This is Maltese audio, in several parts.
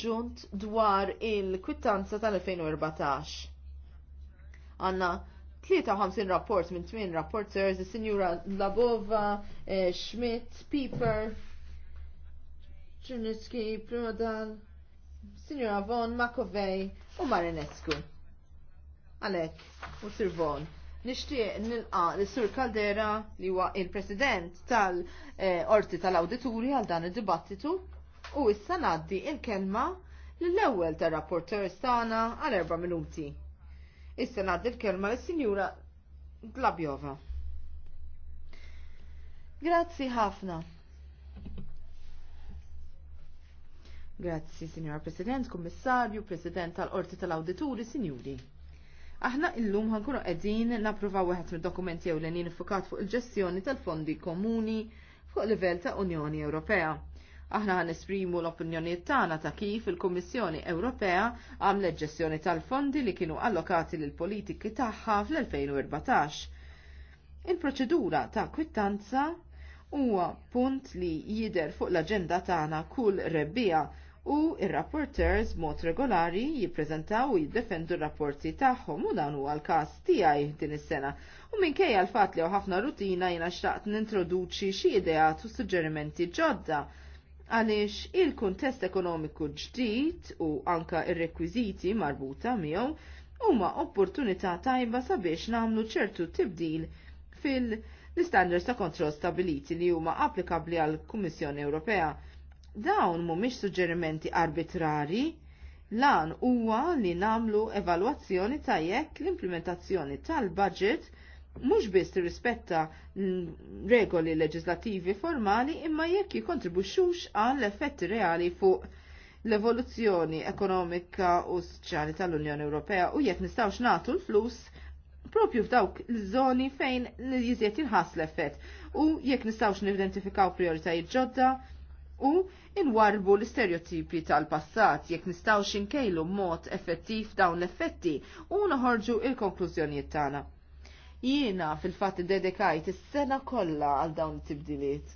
ġunt dwar il-kwittanza tal-2014. Għanna 53 rapport minn 8 rapporters, il-Sinjura Labova, eh, Schmidt, Pieper, Czernitski, Prodal, Signora Von, Makovej u Marinescu. Għalek, u Sir Von. Nishtiq nilqa l-Sur Caldera li huwa il-President tal-Orti eh, tal-Awdituri għal dan id-dibattitu U issa naddi il-kelma l-ewwel tar rapporter stana għal erba' minuti. Issa naddi il-kelma l-Sinjura Glabjova. Grazzi ħafna. Grazzi, Signor President, Kummissarju, President tal-Orti tal-Awdituri, Sinjuri. Aħna illum ħankunu qegħdin napprovaw wieħed mid-dokumenti ewlenin fukat fuq il-ġestjoni tal-fondi komuni fuq livell ta' Unjoni Ewropea. Aħna għan esprimu l-opinjoniet tagħna ta' kif il-Kummissjoni Ewropea għamlet ġessjoni tal-fondi li kienu allokati l politiki tagħha fl-2014. Il-proċedura ta' kwittanza huwa punt li jider fuq l-aġenda tagħna kull rebbija u ir-rapporters mod regolari jippreżentaw u jiddefendu r-rapporti tagħhom u dan huwa l-każ tiegħi din is-sena. U minkejja l-fatt li ħafna rutina jiena xtaqt nintroduċi xi ideat u suġġerimenti ġodda għaliex il-kuntest ekonomiku ġdid u anka ir-rekwiżiti marbuta miegħu huma opportunità tajba sabiex nagħmlu ċertu tibdil fil-standards ta' kontroll stabiliti li huma applikabbli għal kummissjoni Ewropea. Dawn mhumiex suġġerimenti arbitrari, lan huwa li namlu evalwazzjoni ta' jekk l-implementazzjoni tal-budget mhux biss tirrispetta regoli leġislattivi formali imma jekk jikontribwixxux għall effetti reali fuq l-evoluzzjoni ekonomika u soċjali tal-Unjoni Ewropea u jekk nistgħux nagħtu l-flus propju f'dawk l-żoni fejn jiżjed jinħass l-effett u jekk nistgħux nidentifikaw prioritajiet ġodda u inwarbu l-istereotipi tal-passat jekk nistgħux inkejlu mod effettiv dawn l-effetti u noħorġu il-konklużjonijiet tagħna. Jiena fil-fatt dedikajt is-sena kollha għal dawn it-tibdiliet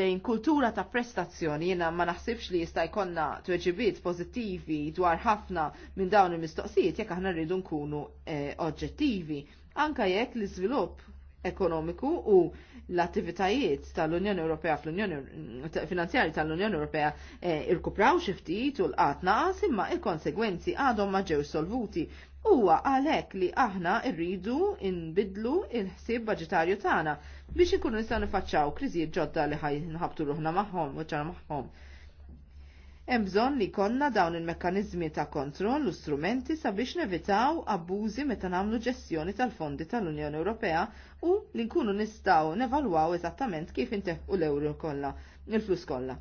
lejn kultura ta' prestazzjoni jiena ma naħsibx li jista' jkollna tweġibiet pożittivi dwar ħafna minn dawn il-mistoqsijiet jekk aħna rridu nkunu eh, oġġettivi. Anka jekk l-iżvilupp ekonomiku u l-attivitajiet tal-Unjoni Ewropea fl-Unjoni finanzjari tal-Unjoni Ewropea eh, irkupraw xi ftit u l-qatna imma il-konsegwenzi għadhom ma ġew solvuti Huwa għalhekk li aħna rridu inbidlu il-ħsieb budgetarju tagħna biex inkunu nistgħu nifaċċaw kriżijiet ġodda li ħaj nħabtu ruħna magħhom u ċara magħhom. Hemm bżonn li konna dawn il-mekkaniżmi ta' kontroll u strumenti sabiex nevitaw abbużi meta nagħmlu ġestjoni tal-fondi tal-Unjoni Ewropea u li nkunu nistgħu nevalwaw eżattament kif inteħqu l-euro kollha, il-flus kollha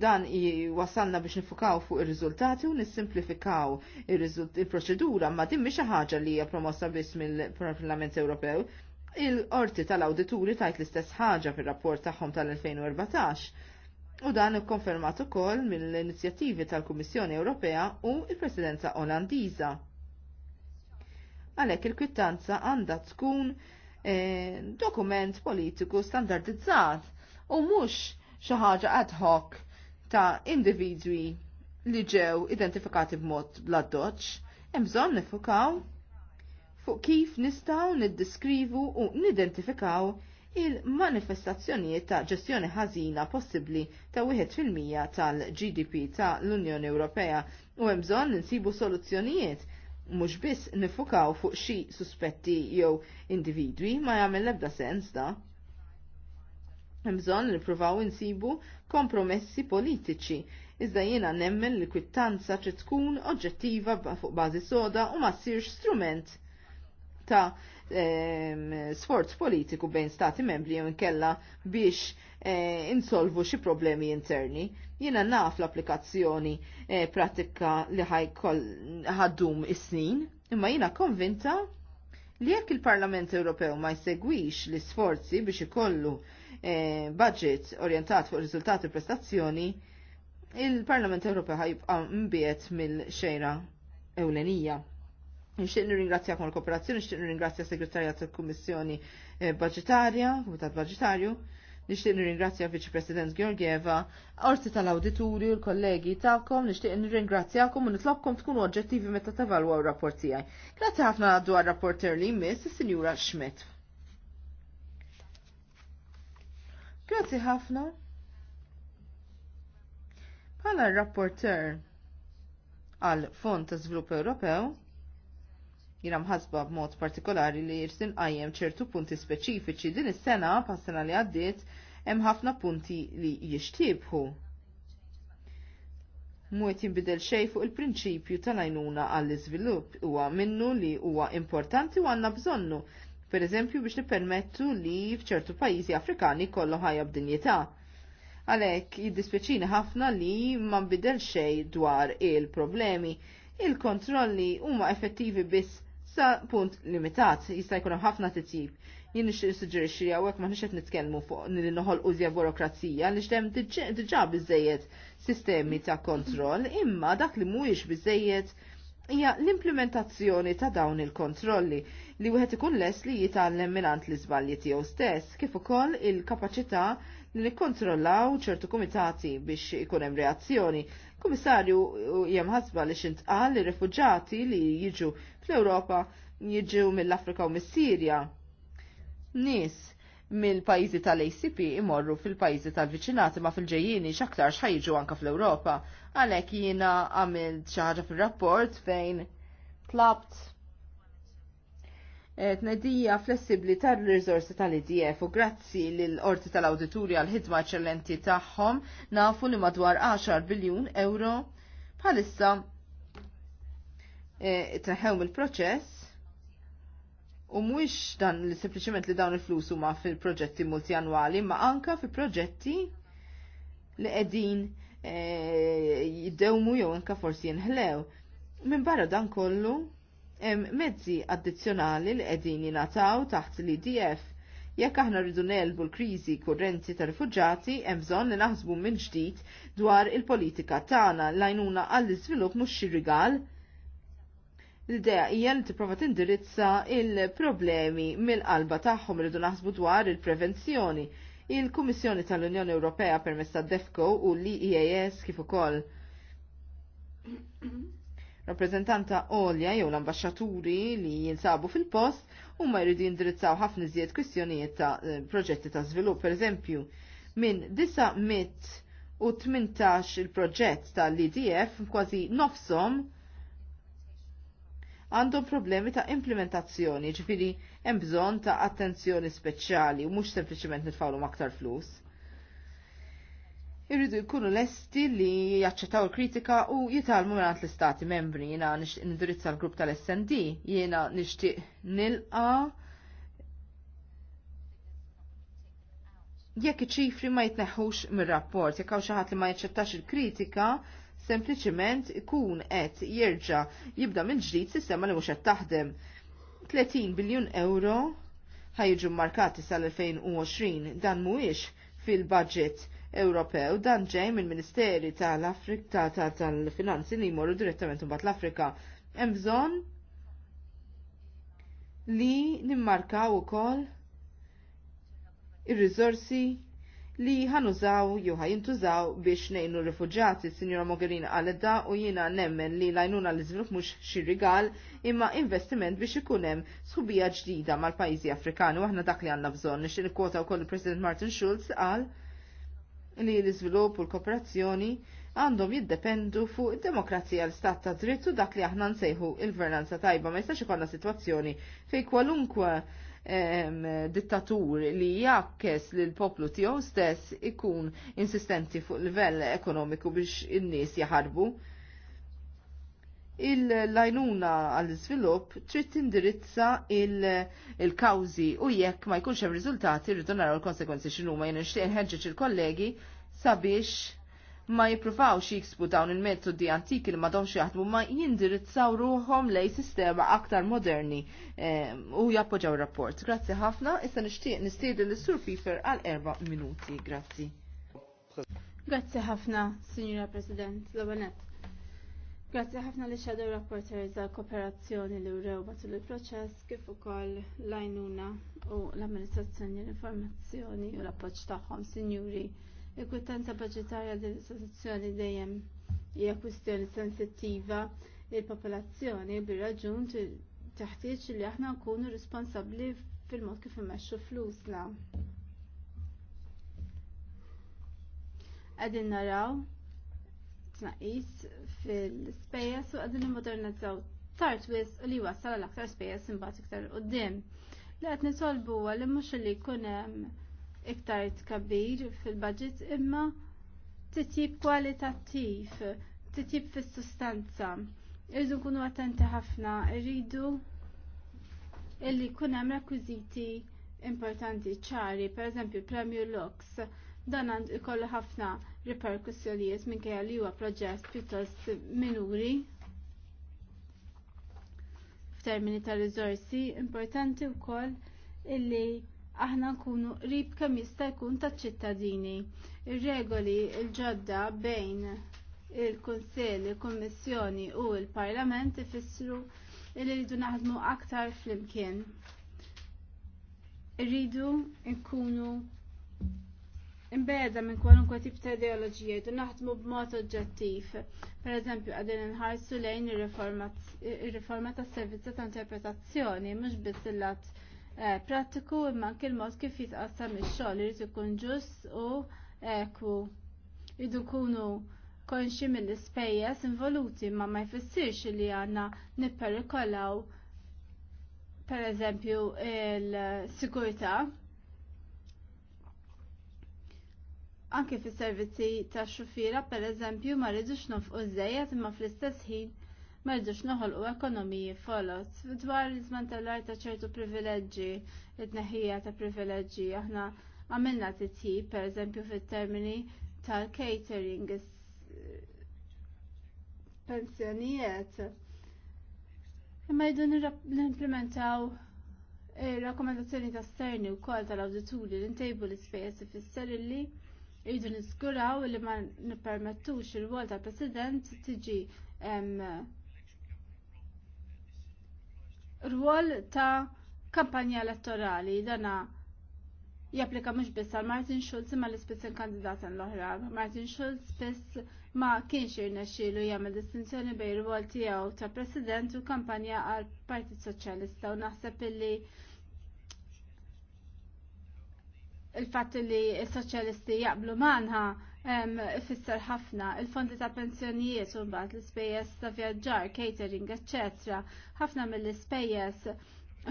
dan wasalna biex nifukaw fuq ir-riżultati u nissimplifikaw il-proċedura ma dimmi xi ħaġa li hija promossa biss mill-Parlament Ewropew. Il-qorti tal-awdituri tajt l-istess ħaġa fir-rapport tagħhom tal-2014. U dan ikkonfermat ukoll mill-inizjattivi tal-Kummissjoni Ewropea u l-Presidenza Olandiża. Għalhekk il-kwittanza għandha tkun e, dokument politiku standardizzat u mhux xi ħaġa ad hoc ta' individwi li ġew identifikati b'mod bladdoċ, hemm bżonn nifukaw fuq kif nistgħu niddiskrivu u nidentifikaw il-manifestazzjonijiet ta' ġestjoni ħażina possibbli ta' wieħed fil-mija tal-GDP ta' l-Unjoni Ewropea u hemm bżonn insibu soluzzjonijiet mhux biss nifukaw fuq xi suspetti jew individwi ma jagħmel l-ebda sens da. Mżon nipruvaw insibu kompromessi politiċi, iżda jiena nemmen li kwittanza trid tkun oġġettiva fuq bażi soda u ma ssirx strument ta' ehm, sforz politiku bejn stati membri jew inkella biex eh, insolvu xi problemi interni. Jiena naf l-applikazzjoni eh, pratika li ħaddum is-snin, imma jiena konvinta li jekk il-Parlament Ewropew ma jsegwix l-isforzi biex ikollu eh, budget orientat fuq riżultati prestazzjoni, il-Parlament Ewropew ħajbqa' mbiet mill-xejra ewlenija. Nxtiq nirringrazzjakom l-kooperazzjoni, nxtiq nirringrazzja segretarjat tal-Kummissjoni eh, Budgetarja, Komitat Budgetarju, nixtieq nirringrazzja Viċi President Georgieva, orti tal-Awditurju, l-kollegi tagħkom, nixtieq nirringrazzjakom u nitlobkom tkunu oġġettivi meta tevalwaw rapport tiegħi. Grazzi ħafna dwar rapporter li jmiss, is-Sinjura Schmidt. Grazzi ħafna. Bħala rapporter għal Fond ta' Zvilupp Ewropew, jiram ħasba b'mod partikolari li jirsin għajem ċertu punti speċifiċi din is-sena pas sena li għaddiet hemm ħafna punti li jixtiebħu. Mwet jinbidel xej fuq il-prinċipju tal-għajnuna għall-iżvilupp huwa minnu li huwa importanti u għandna bżonnu per eżempju biex nippermettu li fċertu pajjiżi Afrikani kollu ħajja b'dinjità. Għalhekk jiddispjaċini ħafna li ma nbidel xejn dwar il-problemi. Il-kontrolli huma effettivi biss sa punt limitat, jista' jkun ħafna titjib. Jien li hawnhekk ma qed nitkellmu fuq li noħolqu użja burokrazija li xdem diġà biżejjed sistemi ta' kontroll, imma dak li mhuwiex biżejjed hija l-implementazzjoni ta' dawn il-kontrolli li wieħed ikun les li jitgħallem mingħand l-iżbalji tiegħu stess, kif ukoll il-kapaċità li nikkontrollaw ċertu kumitati biex ikun hemm reazzjoni. Kumissarju hemm ħasba li x'intqal li refuġati li jiġu fl-Ewropa jiġu mill-Afrika u mis-Sirja. Nies mill-pajjiżi tal-ACP imorru fil-pajjiżi tal-viċinati ma fil-ġejjini x'aktar x'ħajġu anka fl-Ewropa. Għalhekk jiena għamilt xi ħaġa fir-rapport fejn tlabt Eh, tnedija flessibli tar-rizorsi tal-IDF u grazzi l-Orti tal auditori għal ħidma ċellenti tagħhom nafu li madwar 10 biljun euro bħalissa e, eh, il-proċess u mwix dan li sempliċement li dawn il-flus huma fil-proġetti multjanwali ma anka fil-proġetti li qegħdin eh, jiddewmu jew anka forsi jinħlew. Minn barra dan kollu, hemm mezzi addizzjonali li qegħdin jingħataw taħt l-IDF jekk aħna rridu nelbu l-kriżi kurrenti ta' rifuġġati hemm bżonn li naħsbu minn ġdid dwar il-politika tagħna l-għajnuna għall-iżvilupp mhux xi rigal. L-idea hija li tipprova tindirizza il-problemi mill-qalba tagħhom rridu naħsbu dwar il-prevenzjoni. Il-Kummissjoni tal-Unjoni Ewropea permezz tad-DEFCO u l-EAS kif ukoll rappresentanta għolja jew l-ambasċaturi li jinsabu fil-post huma jridu jindirizzaw ħafna iżjed kwistjonijiet ta' eh, proġetti ta' żvilupp. Pereżempju, minn 918 il-proġett tal-IDF kważi nofsom għandhom problemi ta' implementazzjoni, ġifiri hemm bżonn ta' attenzjoni speċjali u mhux sempliċement nitfgħu aktar flus irridu jkunu lesti li jaċċettaw il-kritika u jitalmu għant l-istati membri. Jena nindirizza l-grupp tal-SND, jena nishtiq nilqa. Jekk iċifri ma jitneħux mir-rapport, jekk hawn xi ħadd li ma jaċċettax il-kritika, sempliċement ikun qed jerġa' jibda minn ġdid sistema li mhux qed taħdem. 30 biljun euro ħajġu markati sal-2020 dan mhuwiex fil-budget Ewropew dan ġej mill-Ministeri tal-Afrika tal-Finanzi li jmorru direttament imbagħad l-Afrika. Hemm bżonn li nimmarkaw ukoll ir-riżorsi li ħanużaw jew ħajintużaw biex nejnu rifuġjati. Sinjora Mogherini qalet da u jiena nemmen li lajnuna l-iżvilupp mhux xi rigal imma investiment biex ikun hemm sħubija ġdida mal-pajjiżi Afrikani u aħna dak li għandna bżonn nixtieq nikkwota wkoll il-President Martin Schulz qal li l-iżvilupp u l-kooperazzjoni għandhom jiddependu fuq id-demokrazija l-istat ta' dritt u dak li aħna nsejħu il-gvernanza tajba. Ma jistax ikollna sitwazzjoni fej kwalunkwe dittatur li jakkes li l-poplu tiegħu stess ikun insistenti fuq livell ekonomiku biex in-nies jaħarbu il-lajnuna għall svilup trid tindirizza il-kawzi u jekk ma jkunx hemm riżultati rridu naraw il-konsekwenzi x'inhuma jien nixtieq inħeġġeġ il-kollegi sabiex ma jippruvawx jiksbu dawn il-metodi antiki li ma domx jaħdmu ma jindirizzaw ruhom lej sistema aktar moderni eh, u jappoġġaw rapport. Grazzi ħafna, issa nixtieq nistiedi l sur Pifer għal erba' minuti. Grazzi. Grazzi ħafna, Signora President, l Grazzi ħafna li xadu rapporteri za kooperazzjoni li urew matul il-proċess kif ukoll l-għajnuna u l-amministrazzjoni l-informazzjoni u l-appoġġ tagħhom, sinjuri. Il-kwittanza budgetarja dell-istituzzjoni dejjem hija kwistjoni sensittiva il-popolazzjoni bir-raġun teħtieġ li aħna nkunu responsabbli fil-mod kif immexxu flusna. Qegħdin naraw tnaqis fil-spejjeż u għadin immodernizzaw tard wis u li wassal għal aktar spejjeż simbat iktar quddiem. Li qed nitolbu huwa li mhux li jkun hemm iktar tkabbir fil-budget imma titjib kwalitattiv, titjib fis-sustanza. Irridu nkunu attenti ħafna, irridu illi kunem hemm rekwiżiti importanti ċari, pereżempju premju looks. Dan għand ikollu ħafna riperkussjonijiet minkejja li huwa proġett pjuttost minuri f'termini ta' riżorsi importanti wkoll illi aħna nkunu qrib kemm jista' jkun taċ-ċittadini. Ir-regoli l-ġodda bejn il-Kunsill, il-Kummissjoni u l parlament ifissru li rridu naħdmu aktar flimkien. Irridu nkunu imbeda minn kwalunkwe tip ta' ideoloġija jdu naħdmu b'mod oġġettiv. Per eżempju, għadin nħarsu lejn ir-riforma tas servizzi ta' interpretazzjoni, mhux biss il-lat eh, pratiku imma kil l-mod kif jitqassam ix-xogħol irid ikun ġust u eku. Idu kunu konxi mill-ispejjeż involuti ma ma jfissirx li għandna nipperikolaw per eżempju il-sigurtà anke fis servizzi tax xufiera pereżempju ma rridux nofqu żejjed imma fl-istess ħin ma rridux noħolqu ekonomiji folot. Dwar l żman tal ta' ċertu privileġġi, it tneħħija ta' privileġġi, aħna għamilna titjib pereżempju fit-termini tal-catering pensjonijiet. Imma rridu nimplementaw ir rakkomandazzjoni ta' sterni wkoll tal-awdituri l-intejbu l-ispejjeż ifisser li Irridu niskuraw li ma nippermettux il-wol ta' president tiġi rwol ta' kampanja elettorali dana japplika mhux biss għal Martin Schulz imma l-ispissen kandidatan l-oħra. Martin Schulz biss ma kienx irnexxielu jagħmel distinzjoni bejn r rwol tiegħu ta' President u kampanja għal Partit Soċjalista u naħseb illi il-fatt li s-soċjalisti jaqblu manħa fisser ħafna il-fondi ta' pensjonijiet u mbagħad l-ispejjeż ta' vjaġġar, catering, etc. Ħafna mill-ispejjeż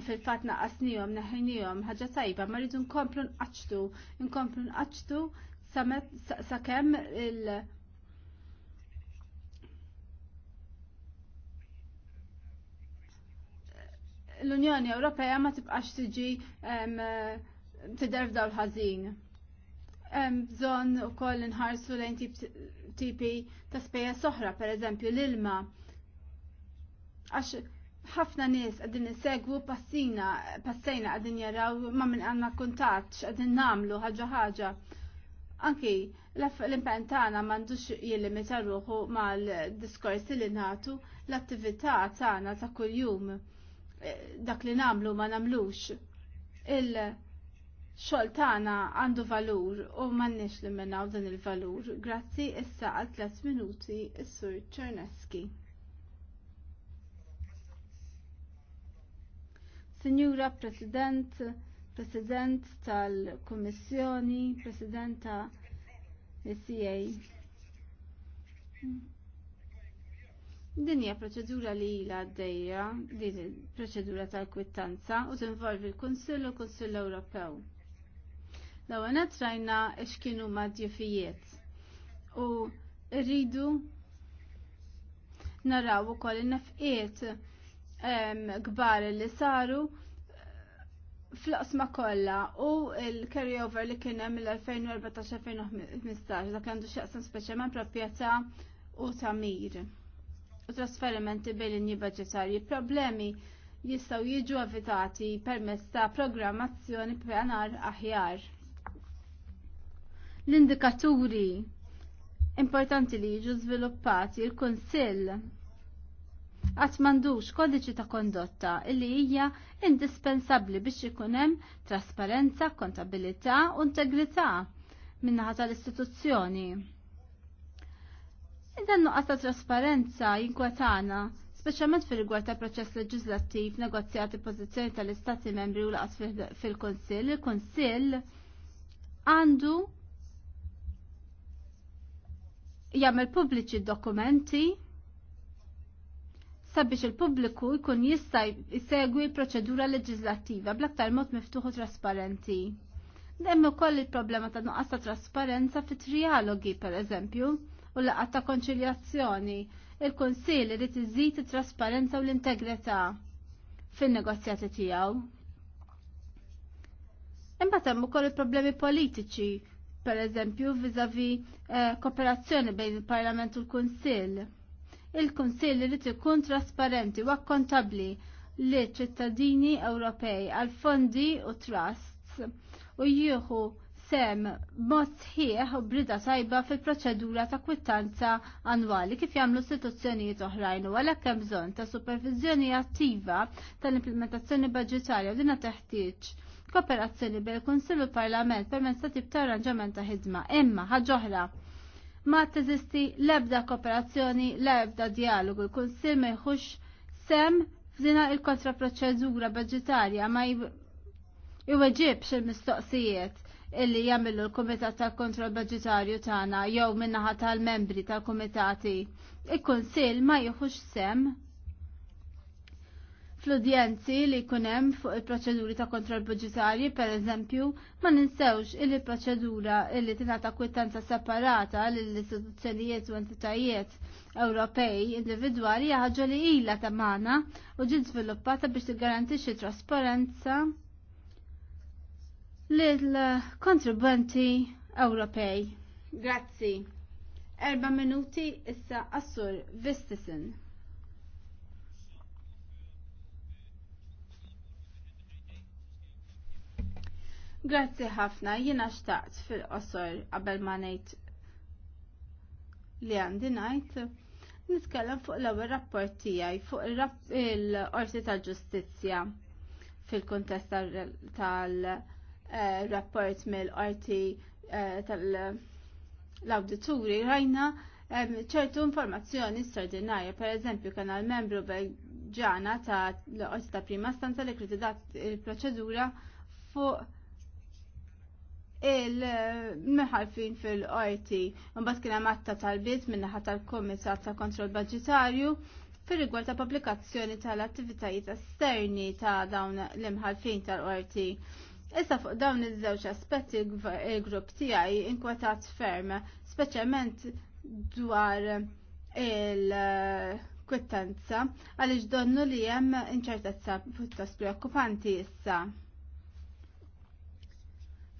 fil-fatt naqasnihom, neħinihom, ħaġa tajba, ma rridu nkomplu nqaċtu, nkomplu nqaċtu sakemm il- l-Unjoni Ewropea ma tibqax tiġi tidher f'dawl ħażin. Hemm bżonn ukoll inħarsu lejn tipi ta' spejja soħra, pereżempju l-ilma. Għax ħafna nies qegħdin insegwu passina, passejna qegħdin jaraw ma minn għandna kuntatt x'qegħdin nagħmlu ħaġa ħaġa. Anki l-impen tagħna m'għandux jillimita ruħu mal-diskorsi li nagħtu l-attività tagħna ta' kuljum eh, dak li nagħmlu ma nagħmlux. Il- xogħol tagħna għandu valur u m'għandniex li minnaw dan il-valur. Grazzi issa għal tliet minuti s sur Czerneski. Sinjura President, President tal-Kummissjoni, Presidenta CA. E din hija proċedura li ilha għaddejja, din il-proċedura tal-kwittanza u tinvolvi l-Kunsill u kunsill Ewropew. L-għanet rajna x'kienu madjufijiet. U rridu naraw ukoll in nafqiet kbar li saru eh, fl-qsma kollha u l-carryover li kien hemm mill-2014-2015 dak għandu x'jaqsam speċjalment proprjetà u tamir. U trasferimenti bejn linji budgetari. Problemi jistgħu jiġu evitati permezz ta' programmazzjoni pjanar aħjar l-indikaturi importanti li jiġu żviluppati il-Kunsill għat mandux kodiċi ta' kondotta illi hija indispensabli biex ikun hemm trasparenza, kontabilità u integrità minnaħa tal-istituzzjoni. Idan nuqqas ta' trasparenza jinkwetana speċjalment fil-rigward ta' proċess leġislattiv, negozjati pożizzjoni tal-Istati membri u laqas fil-Konsill, il-Konsill għandu jagħmel pubbliċi dokumenti sabiex il-pubbliku jkun jista' jsegwi proċedura leġislattiva bl-aktar mod miftuħ u trasparenti. Demm ukoll il-problema ta' nuqqas ta' trasparenza fit trialogi pereżempju u laqgħat ta' konċiljazzjoni. Il-Kunsill irid iżid it-trasparenza u l-integrità fin-negozjati tiegħu. Imbagħad hemm ukoll il-problemi politiċi per eżempju vizavi eh, kooperazzjoni bejn il-Parlament u l-Kunsill. Il-Kunsill irid ikun trasparenti u akkontabbli li ċittadini Ewropej għal fondi u trusts u jieħu sem mod sħiħ u brida tajba fil-proċedura ta' kwittanza annwali kif jagħmlu istituzzjonijiet oħrajn u għalhekk hemm bżonn ta' supervizjoni attiva tal-implementazzjoni budġetarja u dinha teħtieġ kooperazzjoni bil kunsill u Parlament permezz ta' tip ta' arranġament ta' ħidma. Imma ħaġoħra ma teżisti l-ebda kooperazzjoni, l-ebda dialogu, il-Kunsill ma jħux sem f'dina il-kontraproċedura budġetarja ma jweġibx il-mistoqsijiet illi jagħmlu l-Kumitat tal-Kontroll Budġetarju tagħna jew minnaħa tal-membri tal-Kumitati. Il-Kunsill ma jieħux sem fl-udjenzi li kunem fuq il-proċeduri ta' kontrol budġetarji, per eżempju, ma ninsewx il proċedura illi tingħata kwittanza separata l-istituzzjonijiet u entitajiet Ewropej individwali jaħġa li ila ta' mana u ġi sviluppata biex tigarantixxi trasparenza lill-kontribwenti Ewropej. Grazzi. Erba' minuti issa assur Vistisen. Grazzi ħafna, jiena xtaqt fil-qosor qabel ma ngħid li għandi ngħid. Nitkellem fuq l-ewwel rapport tiegħi fuq il-Qorti tal-Ġustizzja fil-kuntest tal-rapport mill-Qorti eh, tal-Awdituri rajna eh, ċertu informazzjoni straordinarja, per eżempju kien membru belġana ta' l-Qorti ta' Prima Stanza li kritizat il-proċedura fuq il-meħalfin fil-qorti mbagħad kien hemm atta talbiet min-naħa tal-Kummissar ta' Kontroll Budġetarju fir-rigward ta' pubblikazzjoni tal-attivitajiet esterni ta' dawn l-imħalfin tal-qorti. Issa fuq dawn iż-żewġ aspetti il-grupp tiegħi inkwetat ferm, speċjalment dwar il- kwittanza għaliex donnu li hemm inċertezza pjuttost preokkupanti issa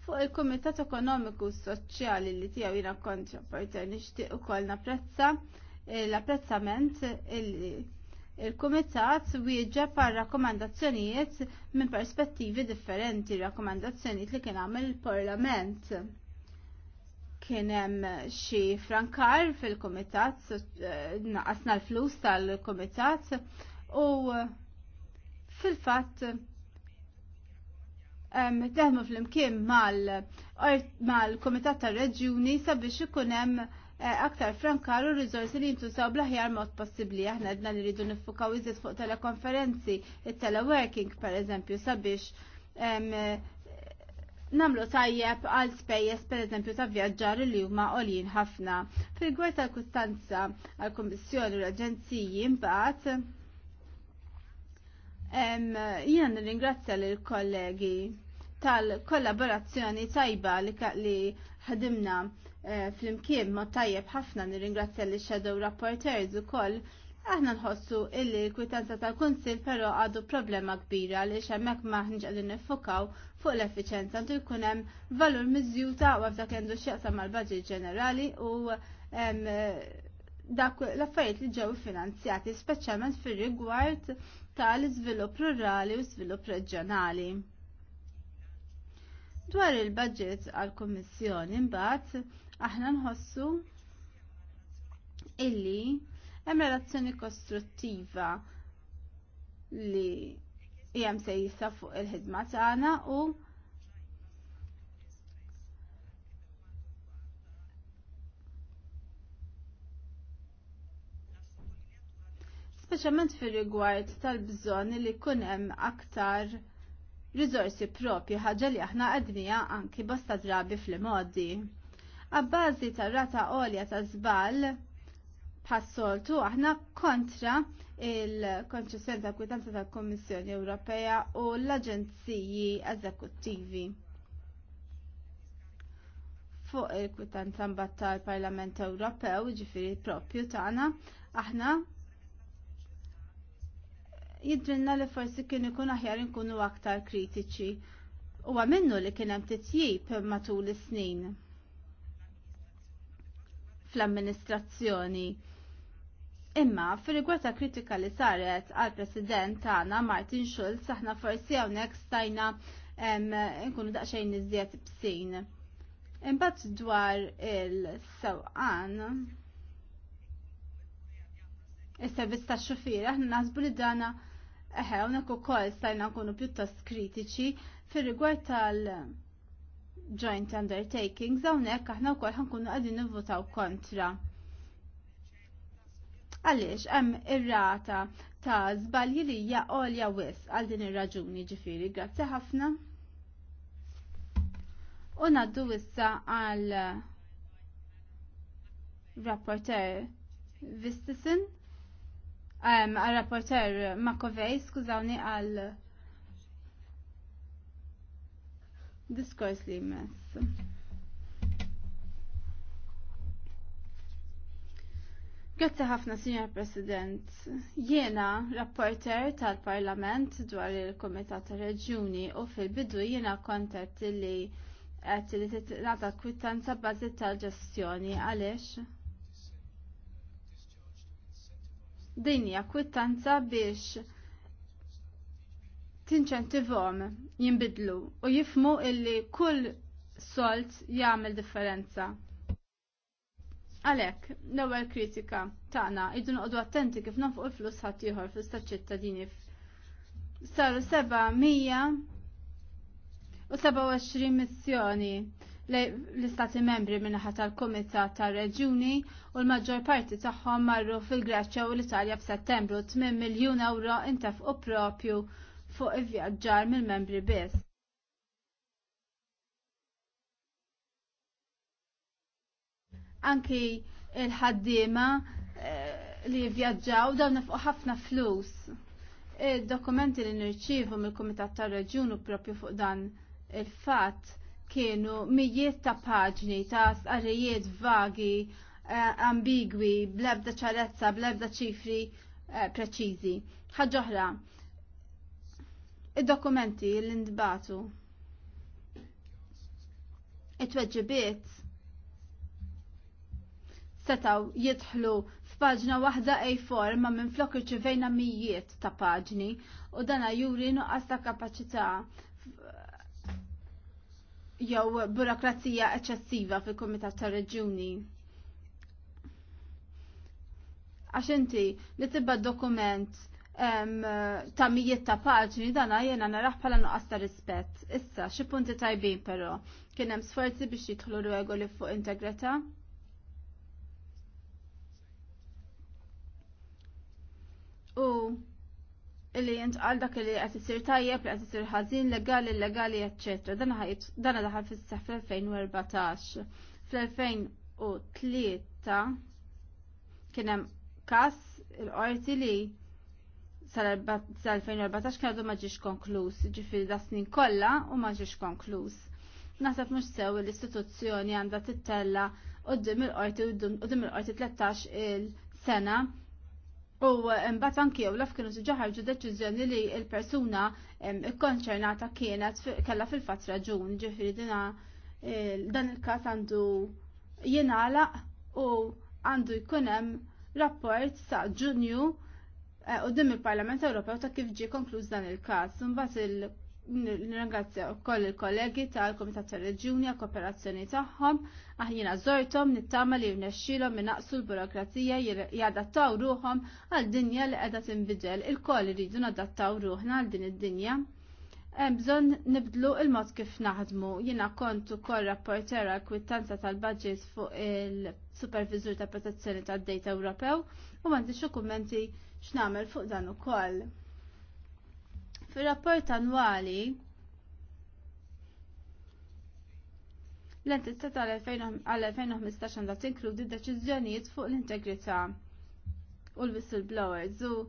fuq il-Kumitat Ekonomiku Soċjali li tiegħu jiena kontra rapporter nixtieq ukoll napprezza eh, l-apprezzament il-Kumitat wieġeb għal rakkomandazzjonijiet minn perspettivi differenti rakkomandazzjonijiet li kien għamel il-Parlament. Kien hemm xi frankar fil-Kumitat, eh, naqasna l-flus tal-Kumitat u fil-fatt teħmu fl-imkien mal-Komitat tal-Reġjuni sabiex ikun hemm eh, aktar frankar u rizorsi li jintużaw bl-aħjar mod possibbli. Aħna għedna li rridu nifukaw iżiet fuq telekonferenzi, il-teleworking per eżempju, sabiex namlu tajjeb għal spejjeż per eżempju ta' vjaġġar li huma olin ħafna. Fil-gwar tal-kustanza għal-Kommissjoni u l-Aġenziji mbagħad jiena nirringrazzja lill kollegi tal-kollaborazzjoni tajba li ħadimna eh, fl-imkien ma tajjeb ħafna nirringrazzja li shadow rapporteurs u koll Aħna nħossu illi l-kwitanza tal-Kunsil però għadu problema kbira li xemmek maħnġ għadin nifukaw fuq l-effiċenza għandu jkun hemm valur miżjuta u għafdak għandu xieqsa mal-budget ġenerali u dak l-affarijiet li ġew finanzjati speċjalment fir-rigward tal-iżvilupp rurali u l-iżvilupp reġjonali. Dwar il-budget għal-Kommissjoni mbagħad aħna nħossu illi hemm relazzjoni kostruttiva li hija msejsa fuq il-ħidma tagħna u speċjalment fir-rigward tal-bżonn li jkun hemm aktar rizorsi propju ħaġa li aħna għadnija anki bosta drabi fl-modi. Għabbażi ta' rata għolja ta' zbal passoltu aħna kontra il-konċessjoni ta' kwitanza tal kommissjoni Ewropea u l-Aġenziji Eżekuttivi fuq il-kwitanza mbatta tal parlament Ewropew, ġifiri propju tagħna, aħna jidrinna li forsi kien ikun aħjar nkunu aktar kritiċi. Huwa minnu li kien hemm titjib matul is-snin fl-amministrazzjoni. Imma fir ta' kritika li saret għal president tagħna Martin Schulz aħna forsi hawnhekk stajna nkunu daqsxejn iżjed bsin. Imbagħad dwar il-sewqan is-servizz tax-xufier aħna naħsbu li dana Eħe, unek u koll stajna nkunu pjuttost kritiċi fir rigward tal eh, joint undertakings, għawnek aħna u koll ħankunu għadin nivvotaw kontra. Għalix, hemm ir-rata ta' zbalji li hija għolja wis għal din ir-raġuni ġifiri, grazzi ħafna. U naddu wissa għal eh, rapporter Vistisen għal-rapporter Makovej, skużawni għal diskors li mess. Grazzi ħafna, Signor President. Jiena rapporter tal-Parlament dwar il-Komitat Reġjuni u fil-bidu jiena kontet li għet li t-nata kwittanza bazit tal-ġestjoni għalix din hija kwittanza biex tinċentivhom jinbidlu u jifmu illi kull solt jagħmel differenza. Għalek, l-ewwel kritika tagħna idu noqogħdu attenti kif nofqu l flus ħadd ieħor fis ċittadini saru 700 u 27 missjoni l-istati membri minnaħa tal komita tal-Reġuni u l-maġġor parti tagħhom marru fil-Greċja u l-Italja f'Settembru 8 miljun euro u propju fuq ivvjaġġar mill-membri biss. Anki il-ħaddiema eh, li jivvjaġġaw dawn fuq ħafna flus. Id-dokumenti li nirċievu mill-Kumitat tar-Reġjun propju fuq dan il-fatt kienu mijiet ta' paġni ta' sqarrijiet vagi, eh, ambigwi, blebda ċarezza, blebda ċifri eh, preċiżi. Ħaġoħra, id-dokumenti l-indbatu, it-tweġibiet, setaw jidħlu f'paġna waħda A4 ma minn flok irċivejna mijiet ta' paġni u dana juri nuqqas ta' kapacità jew burokrazija eċċessiva fil-Kumitat tar-Reġjuni. Għax inti li tibba dokument ta' mijiet ta' paġni dana jena naraħ bħala nuqqas ta' rispett. Issa, xi punti tajbin però kien hemm sforzi biex jidħlu regoli fuq integrità. U li jintqal dak li qed isir tajjeb li qed isir ħażin legali illegali eċċetera. Dan daħal fis fl-2014. Fl-2003 kien hemm każ il-qorti li sal-2014 kien għadu ma ġiex konkluż, ġifieri da snin kollha u ma ġiex konkluż. Naħseb mhux sew l-istituzzjoni għandha tittella qudiem il-qorti u qudiem il-qorti 13 il-sena il qorti u qudiem il qorti 13 il sena il sena U mbagħad anki jew laf kienu ġu deċiżjoni li l-persuna ikkonċernata kienet kellha fil-fatt raġun, ġifieri dina eh, dan il-każ għandu jingħalaq u għandu jkun hemm rapport sa' Ġunju eh, u dim il-Parlament Ewropew ta' kif ġie konkluż dan il-każ. Mbagħad il u koll il-kollegi tal-Komitat tal reġjuni għal kooperazzjoni tagħhom, aħjina żortom nittama li jnexxilhom minaqsu l-burokrazija jadattaw ruhom għal dinja li qiegħda tinbidel. Il-koll iridu nadattaw ruħna għal din id-dinja. Hemm bżonn nibdlu il-mod kif naħdmu. Jiena kont ukoll rapporter għal kwittanza tal-budget fuq il-Supervisur ta' Protezzjoni tad-Dejta Ewropew u m'għandix kummenti x'nagħmel fuq dan ukoll. Fir-rapport annwali l-entità tal-2015 għandha tinkludi deċiżjonijiet fuq l-integrità u l-whistleblowers u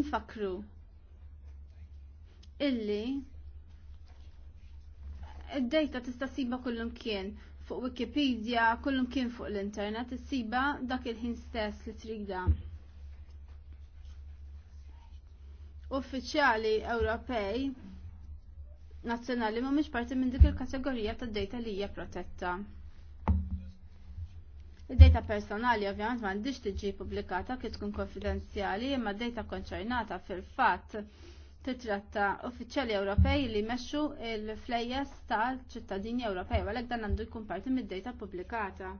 infakru illi id-dejta tista' siba kullum kien fuq Wikipedia, kullum kien fuq l-internet, issiba dak il-ħin stess li trigda. Uffiċjali Ewropej nazzjonali mhumiex parti minn dik il-kategorija ta' data li hija protetta. Id-data personali ovvjament m'għandix tiġi pubblikata kif tkun konfidenzjali imma data konċernata fil-fatt titratta uffiċjali Ewropej li jmexxu l flejjes tal-ċittadini Ewropej, għalhekk dan għandu jkun parti mid-dejta pubblikata.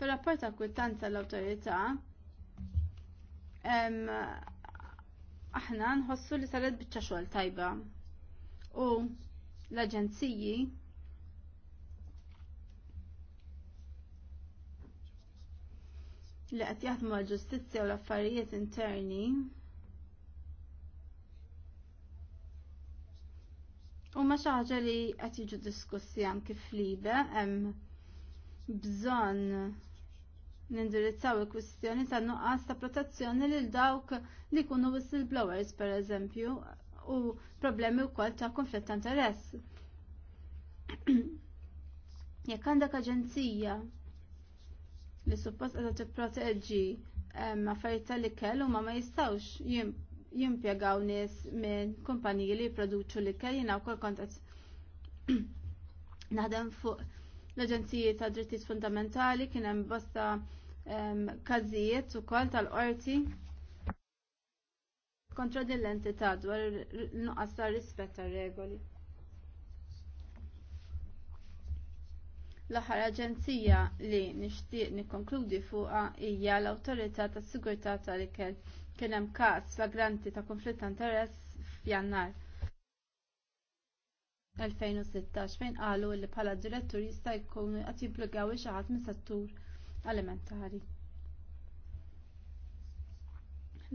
Fir-rapport ta' kwittanza l-awtorità aħna nħossu li saret biċċa xogħol tajba u l-aġenziji li qed jaħdmu għall ġustizzja u l-affarijiet interni ma xi ħaġa li qed jiġu diskussi anke f'libe hemm bżonn nindirizzaw il-kwistjoni ta' nuqqas ta' protezzjoni lil dawk li jkunu whistleblowers pereżempju u problemi wkoll ta' konflitt ta' interess. Jekk għandek aġenzija li suppost għadha tipproteġġi ehm, affarijiet tal-ikel huma ma jistgħux jimpjegaw nies minn kumpaniji li jipproduċu l-ikel jiena wkoll kont qed naħdem fuq l-Aġenziji ta' Drittijiet Fundamentali kien hemm bosta ehm, każijiet ukoll tal-qorti kontra din l-entità dwar nuqqas tar rispett tar regoli. L-aħħar aġenzija li nixtieq nikkonkludi fuqha hija l-Awtorità tas-Sigurtà tal-Ikel kien hemm każ flagranti ta' konflitt ta' interess f'Jannar 2016 fejn qalu li bħala direttur jista' jkun qed jimplugaw xi ħadd mis-settur alimentari.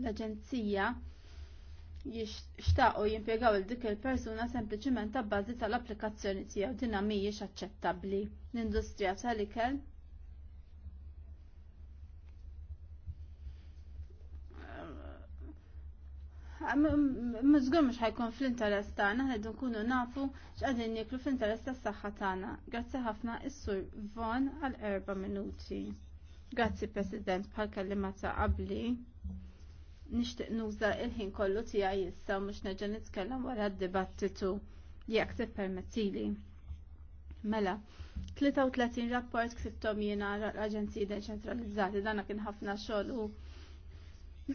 L-Aġenzija jixtaqu jimpjegaw il dik il-persuna sempliciment ta' bażi tal-applikazzjoni tiegħu din mhijiex aċċettabbli. L-industrija tal-ikel Mżgur ehm, mux ħajkun fl-interess tagħna ħed nkunu nafu x'qegħdin niklu fl-interess tas-saħħa tagħna. Grazzi ħafna is-sur Von għal erba' minuti. Grazzi President bħal kelliema ta' qabli nixtieq nuża il-ħin kollu tiegħi issa mhux neġa' nitkellem wara d-dibattitu jekk tippermettili. Mela, 33 rapport ksibtom jiena l-Aġenziji Deċentralizzati dana kien ħafna xogħol u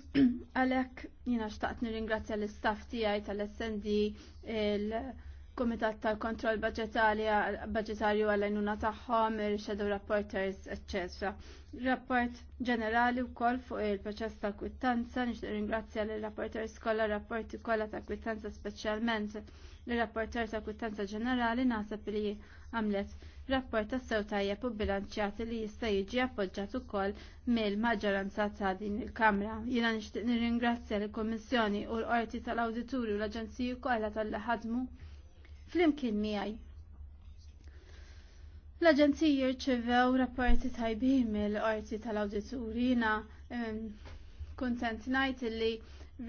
għalhekk jiena xtaqt nirringrazzja l-istaff tiegħi tal-SND il- Komitat tal-Kontroll Budgetarju għal-għajnuna tagħhom, il-Shadow Rapporters, etc. Rapport ġenerali wkoll fuq il-proċess ta' kwittanza, nixtieq ringrazzja l rapporters kollha rapporti kollha ta' kwittanza speċjalment l rapporter ta' kwittanza ġenerali naħseb li għamlet rapport ta' sew tajjeb u bilanċjati li jista' jiġi appoġġjat ukoll mill-maġġoranza ta' din il-Kamra. Jiena nixtieq nirringrazzja l-Kummissjoni u l-Qorti tal-Awdituri u l-Aġenziji kollha tal-ħadmu flimkien miegħi. L-Aġenziji rċevew rapporti tajbin mill-qorti tal-awditurina kontent ngħid li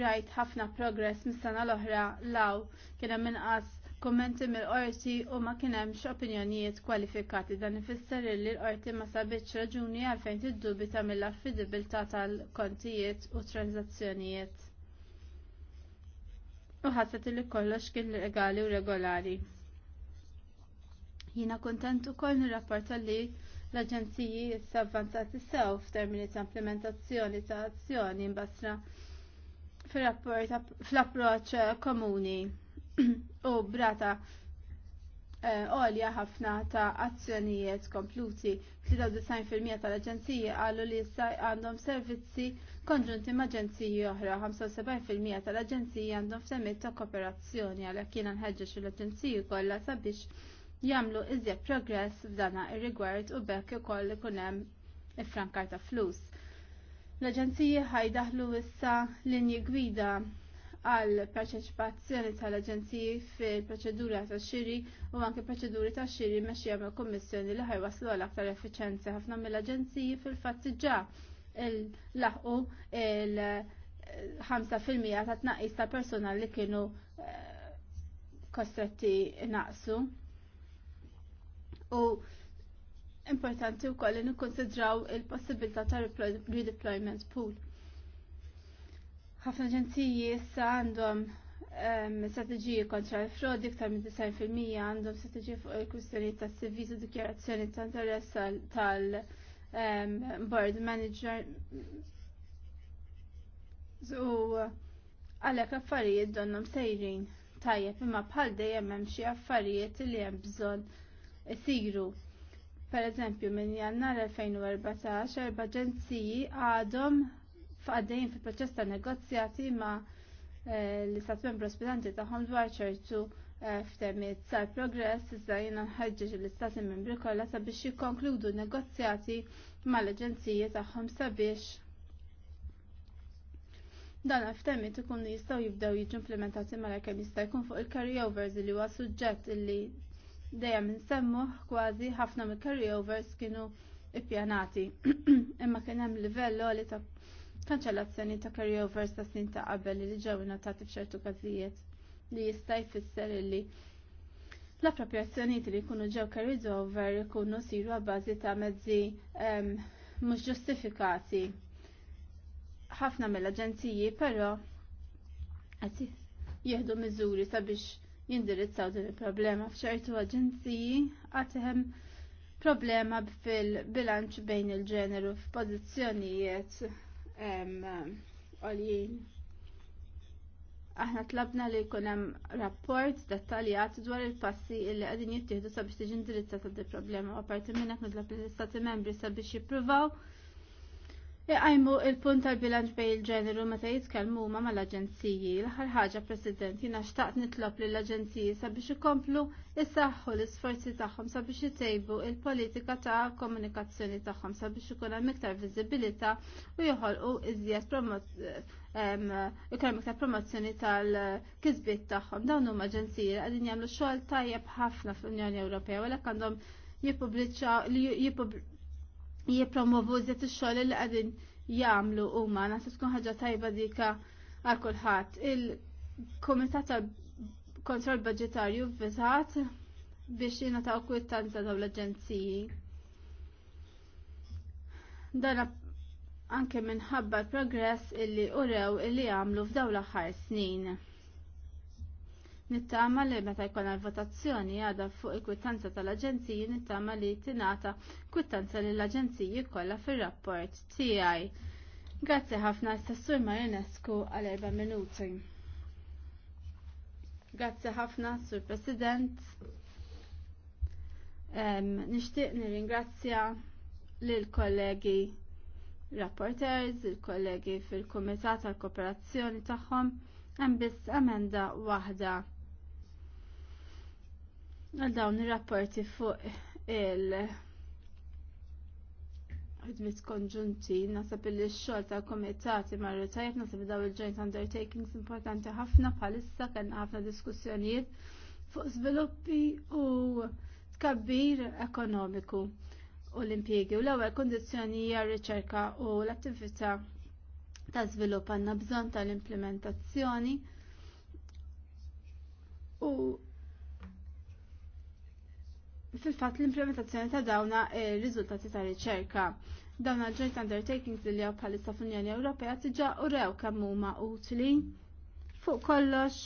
rajt ħafna progress mis-sena l-oħra law kien hemm inqas kommenti mill-qorti u ma kien hemmx opinjonijiet kwalifikati dan ifisser li l-qorti ma sabitx raġuni għalfejn tiddubita mill affidibilità tal-kontijiet u transazzjonijiet u ħasset li kollox kien legali u regolari. Jina kontent ukoll nirrapporta li l-aġenziji issa avvanzati sew f'termini ta' implementazzjoni ta' azzjoni mbasra fl-approċ eh, komuni u brata eh, għolja ħafna ta' azzjonijiet kompluti. 93% tal-aġenziji għallu li għandhom servizzi konġunti imma aġenziji oħra 75% tal-aġenziji għandhom f'temiet ta' kooperazzjoni għalhekk jiena nħeġġeġ l-aġenziji kollha sabiex jagħmlu iżjed progress f'dana ir-rigward u bekk ukoll ikun hemm ifrankar ta' flus. L-aġenziji ħajdaħlu issa linji gwida għal parteċipazzjoni tal-aġenziji fil-proċedura ta' xiri u anke proċeduri ta' xiri mexxija mill-Kummissjoni li ħajwaslu għal aktar effiċenza ħafna mill-aġenziji fil-fatt ġa' laħqu il-5% ta' tnaqis ta' persona li kienu eh, kostretti naqsu. U importanti wkoll li nikkonsidraw il-possibilità ta' redeployment pool. Ħafna ġenziji issa għandhom ehm, strategiji kontra l-frodi, iktar minn 90% għandhom strategiji fuq il-kustjoni ta' servizzi u dikjarazzjoni ta' interess tal- board manager u għalek affarijiet donnom sejrin tajjeb imma bħal dejjem hemm xi affarijiet li hemm bżonn isiru. Per eżempju, minn jannar 2014 erba' aġenziji għadhom f'għaddejjin fil-proċess ta' negozjati ma' eh, l-istat membru ospitanti tagħhom dwar ċertu Eh, f'temiet sar progress iżda jiena nħeġġeġ l-istati membri kollha sabiex jikkonkludu negozjati mal-aġenziji tagħhom sabiex dan f'temiet ikunu jistgħu jibdew jiġu implementati mal-kemm jista' jkun fuq il-carryovers li huwa suġġett illi dejjem insemmuh kważi ħafna mill-carryovers kienu ippjanati. Imma kien hemm livell li ta' kanċellazzjoni ta' carryovers ta' snin ta' qabel li ġew ingħatati f'ċertu każijiet li jista' jfisser illi l-appropriazzjonijiet li jkunu ġew carried over jkunu siru għabbażi ta' mezzi mhux ġustifikati. Ħafna mill-aġenziji però qed jieħdu miżuri sabiex jindirizzaw din il-problema f'ċertu aġenziji għad hemm problema fil-bilanċ bejn il-ġeneru f'pożizzjonijiet għoljien aħna tlabna li jkun hemm rapport dettaljat dwar il-passi li qegħdin jittieħdu sabiex tiġi indirizzata di problema u apparti minn hekk nitlab lill-istati membri sabiex jippruvaw Iqajmu il-punt tal-bilanċ bej il-ġeneru meta jitkellmu huma mal-aġenziji. L-aħħar ħaġa President jiena xtaqt nitlob lill aġenziji sabiex ikomplu jissaħħu l-isforzi tagħhom sabiex jitejbu il-politika ta' komunikazzjoni tagħhom sabiex ikun hemm iktar viżibilità u joħolqu iżjed ikollhom iktar promozzjoni tal-kisbiet tagħhom. Dawn huma aġenziji li qegħdin jagħmlu xogħol tajjeb ħafna fl-Unjoni Ewropea, għalhekk għandhom jippubbliċċa li jippromovu żiet ix-xogħol li qegħdin jagħmlu huma naħseb tkun ħaġa tajba dika għal kulħadd. Il-Kumitat tal-Kontroll Budġetarju vviżat biex jingħataw kwittanza dawn l-aġenziji. Dan anke minħabba l-progress illi urew illi għamlu f'daw l-aħħar snin. Nittama li meta jkollna l-votazzjoni għadha fuq il-kwittanza tal-aġenziji nittama li tingħata kwittanza lill aġenziji kollha fir-rapport tiegħi. Grazzi ħafna s-sassur Marinescu għal erba' minuti. Grazzi ħafna, Sur President. Nixtieq nirringrazzja lill kollegi rapporters, il-kollegi fil-Kumitat tal-Kooperazzjoni tagħhom hemm biss emenda waħda għal dawn ir-rapporti fuq il- ħidmit konġunti, nasab li xol xogħol tal komitati marru tajjeb nasab daw il-joint undertakings importanti ħafna bħalissa kellna ħafna diskussjonijiet fuq sviluppi u tkabbir ekonomiku u l u l-ewwel kondizzjoni hija r-riċerka u l-attività ta' żvilupp għandna bżonn tal-implementazzjoni u fil-fatt l-implementazzjoni ta' dawna ir-riżultati ta' riċerka. Dawna joint undertakings li jew bħalissa fl-Unjoni Ewropea tiġà u rew kemm huma utli fuq kollox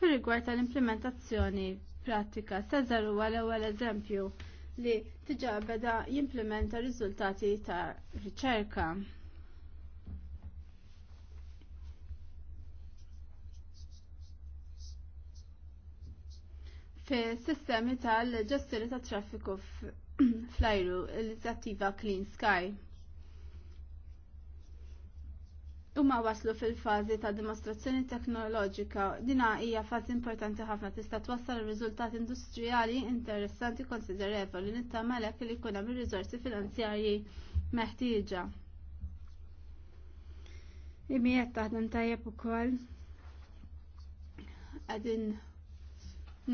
fir rigward tal-implementazzjoni pratika. Cezar huwa l-ewwel eżempju li diġà beda jimplementa riżultati ta' riċerka. fi sistemi tal-ġestjoni tat traffiku fl-ajru l-inizjattiva Clean Sky. Umma waslu fil-fazi ta' dimostrazzjoni teknoloġika. Dina hija fazi importanti ħafna tista' twassal riżultati industrijali interessanti konsiderevoli nittamalek li jkun hemm ir-riżorsi finanzjarji meħtieġa. Imi qed taħdem tajjeb ukoll. Qegħdin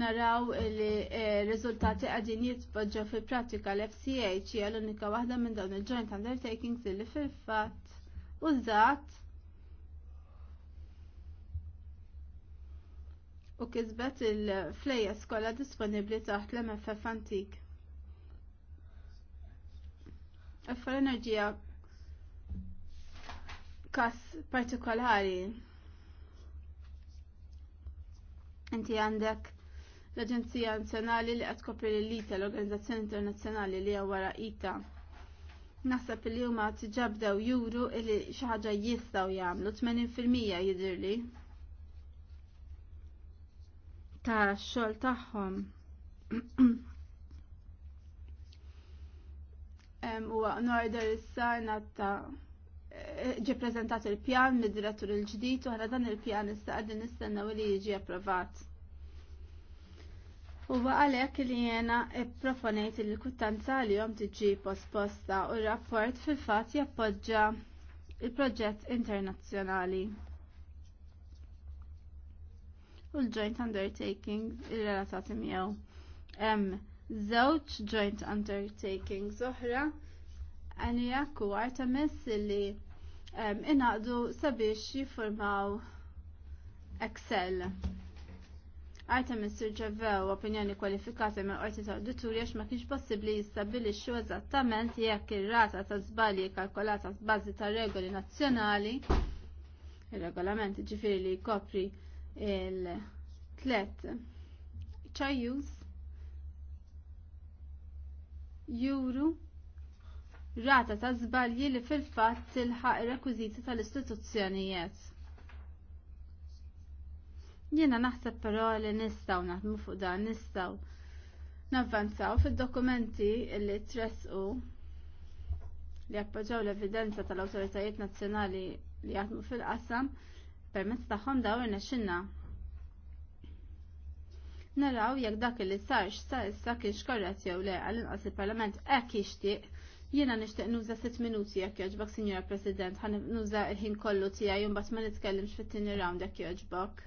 naraw li eh, riżultati qegħdin jitpoġġa fil pratika l-FCH hija l-unika waħda minn dawn il-joint undertakings li fil-fatt użat u kisbet il-flejja skola disponibbli taħt l-MFF antik. Affa enerġija kas partikolari. Inti għandek l-Aġenzija Nazzjonali li qed kopri l-ITA, l-Organizzazzjoni Internazzjonali li hija wara ITA. Naħseb li huma tiġabdew juru li xi ħaġa jistgħu jagħmlu 80% jidhirli ta' xol tagħhom. U norder issa ta' eh, ġi prezentat il-pjan mid-direttur il-ġdijt u dan il-pjan issa għadin nistennaw li jiġi approvat. U għalek li jena proponejt li l-kuttanza li jom tiġi posposta u r-rapport fil-fat jappoġġa il-proġett internazzjonali u l-joint undertaking il-relatati miegħu. Hemm żewġ joint undertakings oħra għanijak u Artemis li inaqdu sabiex jiffurmaw Excel. Artemis irġevew opinjoni kwalifikata minn qorti ta' auditur għax ma kienx possibbli jistabbilixxu eżattament jekk ir-rata ta' żbalji kalkolata f'bażi ta' regoli nazzjonali, ir-regolament ġifieri li jkopri il-tlet ċajjuż juru rata ta' żbalji li fil-fatt tilħaq ir-rekwiżiti tal-istituzzjonijiet. Jiena naħseb però li nistgħu naħdmu fuq dan nistgħu navvanzaw fid-dokumenti li tressqu li appoġġaw l-evidenza tal-awtoritajiet nazzjonali li jaħdmu fil-qasam Permezz tagħhom daw irnexxinna naraw jekk dak li sarx sa issa kienx korrett jew le għal inqas il-Parlament hekk jixtieq jiena nixtieq nuża sitt minuti jekk jogħġbok, Sinjora President, ħan nuża il-ħin kollu tiegħi mbagħad ma nitkellimx fit-tieni round jekk jogħġbok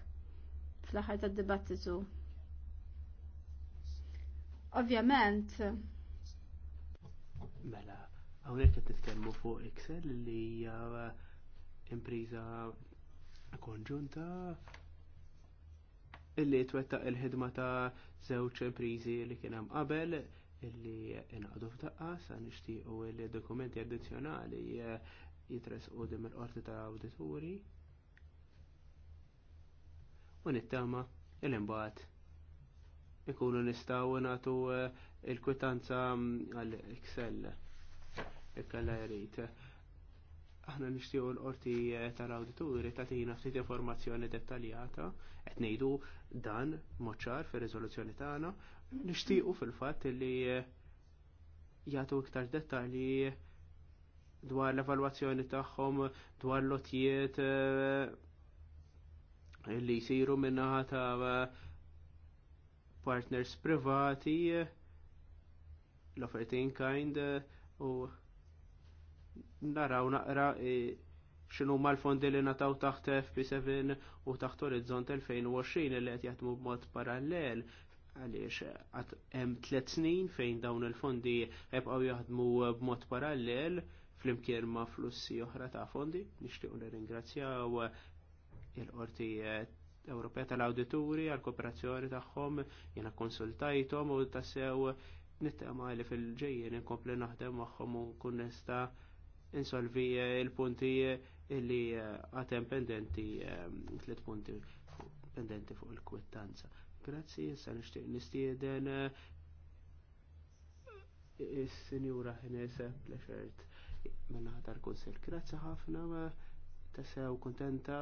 fl-aħħar tad-dibattitu. Ovvjament. Mela, hawnhekk qed titkellmu fuq Excel li hija impriża konġunta illi twettaq il-ħidma ta' żewġ imprizi li kien hemm qabel illi inqadu f'daqqa sa nixtiequ li dokumenti addizzjonali eh, jitres u dim il-qorti ta' awdituri u nittama il-imbat ikunu nistaw natu eh, il-kwitanza mm, għal-Excel il-kalla jrit aħna nishtiju l-qorti tal-awdituri ta' tina ftit informazzjoni dettaljata, qed ngħidu dan moċċar fir-riżoluzzjoni tagħna, nixtiequ fil-fatt li jagħtu iktar dettalji dwar l-evalwazzjoni tagħhom, dwar l otjiet eh, li jsiru minnaħa ta' partners privati, l offerting kind eh, u naraw naqra e, xinu l fondi li nataw taħt FP7 u taħt Orizzont 2020 li qed jaħdmu b'mod parallel għaliex għat hemm tliet snin fejn dawn il-fondi jibqgħu jaħdmu b'mod parallel flimkien ma' flussi oħra ta' fondi. Nixtiequ nirringrazzjaw il-qorti Ewropea tal-Awdituri għal-kooperazzjoni tagħhom jiena konsultajthom u tassew nittema li fil-ġejjien inkompli naħdem magħhom u kun nista' insolvi eh, il-punti eh, illi eh, għatem pendenti, tliet punti pendenti fuq il-kwittanza. Grazzi, issa nixtieq nistieden is-Sinjura Hines Plexert minna tal konsil. Grazzi ħafna, tassew kuntenta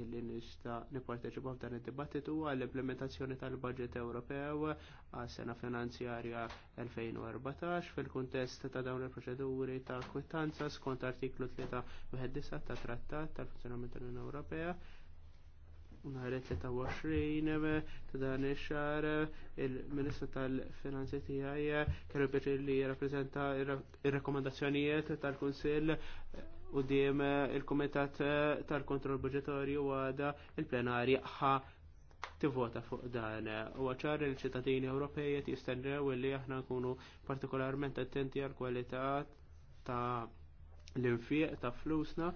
illi nista nipparteċipaw f'dan id-dibattitu għall implementazzjoni tal-budget Ewropew għas sena finanzjarja 2014 fil-kuntest ta' dawn il-proċeduri ta' kwittanza skont artiklu 319 ta' trattat tal-funzjonament tal-Unjoni Ewropea nhar 23 ta' dan ix-xahar il-Ministru tal-Finanzi tiegħi kellu li jirrappreżenta ir-rakkomandazzjonijiet tal-Kunsill u dim eh, il-Komitat eh, tal-Kontroll Budgetarju għada il-plenarja ħa tivvota fuq dan. U għacħar il-ċittadini Ewropej qed jistennew li aħna nkunu partikolarment attenti għal kwalità ta' l-infiq ta' flusna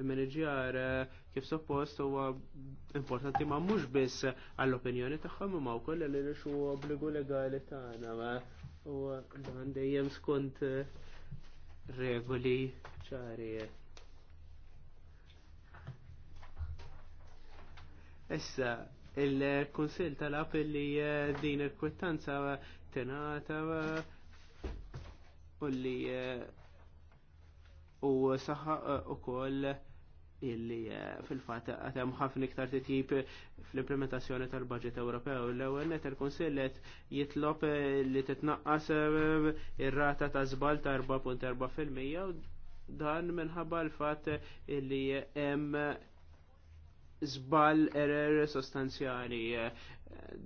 il-manager eh, kif suppost huwa importanti ma mhux biss għall-opinjoni tagħhom imma wkoll li nixu obbligu legali tagħna u dan dejjem skont regoli ċari. Issa, il-Konsil talab li eh, din il-kwittanza tenata eh, u li eh, u saħħa u koll illi fil-fat għatem ħafna iktar titjib fl-implementazzjoni tal-budget Ewropew. L-ewwel net il-Kunsillet jitlob li titnaqqas ir-rata ta' żball ta' 4.4 u dan minħabba l-fatt li hemm żball erer sostanzjali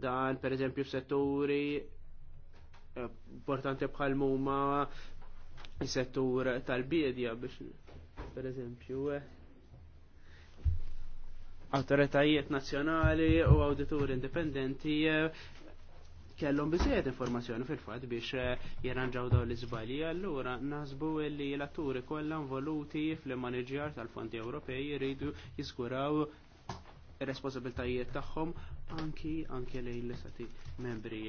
dan per eżempju f'setturi eh, importanti bħal is settur tal-bidja biex per eżempju eh, autoritajiet nazzjonali u awdituri indipendenti eh, kellhom biżejjed informazzjoni fil-fatt biex eh, jirranġaw dawn l-iżbalji, allura naħsbu li l-atturi kollha involuti fl-maniġjar tal-fondi Ewropej jridu jiżguraw responsabiltajiet tagħhom anki anki lejn l-istati membri.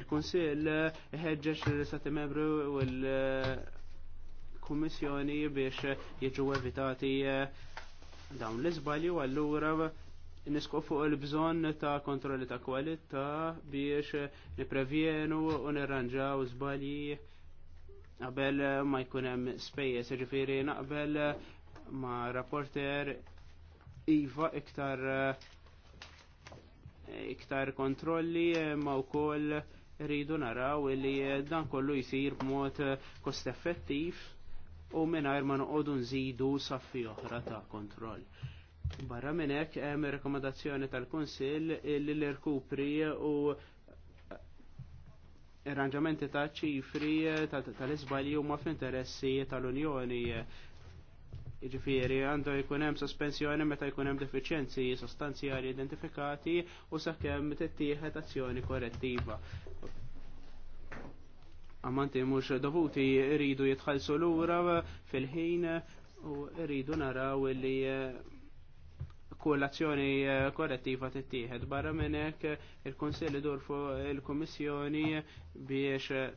Il-Kunsill eh, ħeġġeġ l-istati membri u l-Kummissjoni biex eh, jiġu evitati dawn l-iżbalji u allura nisko fuq il-bżon ta' kontrolli ta' kwalità biex niprevjenu u nirranġaw zbali qabel ma jkun hemm spejjeż, jiġifieri naqbel ma' rapporter iva iktar iktar kontrolli ma wkoll rridu naraw li dan kollu jsir b'mod kost effettiv u mingħajr ma noqogħdu nżidu saffi oħra ta' kontroll. Barra minn hekk hemm rekomendazzjoni tal-Kunsill li l-irkupri u arranġamenti ta' ċifri tal-iżbalji huma fl-interessi tal-Unjoni. Ġifieri għandu jkun hemm sospensjoni meta jkun hemm deficienzi sostanzjali identifikati u sakemm tittieħed azzjoni korrettiva. Ammanti mhux dovuti jridu jitħallsu lura fil-ħin u rridu naraw li kull korrettiva eh, korrettiva tittieħed. Barra minn hekk il konsilli dur fuq il-Kummissjoni biex eh,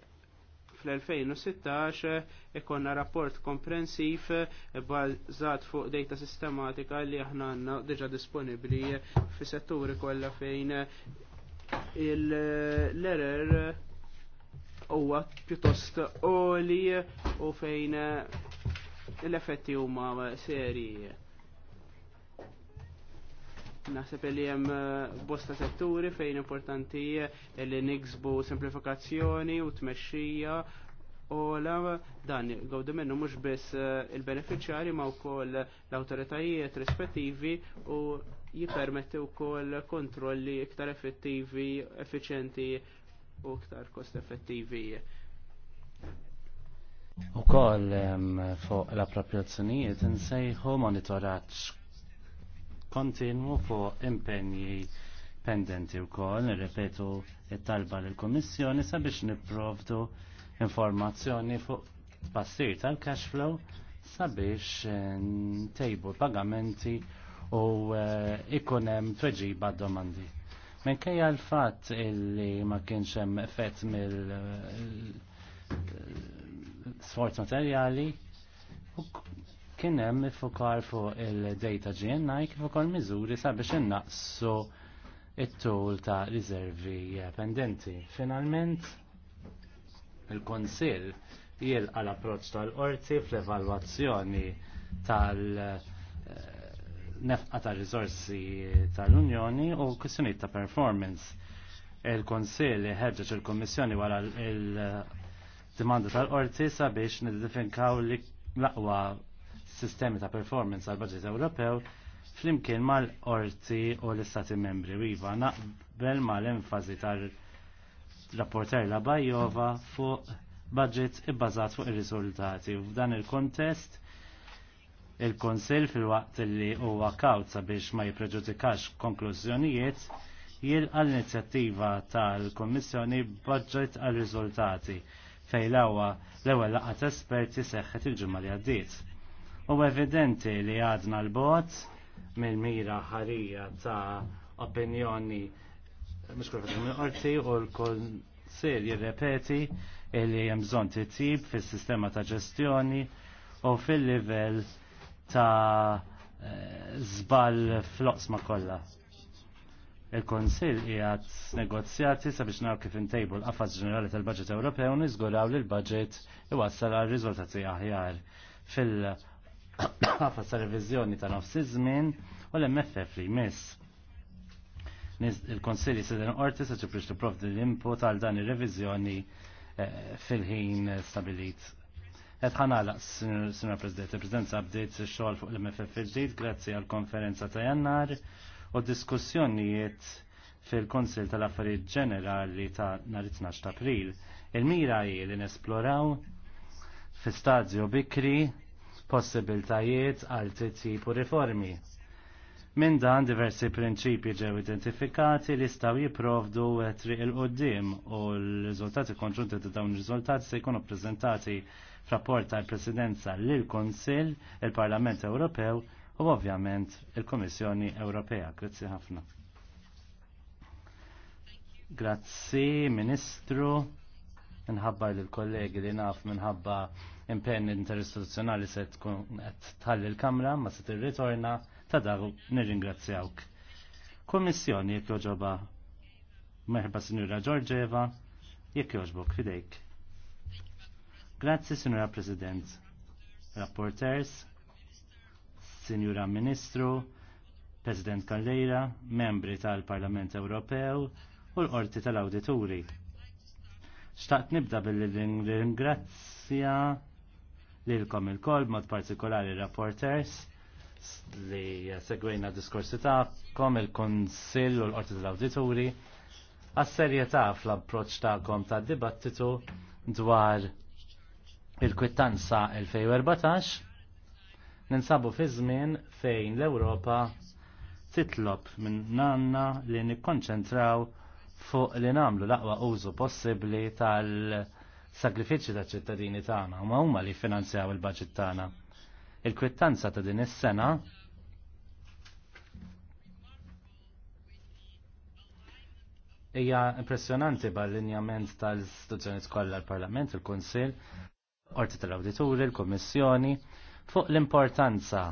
fl-2016 ikonna rapport komprensiv eh, bazzat fuq data sistematika li aħna għanna diġa disponibli fi setturi kollha fejn l-error huwa pjuttost oli u fejn l-effetti huma serji. Naħseb li hemm eh, bosta setturi fejn importanti eh, li niksbu semplifikazzjoni u tmexxija u la dan għawdu minnu mhux biss eh, il-beneficjari ma wkoll l awtoritajiet rispettivi u jippermetti wkoll kontrolli iktar effettivi, effiċenti u iktar kost effettivi. U koll fuq l-appropriazzjonijiet nsejħu monitoraċ kontinwu fuq impegni pendenti wkoll nirrepetu it-talba lill-Kummissjoni sabiex nipprovdu informazzjoni fuq passir tal-cash flow sabiex eh, tejbu pagamenti u eh, ikun hemm tweġiba domandi. Minkejja l-fatt illi ma kienx hemm effett mill eh, sforz materjali kien hemm ifukar fuq il-data GNI kif ukoll miżuri sabiex innaqsu it-tul ta' riservi pendenti. Finalment il konsil jilqa l-approċċ tal-qorti fl-evalwazzjoni tal- eh, nefqa ta' risorsi tal-Unjoni u kwistjonijiet ta' performance. il konsil ħeġġeġ il-Kommissjoni wara il-dimanda eh, tal-qorti sabiex nidifinkaw l-aqwa sistemi ta' performance għal budget Ewropew flimkien mal-orti u l-istati membri u iva naqbel mal-enfazi tal-rapporter la Bajova fuq budget ibbażat fuq ir-riżultati u f'dan il-kontest il-Konsil fil-waqt li huwa kawza biex ma jipreġudikax konklużjonijiet jilqa l-inizjattiva tal-Kommissjoni budget għal riżultati fejlawa l-ewwel laqgħat esperti seħħet il-ġimgħa li għaddiet. U evidenti li għadna l-bot minn mira ħarija ta' opinjoni mux minn orti u l-konsil jirrepeti li hemm bżonn tib fis-sistema ta' ġestjoni u fil-livell ta' eh, żball fl ma' kollha. Il-Konsil qiegħed negozjati sabiex naraw kif intejbu l-qafas ġenerali tal budget Ewropew niżguraw li l budget iwassal għal riżultati aħjar fil- għafas revizjoni ta' nofsi żmien u l-MFF li jmiss. il konsili Sidan Orti se ċiprix tipprovdi l-input għal dan ir-reviżjoni eh, fil-ħin stabilit. Qed ħanala, Sr. President, il-Presidenza bdejt ix-xogħol fuq l-MFF il-ġdid grazzi għall konferenza ta' Jannar u diskussjonijiet fil-Konsil tal-Affarijiet Ġenerali ta' nhar 12 ta' April. Il-mira hi li nesploraw fi stadju bikri possibiltajiet għal tipu u riformi. Minn dan diversi prinċipji ġew identifikati li staw jiprovdu triq il-qoddim u l-riżultati konġunti ta' dawn ir-riżultati se jkunu ppreżentati f'rapport tal-Presidenza lil kunsill il-Parlament Ewropew u ovvjament il-Komissjoni Ewropea. Grazzi ħafna. Grazzi, Ministru, minħabba l-kollegi li naf minħabba impenn interistituzzjonali se tkun qed tħalli l-Kamra ma se tirritorna ta' daw nirringrazzjawk. Kummissjoni jekk joġoba merħba Sinjura Giorgieva jekk joġbok fidejk. Grazzi Sinjura President, Rapporters, Sinjura Ministru, President Kallejra, membri tal-Parlament Ewropew u l-Qorti tal-Awdituri. Xtaqt nibda billi ringrazzja lilkom il-kol, mod partikolari rapporters li segwejna diskorsi kom il-Konsill u l-Qorti tal-Awdituri għas-serjetà fl-approċċ kom ta' dibattitu dwar il-kwittanza 2014 ninsabu fi żmien fejn l-Ewropa titlob minn nanna li nikkonċentraw fuq li namlu l-aqwa użu possibbli tal- sagrifiċi ta' ċittadini tagħna u huma li finanzjaw il-baġit tagħna. Il-kwittanza ta' din is-sena hija impressjonanti bal linjament tal-istituzzjoni kollha l-Parlament, il-Kunsill, Orti tal-Awdituri, il-Kummissjoni fuq l-importanza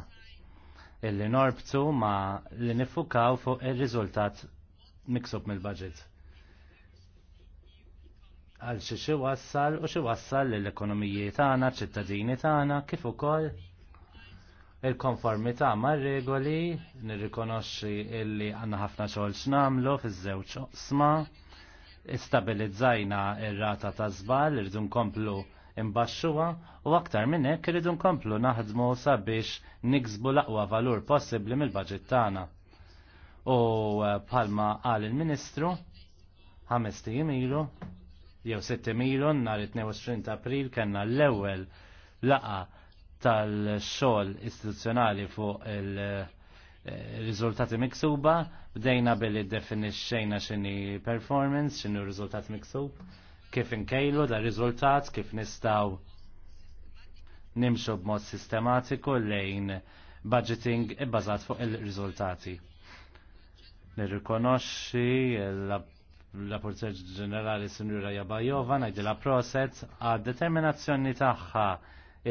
li norbtu ma li nifukaw fuq il-riżultat miksub mill-budget għal xi xi wassal u xi wassal l-ekonomiji tagħna, ċittadini tagħna, kif ukoll il-konformità mar-regoli, nirrikonoxxi illi għandna ħafna xogħol x'namlu fiż-żewġ sma, istabilizzajna r rata ta' żball, irridu nkomplu imbaxxuha u aktar minn hekk irridu nkomplu naħdmu sabiex niksbu l-aqwa valur possibbli mill-baġit tagħna. U eh, bħalma qal il-Ministru ħames ilu jew milon nhar 22 ta' April kellna l-ewwel laqa tal-xogħol istituzzjonali fuq il-riżultati eh, miksuba bdejna billi definixxejna x'inhi performance, x'inhu riżultat miksub, kif nkejlu da riżultat, kif nistgħu nimxu b'mod sistematiku lejn budgeting ibbażat fuq il-riżultati nirrikonoxxi l-Rapporter Ġenerali Sinjura Jabajova ngħidilha proset għad determinazzjoni tagħha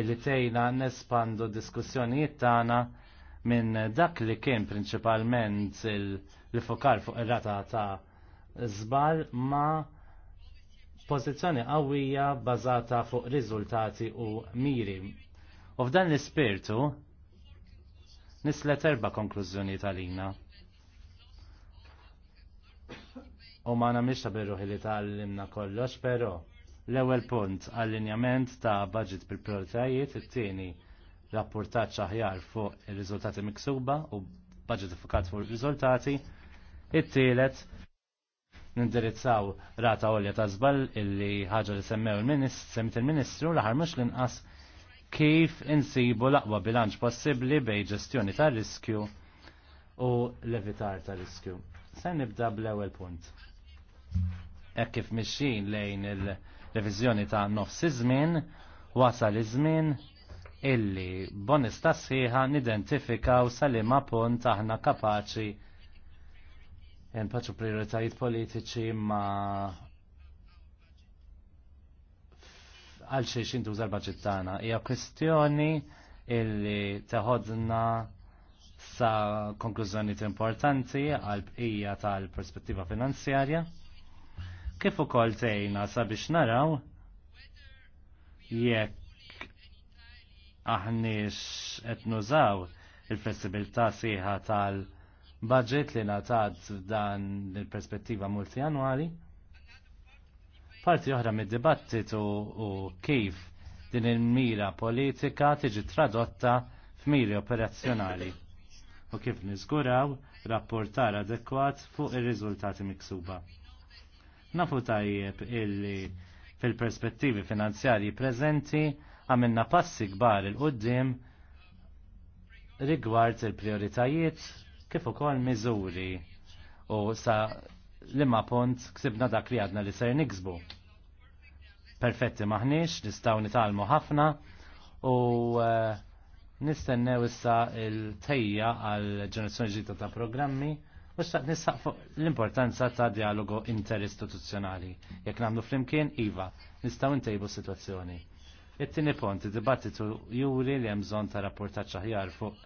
illi tejna nespandu diskussjonijiet tagħna minn dak li kien prinċipalment l-fokar fuq ir-rata ta' zbal ma' pozizjoni qawwija bazata fuq riżultati u miri. U f'dan l-ispirtu nislet erba' konklużjoni tal-ina. U ma namiex ta' birruħi li tal-limna kollox, pero l-ewel punt għallinjament ta' budget bil-prioritajiet, it-tieni rapportat aħjar fuq il-riżultati miksuba u budget fukat fuq il-riżultati, it-tielet nindirizzaw rata għolja ta' zbal illi ħaġa li semmew il-ministru, semmit il-ministru laħar mux l-inqas kif insibu l-aqwa bilanċ possibli bej ġestjoni ta' riskju u levitar ta' riskju. Sen nibda bl-ewel punt hekk kif mixin lejn il-reviżjoni ta' nofs iż-żmien wasal iż-żmien illi bonista sħiħa nidentifikaw salima punt aħna kapaċi paċu prioritajiet politiċi ma għalxie xintu intu l-budget Hija kwestjoni illi teħodna sa konklużjonijiet importanti għal bqija tal-perspettiva finanzjarja kif ukoll tgħinna sabiex naraw jekk aħniex qed nużaw il-flessibilità sieħa tal-budget li ngħatat dan il-perspettiva multianwali. Parti oħra mid-dibattitu u kif din il-mira politika tiġi tradotta f'miri operazzjonali u kif niżguraw rapportar adekwat fuq ir-riżultati miksuba. Nafu tajjeb illi fil-perspettivi finanzjarji prezenti għamilna passi kbar il-qoddim rigward il-prioritajiet kif ukoll miżuri u sa l-imma punt ksibna dak li għadna li ser niksbu. Perfetti maħniex, nistaw nitalmu ħafna u eh, nistennew issa il-tejja għal ġenerazzjoni ġdida ta' programmi U nisaq fuq l-importanza ta' dialogu interistituzzjonali. Jekk nagħmlu flimkien, Iva, nistaw intejbu situazzjoni. it pont punt, dibattitu juri li hemm bżonn ta' rapportat aħjar fuq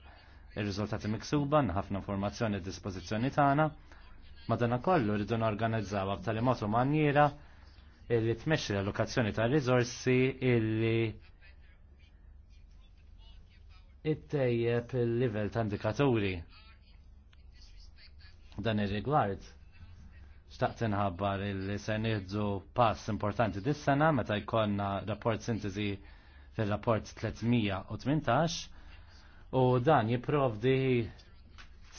ir-riżultati miksuba, ħafna informazzjoni d dispożizzjoni tagħna. Madankollu kollu rridu organizzaw b'tali mod u manjera li tmexxi l-allokazzjoni ta' riżorsi illi it-tejjeb il-livell ta' indikaturi Dan ir-rigward, xtaqt inħabbar il se nieħdu pass importanti dis-sena meta jkollna rapport sintesi fil-rapport 318 u dan jipprovdi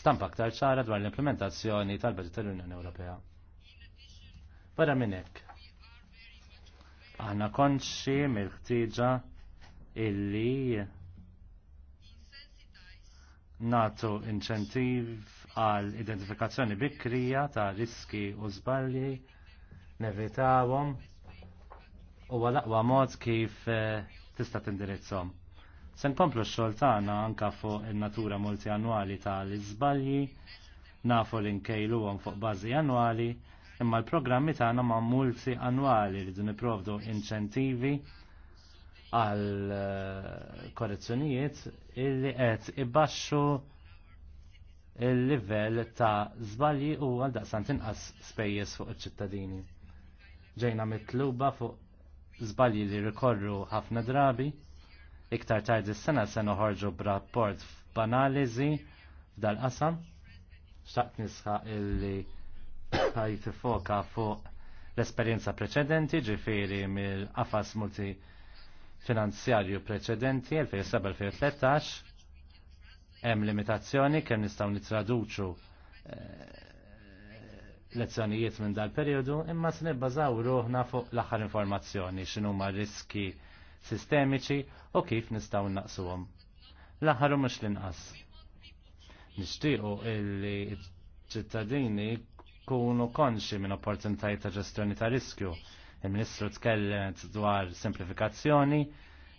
stampa aktar ċara dwar l-implementazzjoni tal-Budget tal-Unjoni Ewropea. Barra minn hekk. Aħna konxi mill-ħtieġa illi natu inċentiv għal identifikazzjoni bikrija ta' riski u żbalji nevitawhom u għal-aqwa mod kif eh, tista' tindirizzhom. Se nkomplu x-xogħol tagħna fuq in-natura ta' tal-iżbalji, nafu li nkejluhom fuq bażi annwali, imma l-programmi tagħna ma' multi annwali li dun iprovdu inċentivi għal eh, korrezzjonijiet illi qed ibaxxu il-livell ta' zbalji u għal daqsan tinqas spejjeż fuq iċ-ċittadini. Ġejna mitluba fuq zbalji li rikorru ħafna drabi, iktar tard is-sena se noħorġu b'rapport f'analiżi f'dal-qasam, xtaqt nisħaq illi ħaj foka fuq l-esperienza preċedenti ġifiri mill-qafas multi finanzjarju preċedenti 2007-2013 Hemm limitazzjoni kemm nistgħu nittraduċu eh, lezzjonijiet minn dal-periodu imma se nibbażaw ruħna fuq l-aħħar informazzjoni x'inhuma riski sistemiċi u kif nistgħu naqsuhom. L-aħħar mhux l-inqas. Nixtiequ illi ċittadini kunu konxi minn opportunitajiet ta' ġestjoni ta' riskju. Il-Ministru tkellem dwar simplifikazzjoni,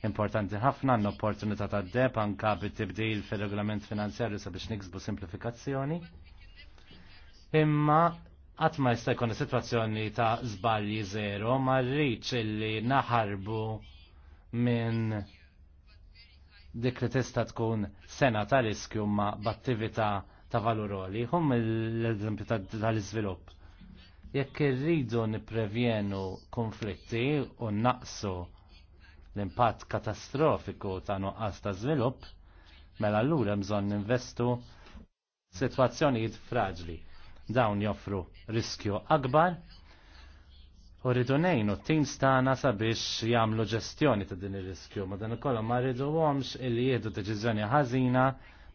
importanti ħafna għandna opportunità ta' deb anka bit-tibdil fil-regolament finanzjarju sabiex niksbu simplifikazzjoni. Imma qatt ma jista' jkun is-sitwazzjoni ta' żbalji zero ma rridx illi naħarbu minn dik li tista' tkun sena ta' riskju ma' b'attività ta' valuroli, hum l-eżempju tal-izvilupp. Jekk irridu niprevjenu konflitti u naqsu l-impatt katastrofiku ta' nuqqas ta' żvilupp, mela allura bżonn investu situazzjonijiet fraġli. Dawn joffru riskju akbar u rridu ngħinu t tim stana sabiex jagħmlu ġestjoni ta' din ir-riskju, ma dan ukoll ma rriduhomx illi jieħdu deċiżjoni ħażina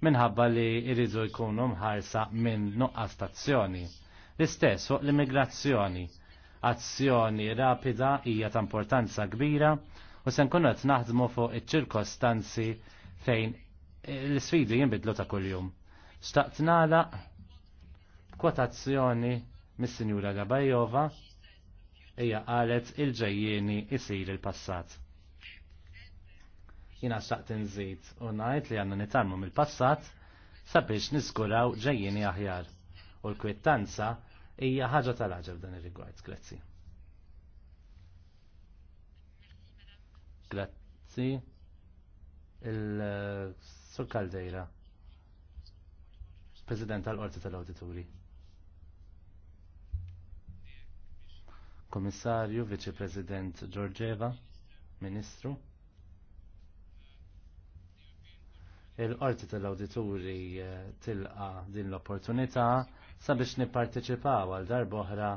minħabba li jridu jkunu mħarsa minn nuqqas tazzjoni. L-istess fuq l-immigrazzjoni azzjoni rapida hija ta' importanza kbira u se nkunu qed naħdmu fuq iċ-ċirkostanzi fejn l-sfidi jinbidlu ta' kuljum. Xtaqt nagħlaq kwotazzjoni mis-Sinjura Gabajova hija qalet il-ġejjieni isir il-passat. Jina xtaqt nżid u ngħid li għandna nitarmu mill-passat sabiex niskuraw ġejjieni aħjar u l-kwittanza hija ħaġa tal ħagġa dan ir-rigward. Grazzi. Grazzi. Il-Sur Caldeira. President tal-Qorti tal-Awdituri. Komissarju, Viċi President Giorgeva, Ministru. Il-Qorti tal-Awdituri eh, tilqa din l-opportunità sabiex nipparteċipaw għal darboħra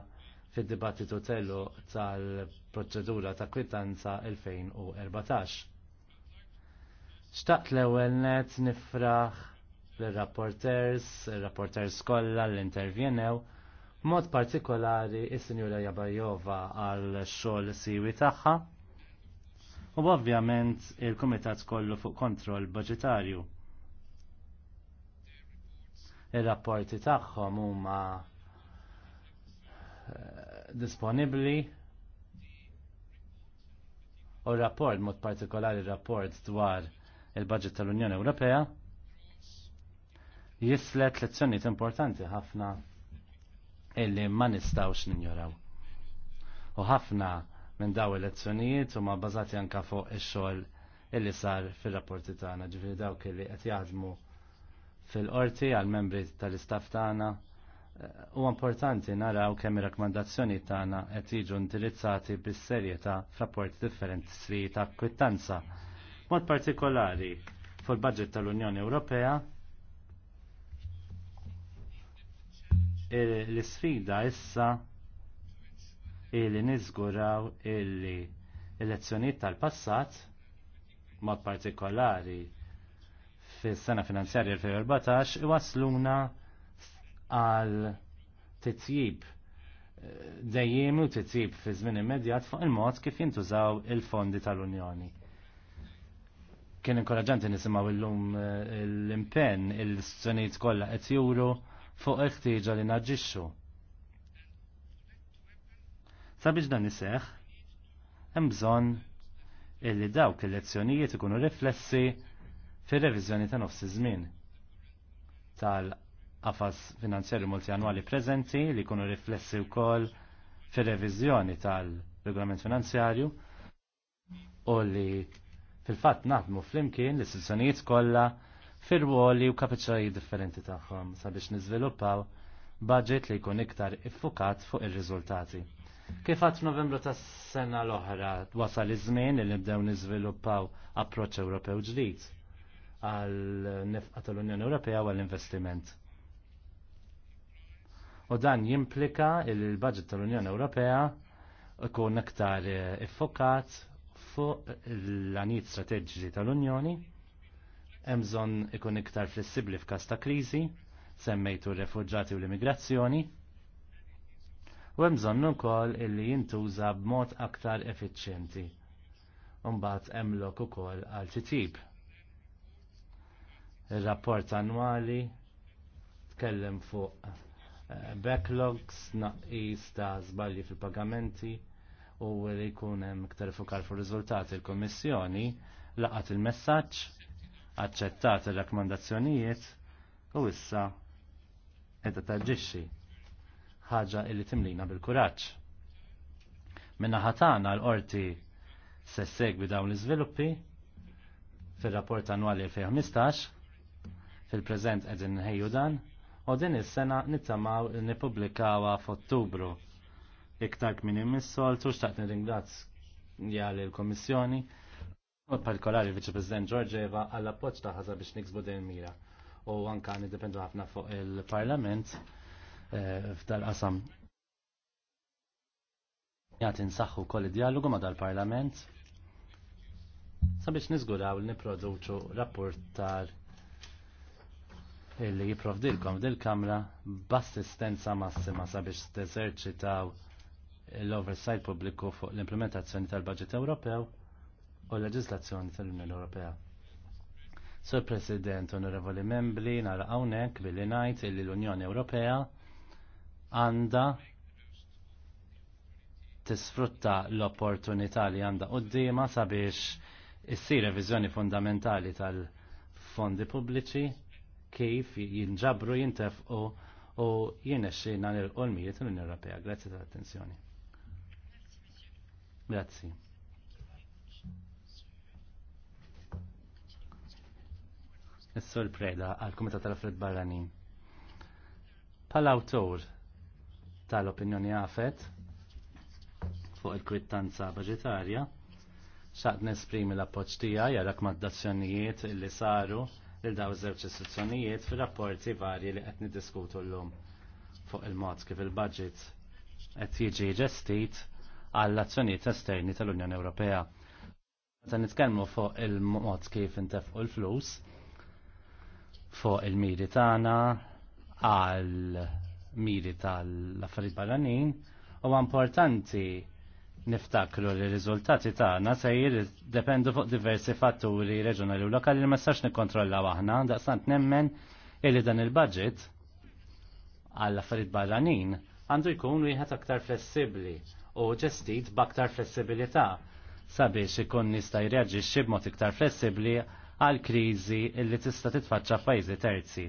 fid-dibattitu tellu tal-proċedura ta' kwitanza 2014. Xtaqt l-ewel net nifraħ l-rapporters, l-rapporters kollha l-intervjenew, mod partikolari is-Sinjura Jabajova għal xogħol siwi tagħha u ovvjament il-Kumitat kollu fuq kontroll budgetarju. Ir-rapporti tagħhom huma disponibli u rapport, mod partikolari rapport dwar il-budget tal-Unjoni Ewropea, jislet lezzjoniet importanti ħafna illi ma nistawx ninjoraw. U ħafna minn daw il-lezzjonijiet u ma bazati anka fuq ix-xogħol illi sar fir-rapporti tagħna, ġifieri dawk illi qed jaħdmu fil-qorti għal membri tal-istaff tagħna U importanti naraw kemm ir-rakkomandazzjoni tagħna qed jiġu indirizzati bis-serjetà f'rapport differenti ta' kwittanza. Mod partikolari fuq il-budget tal-Unjoni Ewropea l-isfida issa li niżguraw illi elezzjonijiet tal-passat mod partikolari fis-sena finanzjarja 2014 iwasluna għal titjib eh, dejjem u titjib fi żmien immedjat fuq il-mod kif jintużaw il-fondi tal-Unjoni. Kien inkoraġanti nisimgħu illum eh, l-impenn il sunijiet kollha qed juru fuq il-ħtieġa li naġġixxu. Sabiex dan iseħħ, hemm bżonn illi dawk il-lezzjonijiet ikunu riflessi fir-reviżjoni ta' nofs iż-żmien tal għafas finanzjari multianuali preżenti li jkunu riflessi wkoll fir-reviżjoni tal-regolament finanzjarju u li fil-fatt naħdmu flimkien l-istituzzjonijiet kollha fil ruoli u kapiċaji differenti tagħhom sabiex niżviluppaw budget li jkun iktar iffukat fuq ir-riżultati. Kif għat novembru tas sena l-oħra wasal iż-żmien li nibdew niżviluppaw approċċ Ewropew ġdid għal nefqa tal-Unjoni Ewropea għall investiment u dan jimplika il-budget tal-Unjoni Ewropea ikun aktar eh, iffokat fuq l-għanijiet strateġiċi tal-Unjoni, hemm bżonn ikun iktar flessibli f'każ ta' kriżi, semmejtu r-refuġġati u l-immigrazzjoni, u hemm bżonn ukoll illi jintuża b'mod aktar effiċjenti. Imbagħad emlok ukoll għal titjib. Ir-rapport annwali tkellem fuq Eh, backlogs naqis ta' zbalji fil-pagamenti u li jkun hemm iktar fukar fuq riżultati l-Kummissjoni laqat il-messaġġ, aċċettat ir-rakkomandazzjonijiet u issa qiegħda taġġixxi ħaġa illi timlina bil-kuraġġ. Minna ħatana l-qorti se segwi dawn l-iżviluppi fil-rapport annwali 2015 fil-preżent qegħdin nħejju dan u din is-sena nittamaw nippubblikawha f'Ottubru. Iktar kmin immissoltu xtaqt jgħal il kummissjoni u partikolari viċi-President Giorgeva għall appoġġ taħħaża biex niksbu din mira u anka nidependu ħafna fuq il-Parlament eh, f'dal-qasam. Jgħat insaxħu id dialogu ma dal-Parlament sabiex nizguraw li niproduċu rapport tal li jiprovdilkom dil-kamra b'assistenza massima sabiex teżerċitaw l-oversight pubbliku fuq l-implementazzjoni tal-Budget Ewropew u l-leġislazzjoni tal-Unjoni Ewropea. Sur President, onorevoli membri, nara hawnhekk billi ngħid li l-Unjoni Ewropea għandha tisfrutta l-opportunità li għandha qudiema sabiex issir reviżjoni fundamentali tal-fondi pubbliċi kif jinġabru jintefqu u nan il qolmijiet l-Unjoni Ewropea. Grazzi tal-attenzjoni. Grazzi. Is-sol preda għal Kumitat tal fred Barranin. Pal-awtur tal-opinjoni għafet fuq il-kwittanza budgetarja, xaqt nesprimi l-appoċ tiegħi għal rakkomandazzjonijiet li saru lil daw żewġ istituzzjonijiet fir-rapporti varji li qed niddiskutu llum fuq il-mod kif il-budget qed jiġi ġestit għall azzjonijiet esterni tal-Unjoni Ewropea. Meta nitkellmu fuq il-mod kif intefqu l-flus fuq il-miri tagħna għal miri tal-affarijiet barranin huwa importanti niftakru li riżultati tagħna se dependu fuq diversi fatturi reġjonali u lokali li ma nistax nikkontrollaw aħna, daqsant nemmen illi dan il-budget għall affarijiet barranin għandu jkun wieħed aktar flessibbli u ġestit b'aktar flessibilità sabiex ikun nista' jreaġixxi b'mod iktar flessibbli għal kriżi illi tista' titfaċċa f'pajjiżi terzi.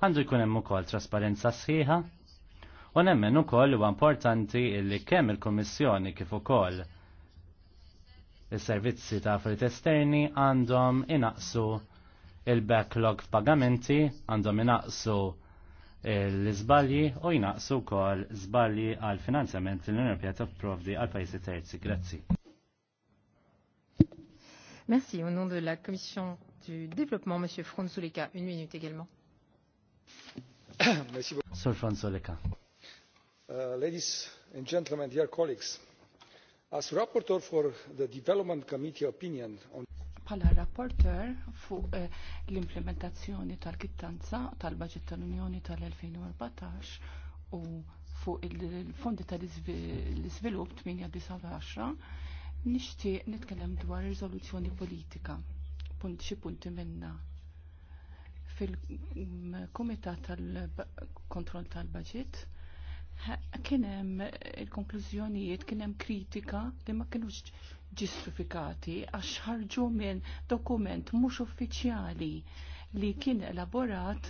Għandu jkun hemm ukoll trasparenza sħiħa U nemmen ukoll huwa importanti li kemm il-Kummissjoni kif ukoll is-servizzi ta' affarijiet esterni għandhom inaqsu il-backlog f'pagamenti, għandhom inaqsu l-izbalji u jnaqsu kol zbalji għal finanzjament l-Unjoni Ewropea tipprovdi għal pajjiżi terzi. Grazzi. Merci. Au nom de la Commission du Développement, Monsieur Fronsulika, une minute également. Sur Fronsulika. Uh, ladies and gentlemen, dear colleagues, as rapporteur for the Development Committee opinion on Pala rapporteur fuq eh, l-implementazzjoni tal-kittanza tal-Baġit tal-Unjoni tal-2014 u fuq il-Fondi tal-Iżvilupp 8-10 nixtieq nitkellem dwar riżoluzzjoni politika. Punt xi punti minna fil-Kumitat mm, tal-Kontroll tal-Baġit Kien hemm il-konklużjonijiet, kien hemm kritika li ma kinux ġistifikati għax ħarġu minn dokument mhux uffiċjali li kien elaborat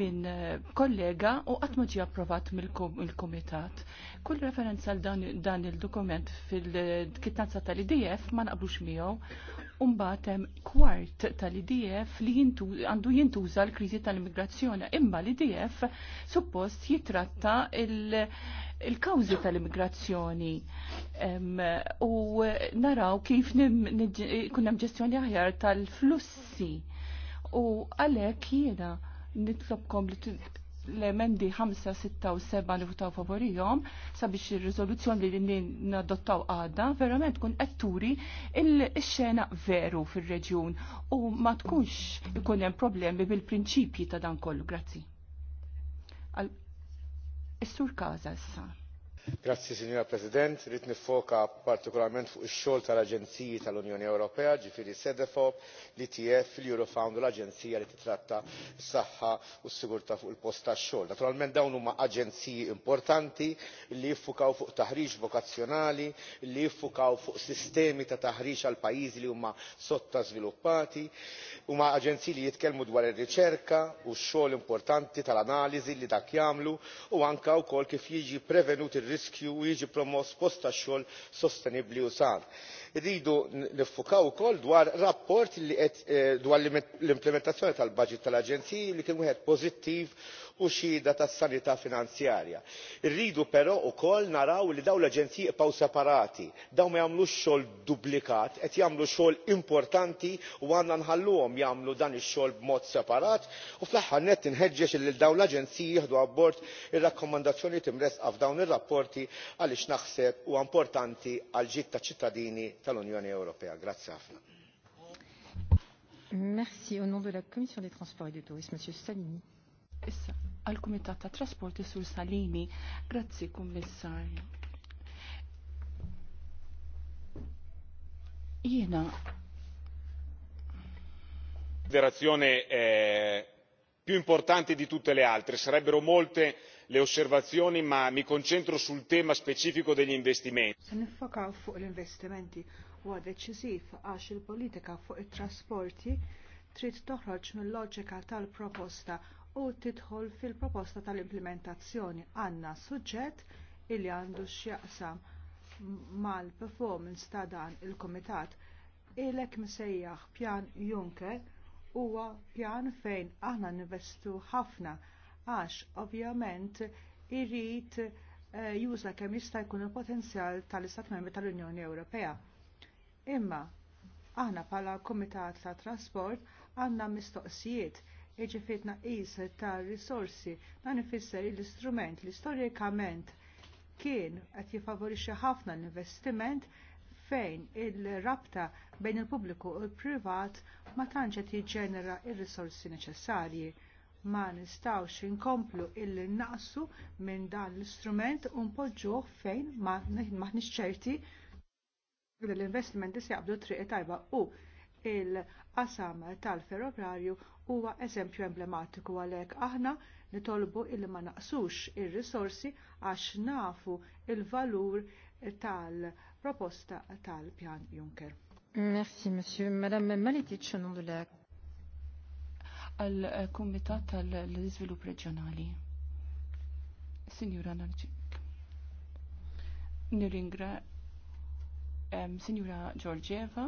minn eh, kollega u qatt ma ġie approvat mill-kumitat. Kull referenza għal dan il-dokument fil-kittanza tal-IDF ma naqbux miegħu u mbagħad hemm kwart tal-IDF li għandu jintuża l-kriżi tal-immigrazzjoni imma l-IDF suppost jitratta il- il-kawzi tal-immigrazzjoni u naraw kif kunnem ġestjoni aħjar tal-flussi u għalhekk jiena nitlobkom li l-emendi 5, 6 u 7 li votaw favorijom sabiex il rezoluzjon li nadottaw għadda verament kun etturi il-xena veru fil-reġjun u ma tkunx ikun hemm problemi bil-prinċipji ta' dan kollu. Grazzi. al sur Kaza issa. Grazzi, Signora President. Rrid nifoka partikolarment fuq ix-xogħol tal-Aġenziji tal-Unjoni Ewropea, ġifieri Sedefop, l-ITF, l-Eurofound u l-Aġenzija li titratta s-saħħa u s-sigurtà fuq il-post tax-xogħol. Naturalment dawn huma aġenziji importanti li jiffukaw fuq taħriġ vokazzjonali, li jiffukaw fuq sistemi ta' taħriġ għal pajjiżi li huma sottażviluppati, huma aġenziji li jitkellmu dwar ir-riċerka u x-xogħol importanti tal-analiżi li dak jagħmlu u anke wkoll kif jiġi prevenut ir riskju u jiġi promoss post tax xogħol sostenibbli u san. Irridu niffukaw ukoll dwar rapport li qed eh, dwar l-implementazzjoni tal-budget tal-Aġenziji li kien wieħed pożittiv u xhieda tas-sanità finanzjarja. Irridu però wkoll naraw li dawn l-aġenziji jibqgħu separati, dawn ma jagħmlux xogħol dublikat, qed jagħmlu xogħol importanti u għandna nħalluhom jagħmlu dan ix-xogħol b'mod separat u fl-aħħar nett inħeġġeġ lil dawn l-aġenziji jieħdu abbord ir-rakkomandazzjoni timresqa f'dawn ir-rapporti għaliex naħseb huwa importanti għall ġid taċ-ċittadini tal-Unjoni Ewropea. Grazzi ħafna. Merci. Au nom de la Commission des Transports et du Tourisme, Monsieur Salini. Issa, għal Kumitat ta' Trasporti Sur Salini, grazzi Kummissarju. Jena. Federazione eh, più importante di tutte le altre, sarebbero molte le osservazioni ma mi concentro sul tema specifico degli investimenti. Se foca fuq l-investimenti huwa deċiżiv għax il-politika fuq it-trasporti trid toħroġ mill-loġika tal-proposta u tidħol fil-proposta tal-implementazzjoni għanna suġġett illi għandu x'jaqsam mal-performance ta' dan il kumitat ilek msejjaħ pjan Juncker huwa pjan fejn aħna ninvestu ħafna għax ovvjament irid eh, juża kemm jista' jkun il-potenzjal tal-Istat Membri tal-Unjoni Ewropea. Imma aħna bħala Kumitat tat Trasport għandna mistoqsijiet iġifiet naqis ta' risorsi dan ifisser l-istrument li storikament kien qed jifavorixxi ħafna l-investiment fejn il-rabta bejn il-pubbliku u l-privat ma tantx qed jiġġenera r risorsi neċessarji ma nistawx inkomplu illi naqsu minn dan l-istrument u npoġġuh fejn ma maħniex ċerti l-investimenti se jaqbdu triq tajba u il-qasam tal-ferroprarju huwa eżempju emblematiku għalhekk aħna nitolbu illi ma naqsux ir-risorsi għax nafu l valur tal-proposta tal-pjan Juncker. Merci, monsieur. Madame Maletic, au nom de la għal-Kumitat eh, tal-Iżvilupp Reġjonali. Signora Narġik. Niringra Signora Sinjura Giorgieva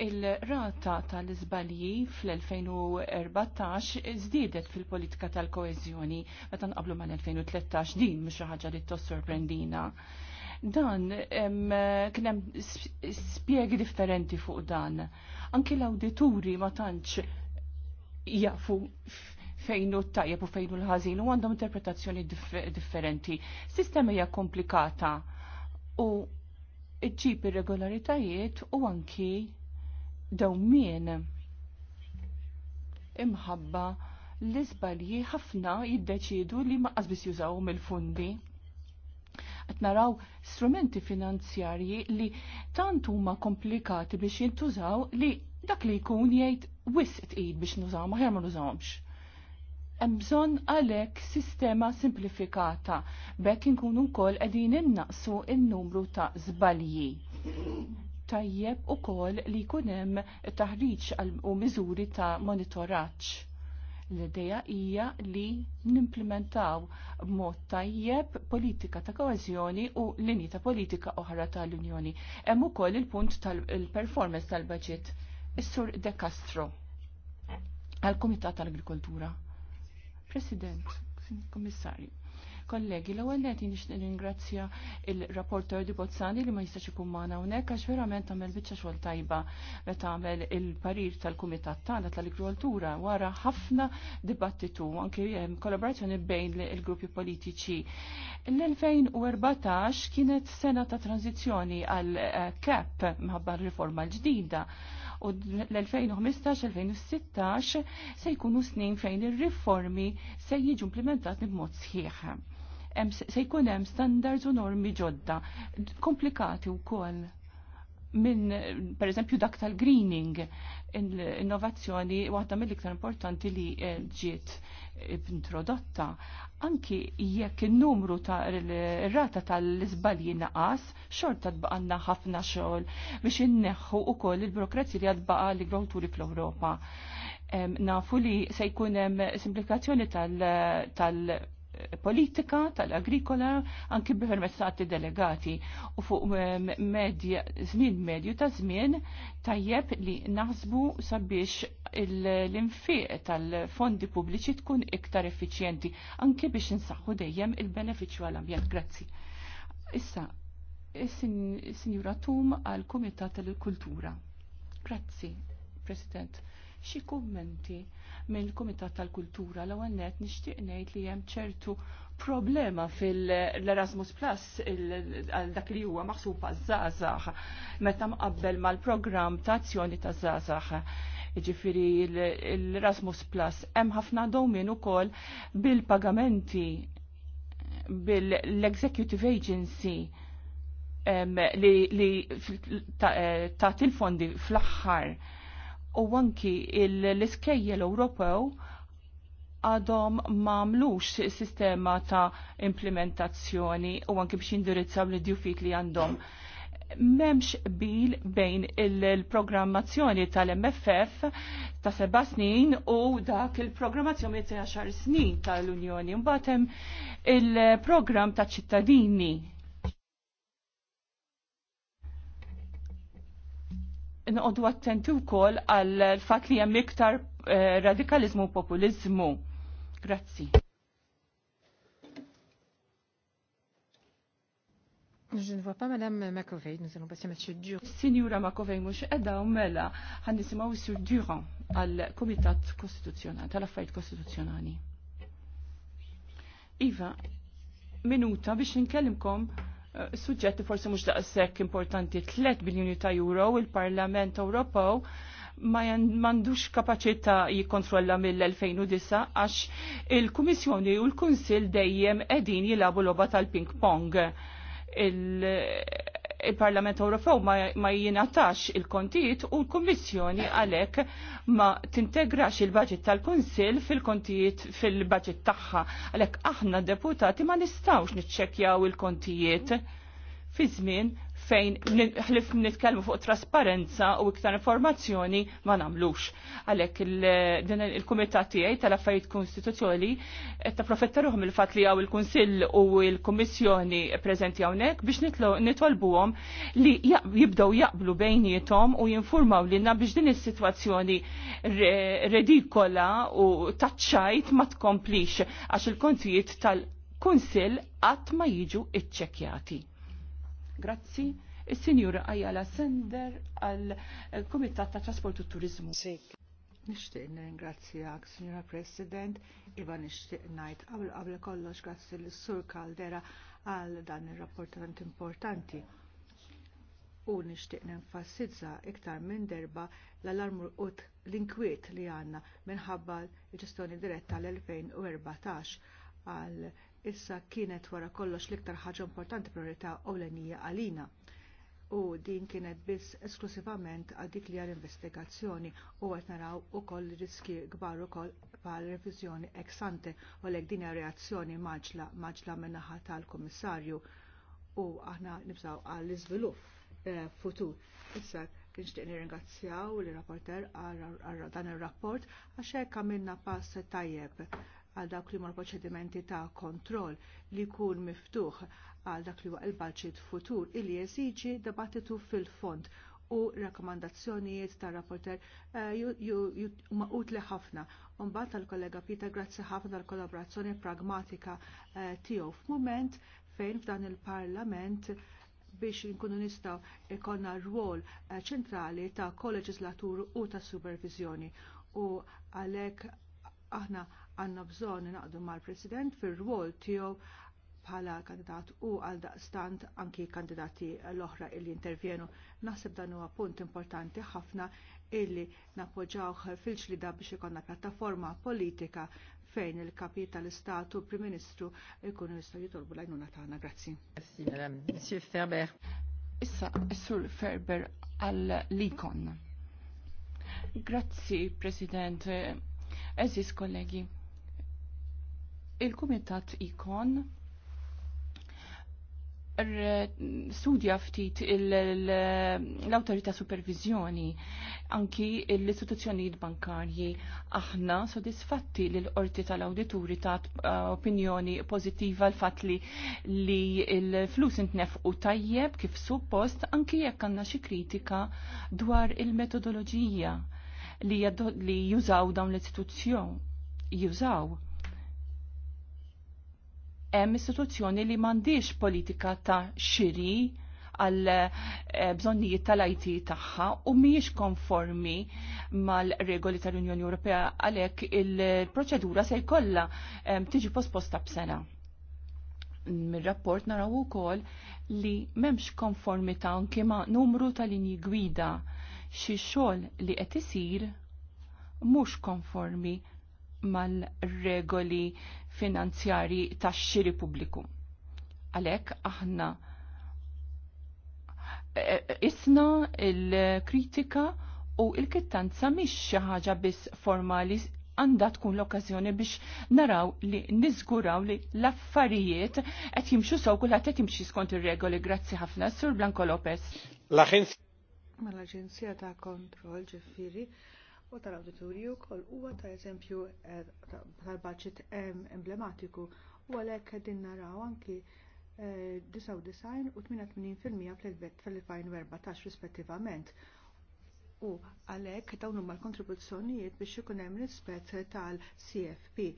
il-rata tal-izbalji fl-2014 zdidet fil-politika tal-koezjoni meta nqablu mal-2013 din mhux ħaġa li sorprendina. Dan kien hemm spjegi differenti fuq dan. Anki l-awdituri ma tantx jafu fejnu tajjeb u fejnu l-ħazin u għandhom interpretazzjoni differenti. Sistema hija komplikata u ġib irregolaritajiet u anki min imħabba l-izbalji ħafna jiddeċidu li ma qasbis jużaw mill-fundi. Qed naraw strumenti finanzjarji li tant huma komplikati biex jintużaw li dak li jkun jgħid wis tqid biex nużaw ma ma nużawx. Hemm bżonn għalhekk sistema simplifikata bekk inkunu wkoll qegħdin innaqsu n-numru ta' żbalji. Tajjeb ukoll li jkun hemm taħriġ u miżuri ta' monitoraġġ. L-idea hija li nimplementaw b'mod tajjeb politika ta' koeżjoni u linji ta' politika oħra tal-Unjoni. Hemm ukoll il-punt tal-performance tal-baġit Is-Sur De Castro għal-Kumitat tal-Agrikoltura. President, Kommissarju, kollegi, l-ewwel qed nixtieq ringrazzja il-rapporter di Bozzani li ma jistax ikun magħna hawnhekk għax verament tagħmel biċċa xogħol tajba meta tagħmel il-parir tal-kumitat tagħna tal-agrikoltura wara ħafna dibattitu anke eh, kollaborazzjoni bejn il-gruppi politiċi. L-2014 kienet sena ta' tranzizzjoni għal eh, CAP mħabba riforma l-ġdida u l-2015-2016 se jkunu snin fejn ir-riformi se jiġu implementati b'mod sħiħ. Se jkun hemm standards u normi ġodda, komplikati wkoll minn per eżempju dak tal-greening innovazzjoni waħda mill-iktar importanti li eh, ġiet introdotta anki jekk in-numru ta' rata tal-iżbalji naqas xorta tbaqanna ħafna xogħol biex inneħħu ukoll il burokrazija li għadbaqa li growturi fl-Ewropa. Nafu li se jkun hemm simplikazzjoni tal-, tal politika tal-agrikola anki bi delegati u fuq eh, medja żmien medju ta' żmien tajjeb li naħsbu sabiex l-infiq tal-fondi pubbliċi tkun iktar effiċjenti anki biex insaħħu dejjem il-benefiċċju għall-ambjent. Grazzi. Issa, signora sinjura Tum għal Kumitat tal-Kultura. Grazzi, President. Xi kummenti? mill-Kumitat tal-Kultura l-ewwel net nixtieq ngħid li hemm ċertu problema fil-Erasmus Plus għal dak li huwa maħsub għaż-żgħażagħ meta mqabbel mal-programm ta' azzjoni ta' żgħażagħ. Ġifiri l-Erasmus Plus hemm ħafna domin ukoll bil-pagamenti bil-Executive Agency li, li ta' eh, til fondi fl-axħar u anki l-iskejjel Ewropew għadhom mamlux sistema ta' implementazzjoni u anki biex jindirizzaw l djufik li għandhom. Memx bil bejn il-programmazzjoni tal-MFF ta' seba snin u dak il-programmazzjoni ta' xar snin tal-Unjoni. Mbatem il-program ta' ċittadini nqodu attenti wkoll għal fatt li hemm iktar eh, radikalizmu u populizmu. Grazzi. Je ne vois pas Madame Macovey, nous allons passer à Monsieur Durand. Signora Makovej, mux edha u mela, għan nisimaw Sur Durand għal Komitat Kostituzjonali, tal-Affarijiet Kostituzjonali. Iva, minuta biex nkellimkom suġġetti forsi mhux daqshekk importanti 3 biljuni ta' euro il-Parlament Ewropew ma mandux kapaċità jikkontrolla mill-2009 għax il-Kummissjoni u l-Kunsill dejjem qegħdin jilabu logħba tal-ping pong. Il il-Parlament Ewropew ma jingħatax il-kontijiet u l-Kummissjoni għalhekk ma tintegrax il-baġit tal-Kunsill fil-kontijiet fil-baġit tagħha. Għalhekk aħna deputati ma nistawx niċċekkjaw il-kontijiet fi żmien fejn ħlif nitkellmu fuq trasparenza u iktar informazzjoni ma nagħmlux. Għalhekk din il-kumitat tiegħi tal-affarijiet konstituzzjoni qed tapprofettaruhom il-fatt li hawn il-Kunsill u l-Kummissjoni preżenti hawnhekk biex nitolbuhom li jibdew jaqblu bejniethom u jinformaw lilna biex din is-sitwazzjoni redikola u taċċajt ma tkomplix għax il-kontijiet tal-Kunsill qatt ma jiġu iċċekjati. Grazzi. is sinjur Ajala Sender għal eh, Kumitat ta' Trasport u Turizmu. Nishtiq ringrazzjak, Signora President, iva nishtiq najt qabel qabel kollox grazzi l-Sur Kaldera għal dan ir-rapport tant importanti u nixtieq nenfasizza iktar minn derba l-alarm ut l-inkwiet li għandna minħabba l-ġestjoni diretta l-2014 għal issa kienet wara kollox l-iktar ħaġa importanti priorità ewlenija għalina. U din kienet biss esklusivament għal dik li għal-investigazzjoni u qed naraw ukoll riski kbar ukoll bħal reviżjoni ex ante u l din reazzjoni maġla maġla min-naħa tal-Kummissarju u aħna nibżaw għall iżvilupp eh, futur. Issa kien nirringrazzjaw l-rapporter għal dan ir-rapport għax hekk għamilna pass tajjeb għal dak li mal proċedimenti ta' kontroll li jkun miftuħ għal dak li huwa il-budget futur illi jeżiġi dibattitu fil-fond u rakkomandazzjonijiet ta' rapporter huma eh, utli ħafna. Mbagħad tal-kollega Peter grazzi ħafna tal-kollaborazzjoni pragmatika eh, tiegħu f'mument fejn f'dan il-Parlament biex nkunu nistgħu ikonna rwol eh, ċentrali ta' koleġislatur u ta' supervizjoni. U għalhekk aħna għanna bżon naqdu mal-President fil-rwol tiegħu bħala kandidat u għal daqstant anki kandidati l-oħra illi intervjenu. Naħseb dan huwa punt importanti ħafna illi napoġawh fil-ġlida biex ikonna pjattaforma politika fejn il-kapi tal-Istatu Prim Ministru jkunu jistgħu jitolbu l-għajnuna tagħna. Grazzi. Merci, Monsieur Ferber. Issa, Sur Ferber għal-Likon. Grazzi, President. Eżis kollegi il-Kumitat ikon studja ftit l autorita supervizjoni anki l-istituzzjonijiet bankarji aħna sodisfatti l qorti tal-awdituri ta' eh, opinjoni pozittiva l fat li l-flus intnefqu tajjeb kif suppost anki jekk għandna xi kritika dwar il-metodoloġija li, li jużaw dawn l-istituzzjoni jużaw hemm istituzzjoni li m'għandix politika ta' xiri għal eh, bżonnijiet tal-IT tagħha u mhijiex konformi mal-regoli tal-Unjoni Ewropea għalhekk il-proċedura se jkollha eh, tiġi posposta b'sena. Mir-rapport naraw ukoll li m'hemmx konformità anke ma' numru tal-linji gwida xi xogħol li qed isir mhux konformi mal-regoli finanzjari tax xiri pubbliku. Għalek aħna e, e, isna il-kritika u il-kittanza mhix xi ħaġa biss formali għandha tkun l-okkażjoni biex naraw li niżguraw li l-affarijiet qed jimxu sew kulħadd qed jimxi skont ir-regoli. Grazzi ħafna, Sur Blanco Lopez. Mela l-Aġenzija ta' Kontroll ġifieri u tal-awditurju wkoll huwa ta' eżempju eh, tal-budget emblematiku u għalhekk qegħdin naraw anki 99 eh, u 88% fl-elbet tal-2014 rispettivament u għalhekk dawn huma l-kontribuzzjonijiet biex ikun hemm rispett tal-CFP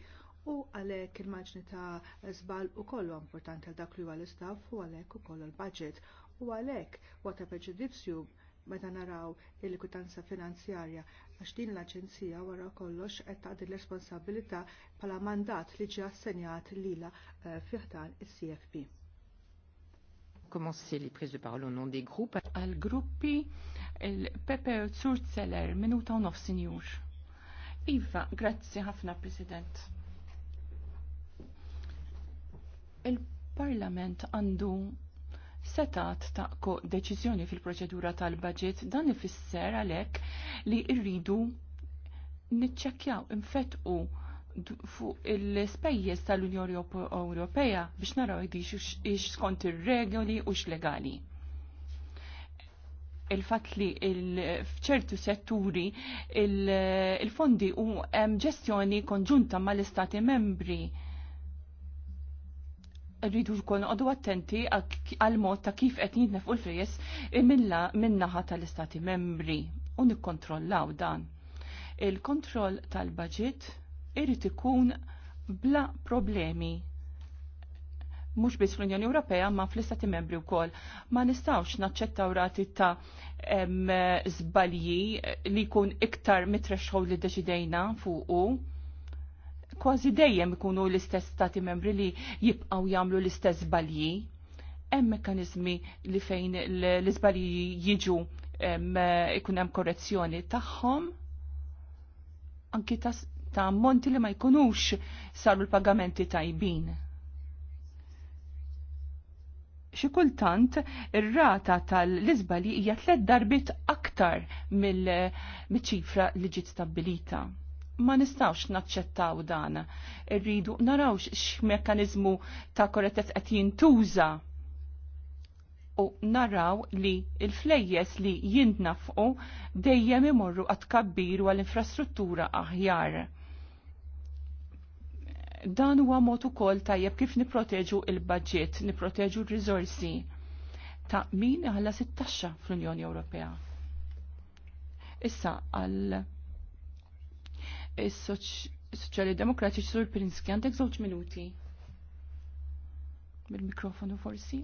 u għalhekk il-maġni ta' żball ukoll huwa importanti għal dak li huwa l-istaff u għalhekk ukoll il-budget u għalhekk waqt preġudizzju meta naraw il-kwitanza finanzjarja għax din l-Aġenzija wara kollox qed taqdi l-responsabilità bħala mandat li ġie assenjat lilha eh, fiħdan is-CFP. Commencer les prises de parole au nom des groupes. Al gruppi il-Pepe Zurzeller minuta u nofsinjur. Iva, grazie, Hafna, President. Il-Parlament andu setat taqko deċiżjoni fil-proċedura tal-budget dan ifisser għalhekk li rridu niċċekkjaw infetqu fuq il-spejjeż tal-Unjoni Ewropea biex naraw ix skont ir-regoli u x-legali il-fat li fċertu setturi il-fondi u ġestjoni konġunta mal-istati membri rridu jkun għadu attenti għal mod ta' kif qed jitnefqu l fejjes min-naħa tal-istati membri u nikkontrollaw dan. Il-kontroll tal-budget irid ikun bla problemi mhux biss fl-Unjoni Ewropea ma fl-Istati Membri wkoll. Ma nistgħux naċċettaw rati ta' żbalji li jkun iktar mit-threshold li deċidejna fuqu kważi dejjem ikunu l-istess stati membri li jibqaw jagħmlu l-istess balji. Hemm mekkaniżmi li fejn l-iżbalji jiġu ikun hemm korrezzjoni tagħhom anki ta' ammonti li ma jkunux saru l-pagamenti tajbin. Xi kultant ir-rata tal-iżbali hija tliet darbit aktar mill-ċifra li ġiet stabbilita ma nistawx naċċettaw dan. Irridu narawx x'mekkaniżmu ta' korretet qed jintuża u naraw li il-flejjes li jintnafqu dejjem imorru għat kabbiru għal għall-infrastruttura aħjar. Dan huwa mod ukoll tajjeb kif niproteġu il-budget, niproteġu r-riżorsi ta' min ħalla 16 fl-Unjoni Ewropea. Issa għal Is-Soċjali Demokratiċi Sur Prinski, għandek żewġ minuti. Bil-mikrofonu forsi.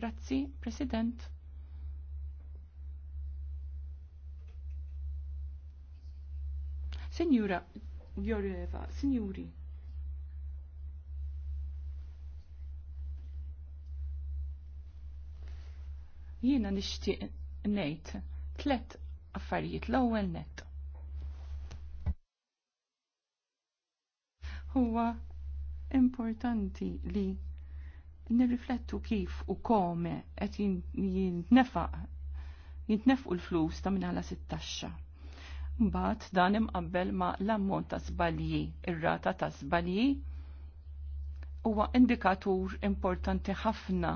Grazzi, President. Signora Joreva, signori. Jiena nixtieq ngħid tliet affarijiet l-ewwel nett. huwa importanti li nirriflettu kif u kome qed jintnefaq jintnefqu l-flus ta' minħala sit-taxxa. Mbagħad dan imqabbel ma' l-ammont ta' żbalji, ir-rata ta' żbalji huwa indikatur importanti ħafna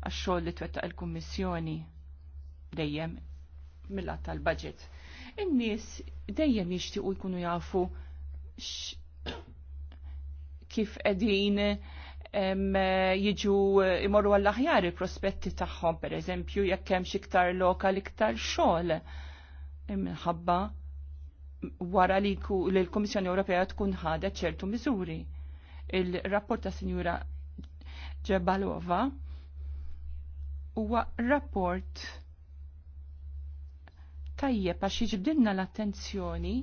għax-xogħol li twettaq il-Kummissjoni dejjem mill tal-budget. In-nies dejjem jixtiequ jkunu jafu kif edin jiġu imorru għall-aħjar il-prospetti tagħhom, per eżempju, jekk hemm xiktar lokal iktar xogħol minħabba wara li l-Kummissjoni Ewropea tkun ħadet ċertu miżuri. Il-rapport ta' Sinjura Ġebalova huwa rapport tajjeb għax jiġbdilna l-attenzjoni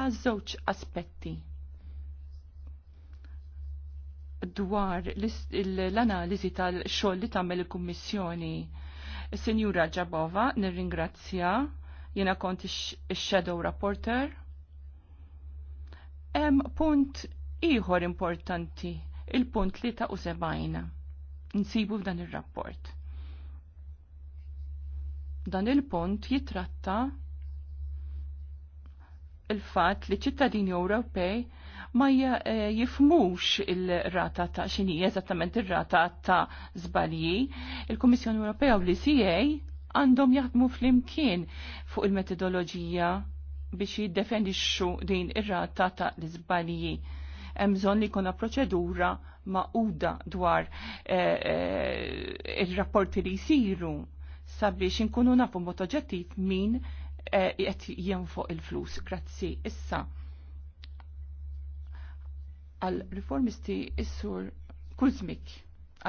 għaż żewġ aspetti dwar l-analizi tal-xogħol li tagħmel il-Kummissjoni. Sinjura Ġabova, nirringrazzja, jiena kont x shadow rapporter. Hemm punt ieħor importanti, il-punt li ta' u sebajna. Nsibu f'dan ir-rapport. Dan il-punt jitratta il-fat li ċittadini Ewropej ma eh, jifmux il-rata ta' xini, eżattament il-rata ta' zbalji. Il-Komissjoni Ewropea u l-ICA għandhom jaħdmu fl-imkien fuq il-metodoloġija biex jiddefendixxu din ir-rata ta' l iżbalji Hemm bżonn li jkollna proċedura maquda dwar eh, eh, ir-rapporti li jsiru sabiex inkunu nafu mod oġġettiv min qed jenfoq il-flus. Grazzi. Issa għal riformisti is-sur Kuzmik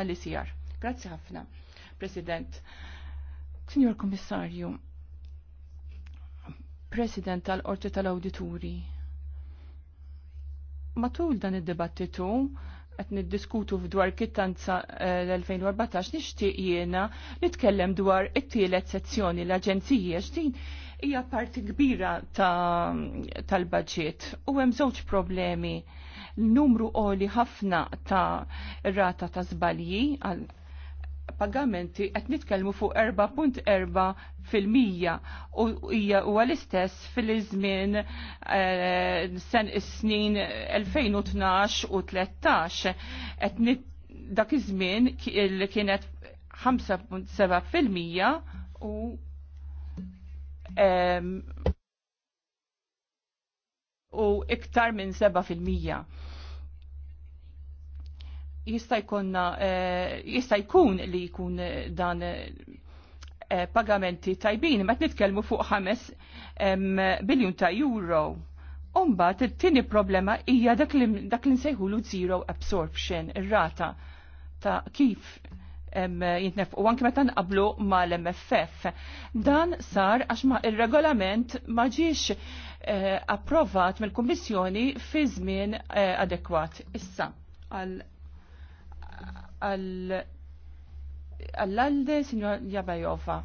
għal isjar. Grazzi ħafna, President. Signor Kommissarju, President tal-Qorti tal-Awdituri, matul dan id-dibattitu qed niddiskutu f'dwar kittanza eh, l-2014 nixtieq jiena nitkellem dwar it-tielet sezzjoni l-Aġenzija x'din hija parti kbira tal-baġġiet u hemm żewġ problemi numru qoli ħafna ta' rata ta' żbalji għal pagamenti qed nitkellmu fuq 4.4 fil-mija u hija huwa l-istess fil-żmien eh, sen is-snin 2012 u 13 qed dak iż-żmien li kienet 5.7 fil-mija u u iktar minn 7%. Jista' jkunna eh, jista' jkun li jkun eh, dan eh, pagamenti tajbin, ma nitkellmu fuq 5 biljun ta' euro. Umba, t-tini problema hija dak li nsejħu zero absorption, ir-rata ta' kif jitnef u anki meta nqablu mal-MFF. Dan sar għax ma il-regolament ma ġiex eh, approvat mill-Kummissjoni fi żmien eh, adekwat. Issa għall-għalde Signor Jabajova.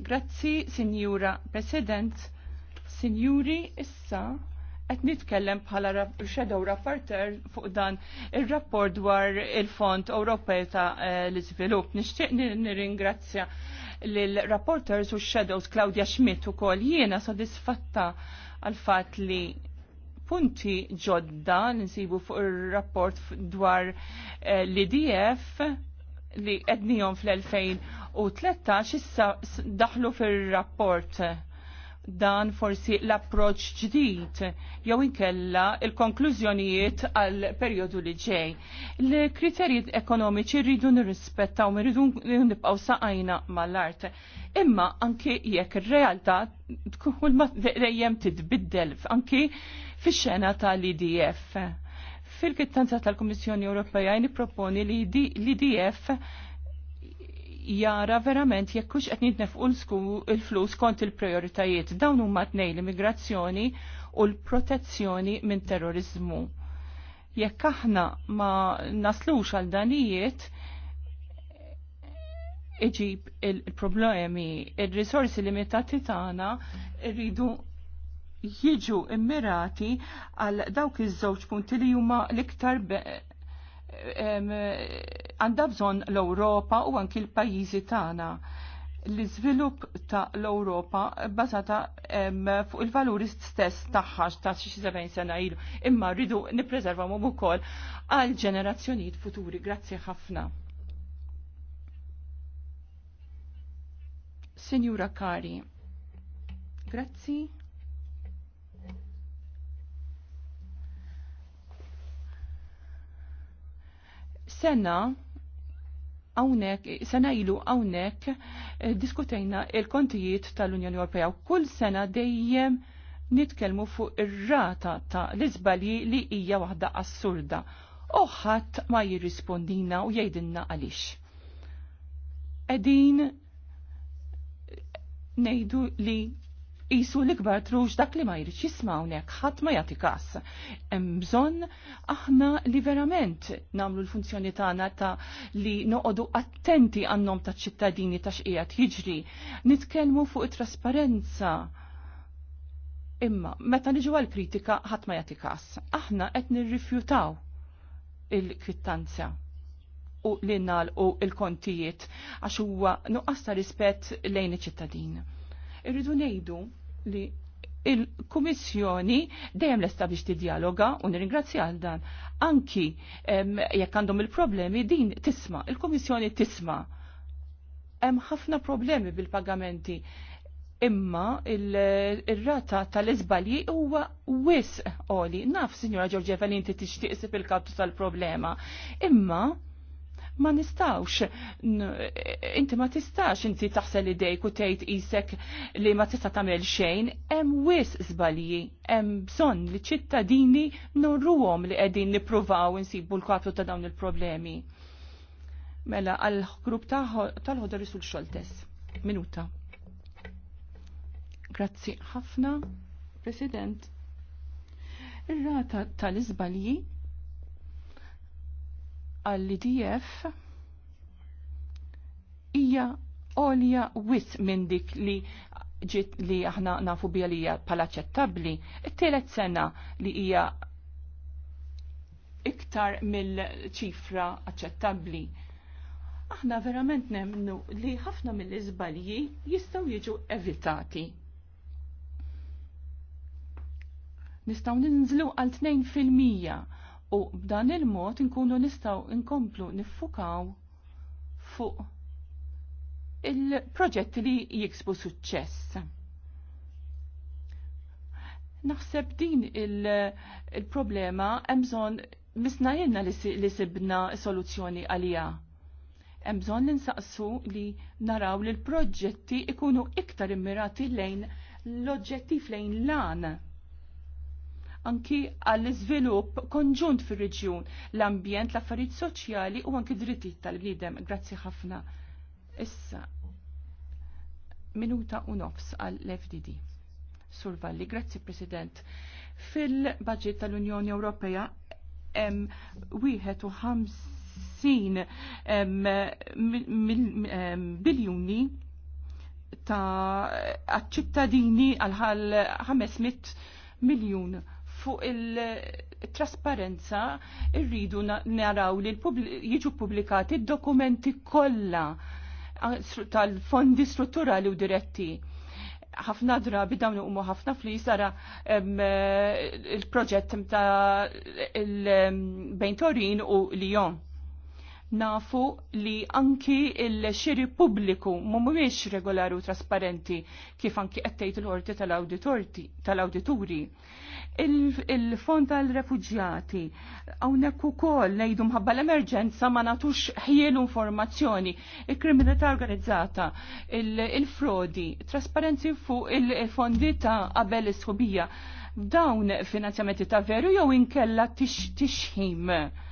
Grazzi, Signora President, Signori, issa qed nitkellem bħala shadow rapporter fuq dan ir-rapport dwar il-Fond Ewropej ta' eh, l-Iżvilupp. Nixtieq nirringrazzja lil rapporters u xedows Claudia Schmidt ukoll jiena sodisfatta għal fatt li punti ġodda li nsibu fuq ir-rapport dwar l-IDF eh, li qednihom fl-2013 issa daħlu fir-rapport dan forsi l-approċ ġdid jew inkella il-konklużjonijiet għal perjodu li ġej. L-kriterji ekonomiċi rridu nirrispettaw, rridu nibqaw saqajna mal-art. Imma anki jekk ir-realtà tkun dejjem tidbiddel anki fix-xena tal-IDF. Fil-kittanza tal-Kummissjoni Ewropea proponi li l-IDF jara verament jekk hux qed nitnefqu l-flus kont il-prioritajiet. Dawn huma tnejn l-immigrazzjoni u l-protezzjoni minn terrorizmu. Jekk aħna ma naslux għal danijiet, iġib il-problemi, il-risorsi limitati tagħna rridu jiġu immirati għal dawk iż-żewġ punti li huma l-iktar għandha bżonn l-Ewropa u anki l-pajjiżi tagħna l-izvilup ta' l-Europa bazata fuq il-valuri stess tagħha ta' xi 70 sena ilu, imma rridu nippreservawhom ukoll għal ġenerazzjonijiet futuri. Grazzi ħafna. Sinjura Kari, grazzi. sena għawnek, sena ilu għawnek eh, diskutejna il-kontijiet tal-Unjoni Ewropea u kull sena dejjem nitkelmu fuq ir-rata ta' l izbali li hija waħda assurda. Oħat ma jirrispondina u jgħidilna għaliex. Edin eh, nejdu li isu l-ikbar trux dak li ma jirċ jismawnek, ħat ma jati kas. Bżon aħna li verament namlu l-funzjoni tagħna ta' li noqodu attenti għannom ta' ċittadini ta' xqijat jiġri, nitkelmu fuq trasparenza. Imma, meta niġu għal-kritika ħat ma jati kas. Aħna qed nirrifjutaw il-kwittanza u l-innal u il-kontijiet għax huwa nuqqas ta' rispett lejn iċ-ċittadin Irridu ngħidu li il-Kummissjoni dejjem lesta biex dialoga u nirringrazzja għal dan. Anki jekk għandhom il-problemi din tisma', il-Kummissjoni tisma'. Hemm ħafna problemi bil-pagamenti imma il-rata tal-izbalji huwa wis oli. Naf, Signora Giorgia Valenti, tixtieq fil-kaptu tal-problema. Imma ma nistawx. Inti ma tistax inti taħsel idejk u tgħid isek li ma tista' tagħmel xejn, hemm wis żbalji, hemm bżonn li ċittadini nurruhom li qegħdin nippruvaw insibu l-kapju ta' dawn il-problemi. Mela għal grupp tal ħodar isul xoltes. Minuta. Grazzi ħafna, President. Ir-rata tal-iżbalji għall-IDF hija olja wis minn dik li ġit li aħna nafu bija li hija palaċettabbli. It-tielet sena li hija iktar mill-ċifra aċċettabbli. Aħna verament nemnu li ħafna mill-iżbalji jistgħu jiġu evitati. Nistgħu ninżlu għal 2 fil-mija u b'dan il-mod inkunu nistaw inkomplu niffukaw fuq il-proġetti li jiksbu suċċess. Naħseb din il-problema il emżon misna jenna li sibna soluzzjoni għalija. Emżon li nsaqsu li naraw li l-proġetti ikunu iktar immirati lejn l oġġettif lejn lan anki għall-iżvilupp konġunt fir-reġjun, l-ambjent, l-affarijiet soċjali u anki drittijiet tal-bniedem. Grazzi ħafna. Issa minuta u nofs għall-FDD. Survalli, grazzi President. Fil-budget tal-Unjoni Ewropea hemm wieħed u ħamsin biljuni ta' ċittadini għal 500 miljun fuq il-trasparenza irridu naraw li jiġu publikati dokumenti kollha tal-fondi strutturali u diretti. ħafna drabi dawn huma ħafna fli sara eh, il-proġett ta' il bejn Torin u Lyon nafu li anki il-xiri pubbliku mumiex regolari u trasparenti kif anki għettejt l-orti tal-awdituri. Il-fond tal refugġjati għawnek u kol nejdu mħabba l-emerġenza ma natux ħjielu informazzjoni, il-kriminalità organizzata, il-frodi, trasparenzi fuq il-fondi ta' qabel is-sħubija. dawn finanzjamenti ta' veru jew inkella tixħim. Tix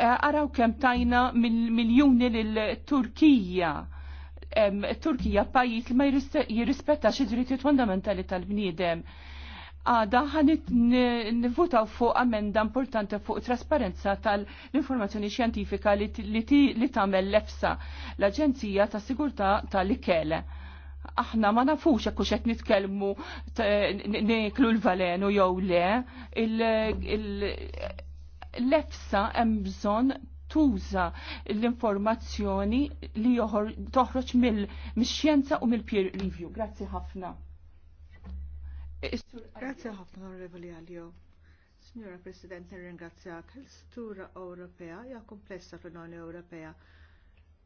Araw kem tajna miljoni l-Turkija. Turkija pajis li ma jirrispetta xidritiet fundamentali tal-bniedem. Għada ħanit nivutaw fuq amenda importanti fuq trasparenza tal-informazzjoni xjentifika li tamel l-EFSA, l-Aġenzija ta' Sigurta tal-Ikel. Aħna ma nafux jekk qed nitkellmu niklu l-valenu jew le, L'Efsa hemm bżonn tuża l-informazzjoni li toħroġ mill-xjenza u mill-peer review. Grazzi ħafna. Eh, Grazzi ħafna, Onorevoli Għalio. Signora President, nirringrazzjak. Il-struttura Ewropea hija komplessa fl-Unjoni Ewropea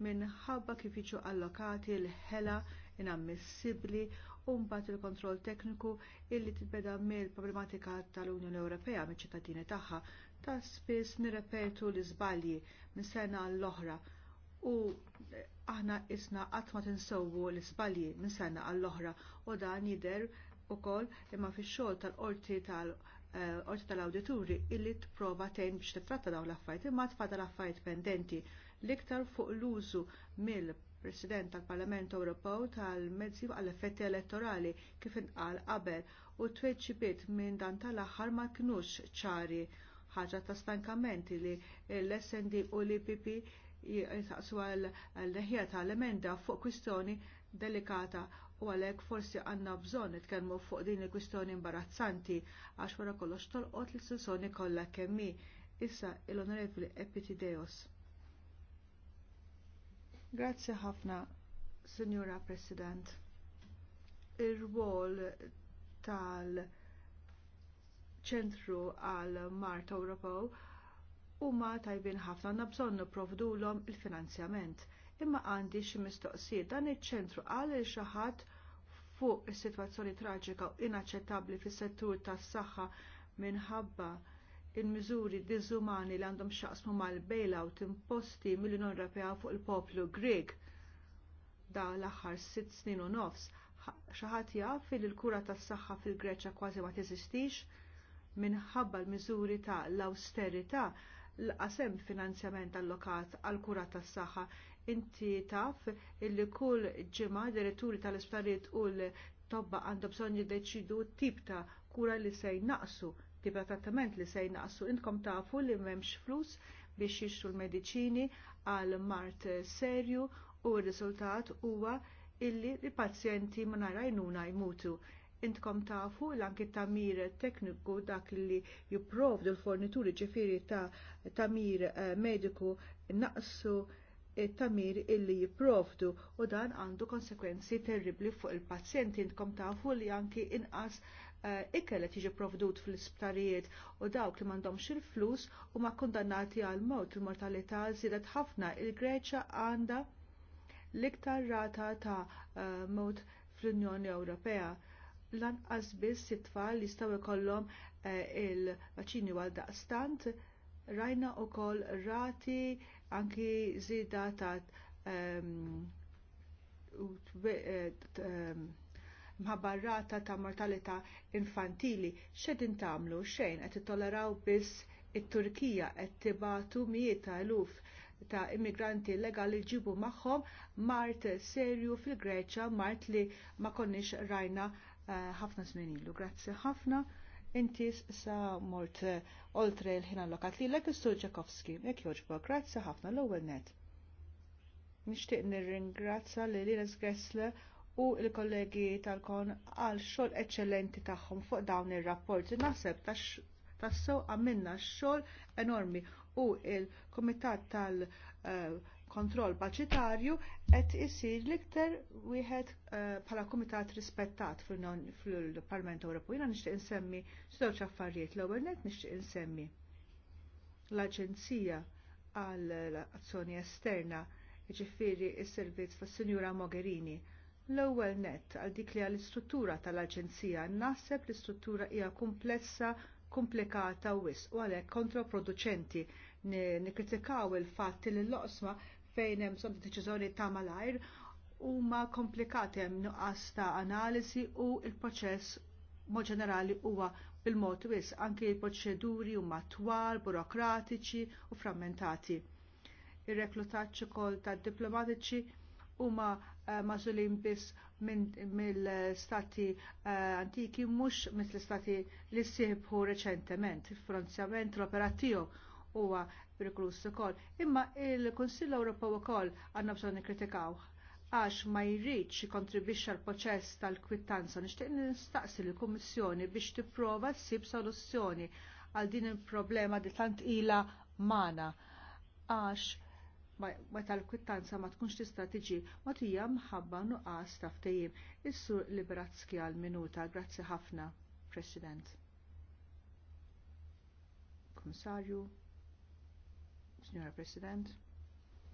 minħabba kif jiġu allokati l-ħela inammissibbli u mbagħad il-kontroll tekniku illi tibeda mill-problematika tal-Unjoni Ewropea miċ ċittadini tagħha ta' spiss nirrepetu l iżbalji minn sena l-oħra u aħna isna qatt ma tinsowu l iżbalji minn sena għall-oħra u dan jidher ukoll imma fix-xogħol tal-qorti tal-qorti eh, tal-awdituri illi tipprova tgħin biex titratta dawn l-affarijiet imma l affarijiet pendenti l-iktar fuq l-użu mill-President tal-Parlament Ewropew tal-mezzi għall-effetti elettorali kif inqal qabel u t minn dan tal-aħħar ma kinux ċari ħaġa ta' stankamenti li l-SND u l-IPP jisaqsu għal-leħja tal-emenda fuq kwistjoni delikata u għalhekk forsi għandna bżonn nitkellmu fuq din il-kwistjoni imbarazzanti għax wara kollox tolqot l-istazzjoni kollha kemm hi. Issa l-Onorevoli Epitideos. Grazzi ħafna, Signora President. Ir-rwol tal- ċentru għal Mart Ewropew huma tajbin ħafna għandna bżonn nipprovdulhom il-finanzjament. Imma għandi xi mistoqsijiet dan iċ-ċentru għal il xi ħadd fuq is-sitwazzjoni traġika u inaċċettabbli fis-settur tas-saħħa minħabba il-miżuri diżumani li għandhom xaqsmu mal-bailout imposti mill-Unjoni Ewropea fuq il-poplu Grieg da l-aħħar sitt snin u nofs. Xi ħadd jaf li l-kura tas-saħħa fil-Greċja kważi ma teżistix, minħabba l-miżuri ta' l-austerità l-qasem finanzjament allokat għal kura tas saħħa inti taf illi kull ġimgħa diretturi tal-isptarijiet u l-tobba għandhom bżonn jiddeċidu tip ta' kura li se jnaqsu, tip ta' trattament li se jnaqsu. Intkom tafu li m'hemmx flus biex jixtru l-mediċini għal mart serju u r-riżultat huwa illi l-pazjenti mingħajr għajnuna jmutu intkom tafu l-anki tamir tekniku dak li jipprovdu l-fornituri ġifiri ta' tamir eh, mediku naqsu tamir illi jipprovdu u dan għandu konsekwenzi terribli fuq il-pazjenti intkom tafu li anki inqas eh, ikkelet jiġi provdut fl-isptarijiet u dawk li m'għandhomx il-flus huma kundannati għal mewt il-mortalità żiedet ħafna il greċa għandha l-iktar rata ta' eh, mod fl-Unjoni Ewropea lanqas biss it-tfal li jistgħu jkollhom eh, il-vaċini għal daqstant rajna wkoll rati anki żieda ta' eh, mħabba rata ta' mortalità infantili xedin tagħmlu xejn qed ittoleraw biss it-Turkija qed tibatu mijiet ta' eluf ta' immigranti illegali ġibu magħhom mart serju fil-Greċja, mart li ma konniex rajna ħafna żmien ilu. Grazzi ħafna. Inti sa mort eh, oltre l-ħin allokat li l-ek Sur Ġakowski, jek joġbo, grazzi ħafna l-ewwel net. Nixtieq nirringrazzja li Ines Gressle u l-kollegi tal-kon għal xogħol eċċellenti tagħhom fuq dawn ir-rapporti. Naħseb sew għamminna xogħol enormi u l kumitat tal- uh, kontroll baċitarju qed isir l-iktar wieħed eh, bħala kumitat rispettat fil-Parlament Ewropew. Jiena nixtieq insemmi żewġ affarijiet l-ewwel nett nixtieq insemmi l-Aġenzija għall azzjoni Esterna jiġifieri s-servizz tas-Sinjura Mogherini. L-ewwel nett għal dik li għall-istruttura tal-Aġenzija naħseb l-istruttura hija komplessa komplikata wisq u għalhekk kontraproduċenti nikritikaw il-fatt li l-loqsma fejn hemm bżonn deċiżjoni ta' malajr huma komplikati hemm nuqqas ta' analisi u il-proċess mod ġenerali huwa bil-mod wis anke l-proċeduri huma twal, burokratiċi u frammentati. Ir-reklutaġġ ukoll tad-diplomatiċi huma eh, mażulin biss mill-stati eh, antiki mhux mill-istati li ssieħbu reċentement, il-finanzjament l-operattijo huwa riklus ukoll. Imma il-Kunsill Ewropew ukoll għandna bżonn nikkritikaw għax ma jridx kontribwixxa l proċess tal-kwittanza nixtieq nistaqsi l-Kummissjoni biex tipprova ssib soluzzjoni għal din il-problema di tant ila mana għax meta l-kwittanza ma tkunx tista' tiġi ma tija mħabba nuqqas ta' ftehim. Is-sur Liberazzki għal minuta, grazzi ħafna, President. Komissarju. Signora President,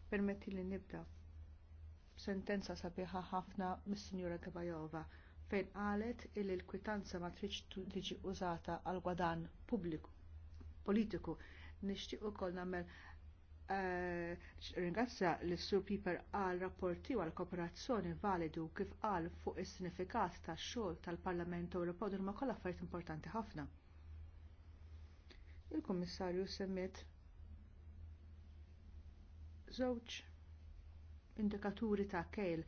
permetti li nibda sentenza sabiħa ħafna mis-Signora Gabajova fejn qalet li l-kwitanza ma tridx tiġi użata għal gwadan pubbliku politiku. Nixtieq ukoll nagħmel uh, ringrazzja lis sur Piper għal rapporti għal kooperazzjoni validu kif qal fuq is-sinifikat tax-xogħol tal-Parlament Ewropew dur ma kollha affarijiet importanti ħafna. Il-Kummissarju semmiet żewġ indikaturi ta' kejl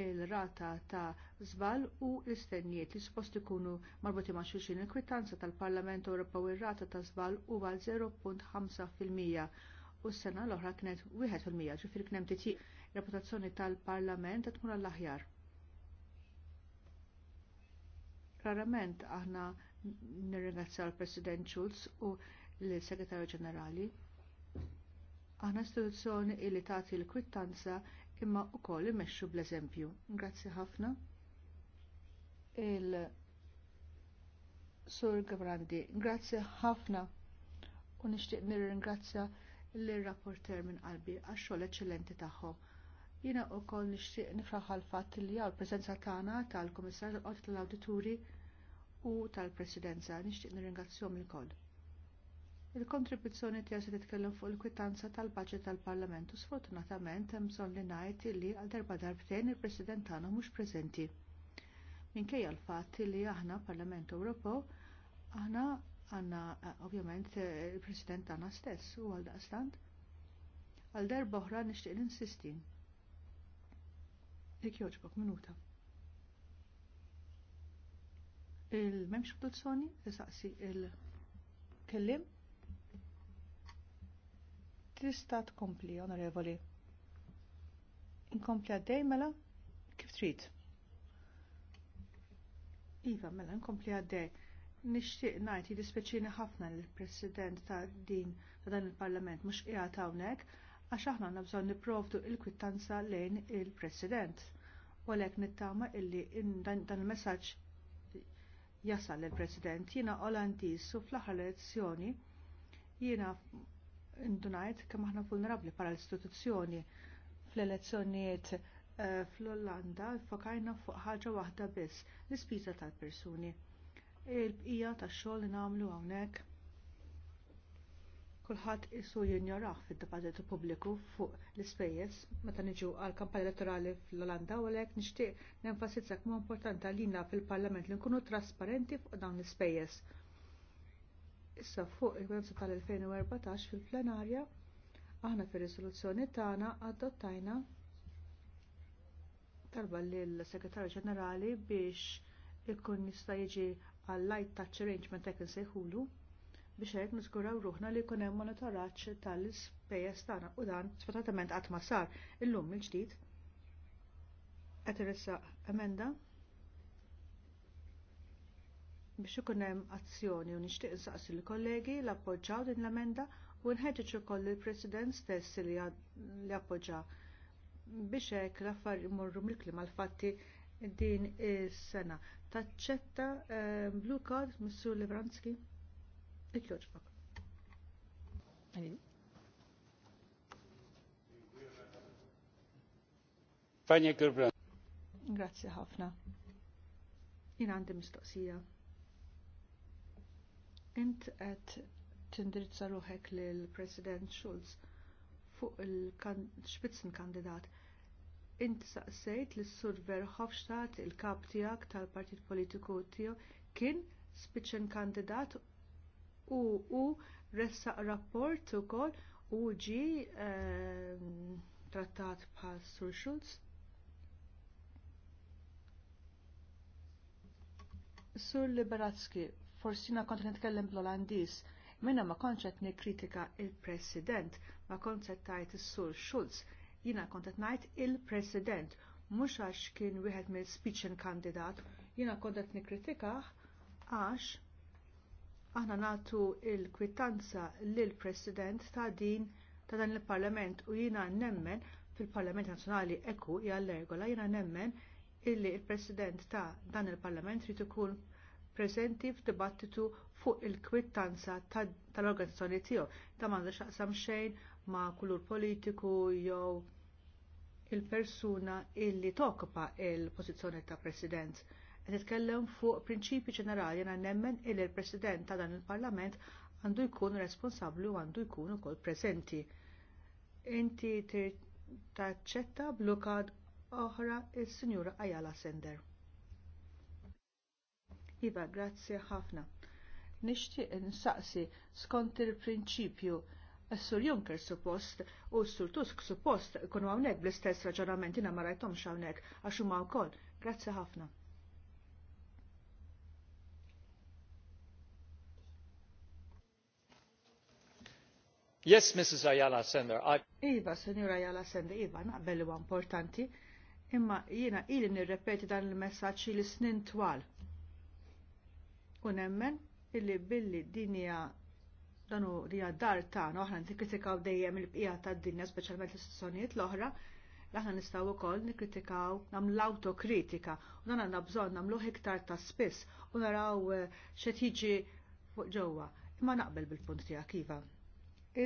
il-rata ta' żball u l-istennijiet li suppost ikunu marbuti ma' xulxin il-kwittanza tal-Parlament Ewropew ir-rata ta' żball huwa 0.5% u s-sena l-oħra kienet 1% ġifier kien hemm titjieq reputazzjoni tal-Parlament qed għall aħjar Rarament aħna nirringrazzjaw l-President Schulz u l-Segretarju Ġenerali Aħna istituzzjoni li tagħti l-kwittanza imma wkoll imexxu bl-eżempju. Grazzi ħafna. Il Sur Gavrandi, grazzi ħafna u nixtieq nirringrazzja l-rapporter minn qalbi għax-xogħol eċċellenti tagħhom. Jiena wkoll nixtieq nifraħ għal fatt li għal preżenza tagħna tal-Kummissar tal-Awdituri u tal-Presidenza. Nixtieq nirringrazzjahom ilkoll. Il-kontribuzzjoni tiegħu se titkellem fuq il-kwitanza tal-baġġet tal-Parlament u sfortunatament hemm bżonn li ngħid li għal darba darbtejn il-President tagħna mhux preżenti. Minkejja l-fatt li aħna Parlament Ewropew aħna għandna eh, ovvjament eh, il-President tagħna stess u għal daqstant għal darba oħra nixtieq ninsisti. Dik jogħġbok minuta. Il-memx produzzjoni, saqsi il-kellim, Tista' tkompli, onorevoli. Inkompli għaddej mela kif trid. Iva, mela nkompli għaddej. Nixtieq ngħid jidispeċini ħafna l-President ta' din ta' dan il-Parlament mhux qiegħed hawnhekk għax aħna għandna bżonn nipprovdu l-kwittanza lejn il-President. U għalhekk nittama illi dan il-messaġġ jasal lill president Jiena Olandiż u fl-aħħar elezzjoni jiena indunajt kemm aħna vulnerabbli bħala l-istituzzjoni fl-elezzjonijiet eh, fl-Olanda fokajna fuq ħaġa waħda biss, l-ispiża tal-persuni. Il-bqija tax-xogħol li nagħmlu hawnhekk kulħadd isu jinjoraħ fid-dibattitu pubbliku fuq l-ispejjeż meta niġu għall kampanja elettorali fl-Olanda u għalhekk nixtieq nenfasizza kemm importanti għalina fil-Parlament li nkunu trasparenti fuq dawn l-ispejjeż Issa fuq il-Gwenza tal-2014 fil-plenarja, aħna fir-riżoluzzjoni tagħna adottajna talba lill segretarju Ġenerali biex ikun jista' jiġi għal light touch arrangement hekk insejħulu biex hekk niżguraw ruħna li jkun hemm monitoraġġ tal-ispejjeż tagħna u dan sfortunatament qatt ma sar illum il-ġdid qed emenda biex ikun hemm azzjoni u nixtieq saqsi l-kollegi li appoġġjaw din l-emenda u nħeġġeġ ukoll il-President stess li appoġġja biex hekk l affarijiet imorru mill-klima l-fatti din is-sena. Taċċetta ehm, Blue Card Missur Levranski. Ikjoġbak. Grazie ħafna. Jien għandi mistoqsija. Int qed tindirizza ruħek lil President Schulz fuq il-Spitzen kandidat. Int saqsejt lis sur Verhofstadt il-kap tiegħek tal-partit politiku tiegħu kien Spitzen kandidat u u ressaq rapport ukoll u ġie ehm, trattat bħal Sur Schulz. Sur Liberatski forsi na kont nitkellem bl-Olandis. Minna ma konċet nikkritika il-President, ma konċet tajt il-Sur Schulz, jina kontet najt il-President, mux għax kien wieħed mill speechen kandidat, jina kontet nikkritikah, għax aħna natu il-kwittanza l-President ta' din ta' dan il-Parlament u jina nemmen fil-Parlament Nazzjonali eku hija l-regola jina nemmen illi il-President ta' dan il-Parlament trid ikun preżenti f'dibattitu fuq il-kwittanza tal-organizzazzjoni tiegħu. Ta' m'għandha xaqsam xejn ma' kulur politiku jew il-persuna illi tokkupa il-pożizzjoni ta' President. Qed jitkellem fuq prinċipji ġenerali jiena nemmen illi l-President ta' dan il-Parlament għandu jkun responsabbli u għandu jkun ukoll preżenti. Inti taċċetta blokad oħra is-Sinjura Ajala Sender. Iva, grazzi ħafna. Nixtieq nsaqsi skont il-prinċipju Sur Juncker suppost u Sur Tusk suppost kunu hawnhekk bl-istess raġunamenti na ma xawnek hawnhekk għax huma wkoll. Grazzi ħafna. Yes, Mrs. Iva, Ayala Sender. Iva, Senjura Ayala Sender, Iva, naqbellu huwa importanti, imma jiena ili nirrepeti dan il messagġi li snin twal U nemmen illi billi dinja danu li dar tagħna aħna nikkritikaw dejjem il-bqija tad-dinja speċjalment l-istituzzjonijiet l-oħra, aħna nistgħu wkoll nikkritikaw nagħmlu autokritika u dan għandna bżonn nagħmluh iktar ta' spiss u naraw eh, x'qed tiġi fuq ġewwa. Imma naqbel bil-punt tiegħek iva.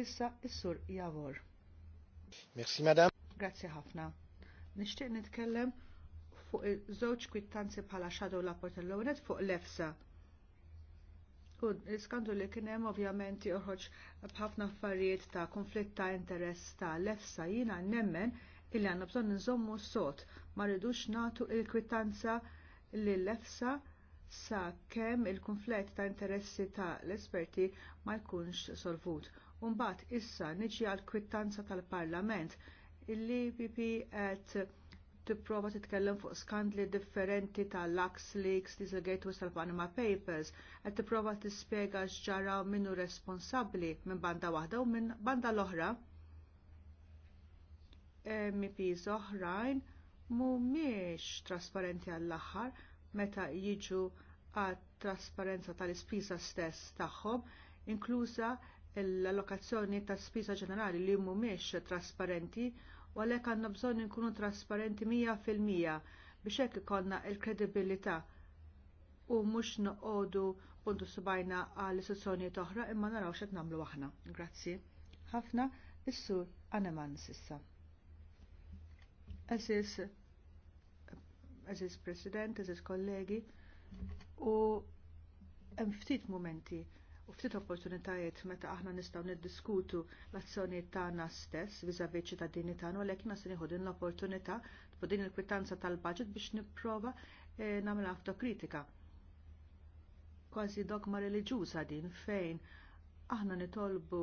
Issa is-sur Javor. Merci madam. Grazzi ħafna. Nixtieq nitkellem fuq iż-żewġ kwittanzi bħala xadow l-apportellonet fuq l-EFSA U l-skandlu li kien hemm ovvjament joħroġ b'ħafna affarijiet ta' konflitt ta' interess ta' lefsa jiena nemmen illi għandna bżonn nżommu s-sod ma rridux nagħtu il-kwitanza li lefsa sa' kemm il kunflett ta' interessi ta' l-esperti ma jkunx solvut. U mbagħad issa niġi għall kwittanza tal-Parlament il-li bibi qed tipprova titkellem fuq skandli differenti ta' Lux Leaks, Dieselgate u tal-Panama Papers, qed tipprova tispjega x'ġara minnu responsabbli minn banda waħda u minn banda l-oħra. MPs oħrajn mhumiex trasparenti għall-aħħar meta jiġu għat trasparenza tal-ispiża stess tagħhom, inkluża l-allokazzjoni ta' spiża ġenerali li mhumiex trasparenti u għalhekk għandna bżonn inkunu trasparenti mija fil-mija biex hekk ikollna l-kredibilità u mhux noqogħdu puntu subajna għal istituzzjonijiet oħra imma naraw x'qed nagħmlu aħna. Grazzi. Ħafna is-sur Aneman sissa. Eżis, eżis President, eżis kollegi, u hemm ftit mumenti u ftit opportunitajiet meta aħna nistgħu niddiskutu l azzjonijiet tagħna stess viżavi ċittadini tagħna għalhekk jiena se nieħu din l-opportunità fuq din il-kwittanza tal-baġit biex nipprova eh, nagħmel autokritika. Kważi dogma reliġjuża din fejn aħna nitolbu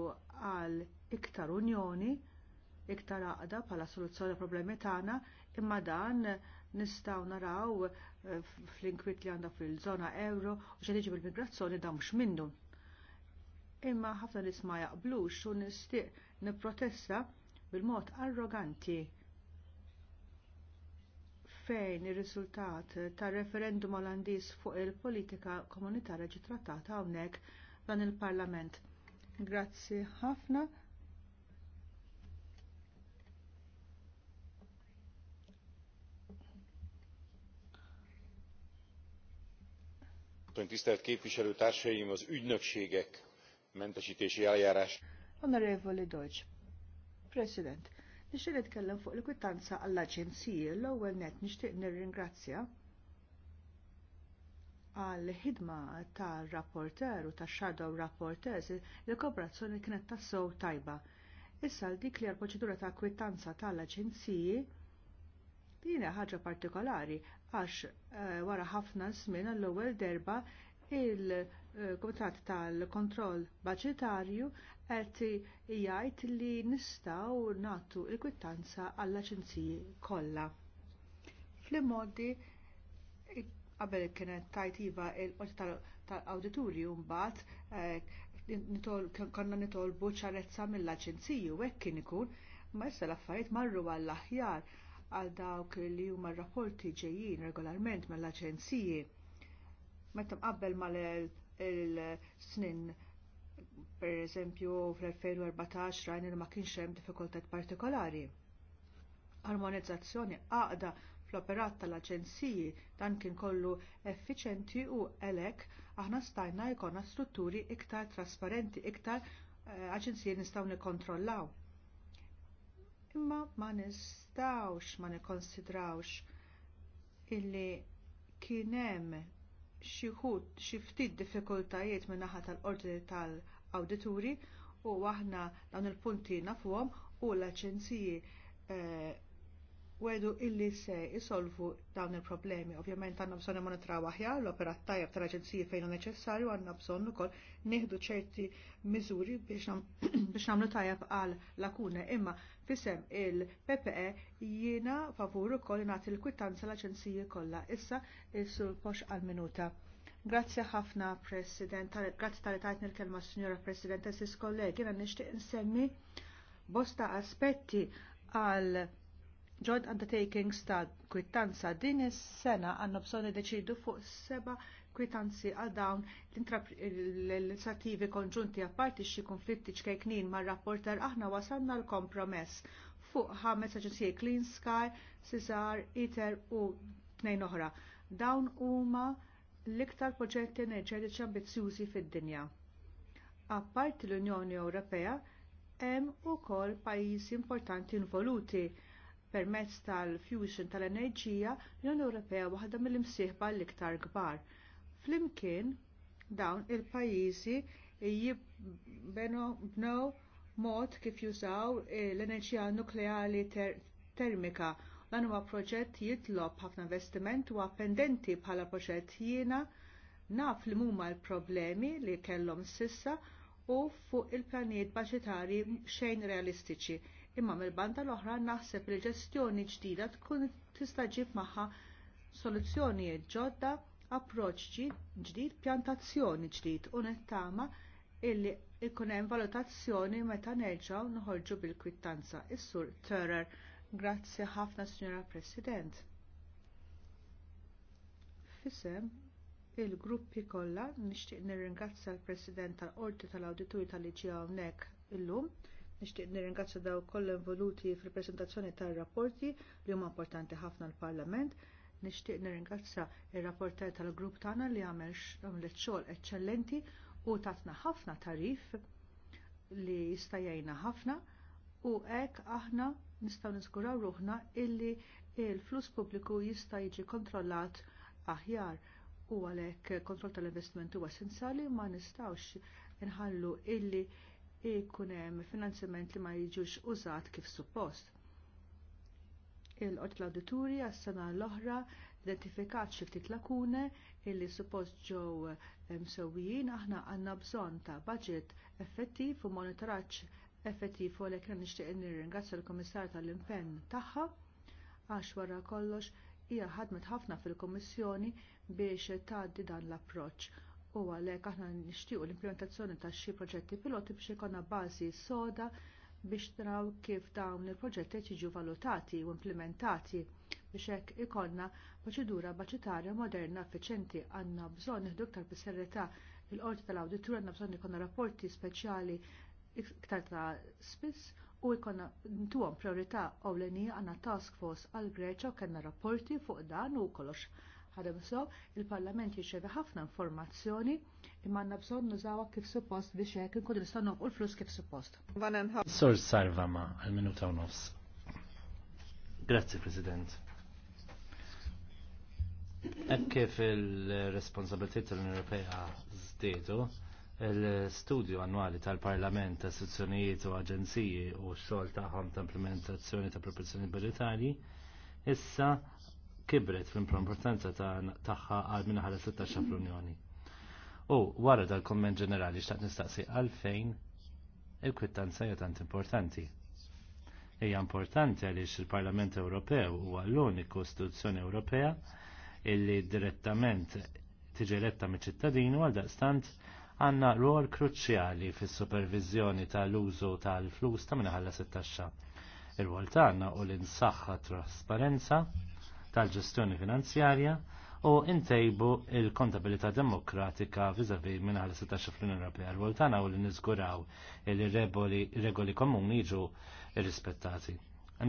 għal iktar unjoni, iktar għaqda bħala soluzzjoni problemi tagħna, imma dan nistgħu naraw eh, fl-inkwit li għandha fil-żona euro u xediġi bil-migrazzjoni da mhux minnu imma ħafna nies ma jaqblux u nistiq nipprotesta bil-mod arroganti fejn ir-riżultat tar referendum Olandiż fuq il-politika komunitarja ġie trattata hawnhekk dan il-Parlament. Grazzi ħafna. tisztelt képviselőtársaim az ügynökségek għal jarax. Onorevoli Deutsch, President, nixtieq nitkellem fuq il-kwittanza għall-aġenziji l-ewwel net nixtieq nirringrazzja għall ħidma tar rapporter u tax shadow rapporters il-kooperazzjoni kienet tas-sow tajba. Issa l dik li għal-proċedura ta' kwittanza tal-aġenziji din ħaġa partikolari għax eh, wara ħafna żmien għall-ewwel derba il-Komitat tal-Kontroll Baġitarju qed jgħid li nistgħu nagħtu l-kwittanza għall-aġenziji kollha. Fl-immodi qabel kienet tajtiva il-qorti tal-awditurju mbagħad eh, konna nitolbu ċarezza mill-aġenziji u hekk kien ikun ma issa l-affarijiet marru għall-aħjar għal dawk li huma r rapporti ġejjin regolarment mill-aġenziji meta mqabbel mal il-snin per eżempju fl-2014 rajna ma kienx hemm diffikultat partikolari. Armonizzazzjoni għaqda fl-operat tal-aġenziji dan kien kollu effiċenti u elek aħna stajna jkollna strutturi iktar trasparenti, iktar eh, aġenziji nistgħu nikkontrollaw. Imma ma nistawx, ma nikkonsidrawx illi kien hemm xi wħud xi ftit diffikultajiet min naħa tal-qorti tal-awdituri u aħna dawn il-punti nafuhom u l-aċenziji e, eh, wedu illi se jisolvu dawn il-problemi. Ovvjament għandna bżonn monitraw aħjar l operat tajjeb tal-aġenziji fejn neċessarju għandna bżonn ukoll nieħdu ċerti miżuri biex nagħmlu tajjeb għal lakuna imma Fisem il-PPE jiena favur ukoll nagħti l-kwittanza l-aġenziji kollha. Issa il-sur pox għal-minuta. Grazzi ħafna, President, grazzi tal tajt nil-kelma Signora President, s'is kollegi, jiena nixtieq insemmi bosta aspetti għal joint undertakings ta' kwittanza din is-sena għandna bżonn deċidu fuq seba' kwitanzi għal dawn l-inizjattivi konġunti apparti xi konflitti ċkejknin mar rapporter aħna wasalna l-kompromess fuq ħames aġenziji Clean Sky, Cesar, ITER u tnejn oħra. Dawn huma l-iktar proġetti enerġetiċi ambizzjużi fid-dinja. Apparti l-Unjoni Ewropea, hemm ukoll pajjiżi importanti involuti permezz tal-fusion tal-enerġija l-Unjoni Ewropea waħda mill-imsieħba l-iktar kbar Flimkien dawn il-pajjiżi jibbnew mod kif jużaw l-enerġija nukleari ter termika. Dan huwa proġett jitlob ħafna investiment u pendenti bħala proġett jiena naf li huma l-problemi li kellhom sissa u fuq il-planijiet baġitarji xejn realistiċi. Imma mill-banda l-oħra naħseb li ġestjoni ġdida tkun tista' ġib magħha soluzzjonijiet ġodda approċċi ġdid, pjantazzjoni ġdid u nettama illi ikun hemm valutazzjoni meta nerġgħu noħorġu bil-kwittanza. Is-sur Törer, grazzi ħafna Sinjora President. Fisem il-gruppi kollha nixtieq nirringrazzja l-President tal-Qorti tal-Awditur tal-Liġi hawnhekk illum. Nixtieq nirringrazzja daw koll involuti fil-presentazzjoni tar-rapporti li huma importanti ħafna l-Parlament nixtieq nirringrazzja r rapporter tal-grupp tagħna li għamel xogħol eċċellenti u tatna ħafna tarif li jista' jgħinna ħafna u hekk aħna nistgħu niżguraw ruħna illi il-flus pubbliku jista' jiġi kontrollat aħjar u għalhekk kontroll tal investimenti huwa essenzjali ma nistgħux inħallu illi jkun hemm finanzjament li ma jiġux użat kif suppost il-qorti l-awdituri għas-sena l-oħra identifikat xi ftit lakune illi suppost ġew eh, msewwijin aħna għandna bżonn ta' budget effettiv u monitoraġġ effettiv u għalhekk nixtieq nirringrazzja l-Kummissar tal-impenn tagħha għax wara kollox hija ħadmet ħafna fil-Kummissjoni biex tgħaddi dan l-approċċ u għalhekk aħna nixtiequ l-implementazzjoni ta' xi proġetti piloti biex ikonna bażi soda biex taraw kif dawn il-proġetti jiġu valutati u implementati biex hekk ikollna proċedura baċitarja moderna effiċjenti għandna bżonn nieħdu iktar bis-serjetà il-qorti tal-awditur għandna bżonn ikollna rapporti speċjali iktar ta' spiss u jkollna ntuhom priorità ewlenija għandna task force għall greċja u kellna rapporti fuq dan u kollox ħadem so, il-Parlament jirċevi ħafna informazzjoni imma għandna bżonn nużawha kif suppost biex hekk inkun nistgħu noqgħu l-flus kif suppost. Sur sarva ma għal minuta u nofs. Grazzi President. Hekk kif il-responsabilità tal-Unjoni Ewropea żdiedu, il-studju annwali tal-Parlament, istituzzjonijiet u aġenziji u x-xogħol tagħhom ta' implementazzjoni ta' proporzjoni budgetarji issa kibret fl-importanza tagħha għal minn ħala 16 taxxa fl-Unjoni. U wara dal-komment ġenerali xtaqt nistaqsi għalfejn il-kwittanza hija tant importanti. Hija importanti għaliex il-Parlament Ewropew huwa l-uniku Kostituzzjoni Ewropea illi direttament tiġi eletta mill-ċittadini għal daqstant għandna rol kruċjali fis-supervizjoni tal-użu tal-flus ta' minħalla sit 16. Ir-rwol tagħna u l-insaħħa trasparenza tal-ġestjoni finanzjarja u intejbu il-kontabilità demokratika vizavi minn għal 16 l unjoni Ewropea. l voltana u li niżguraw il-regoli komuni jiġu rispettati.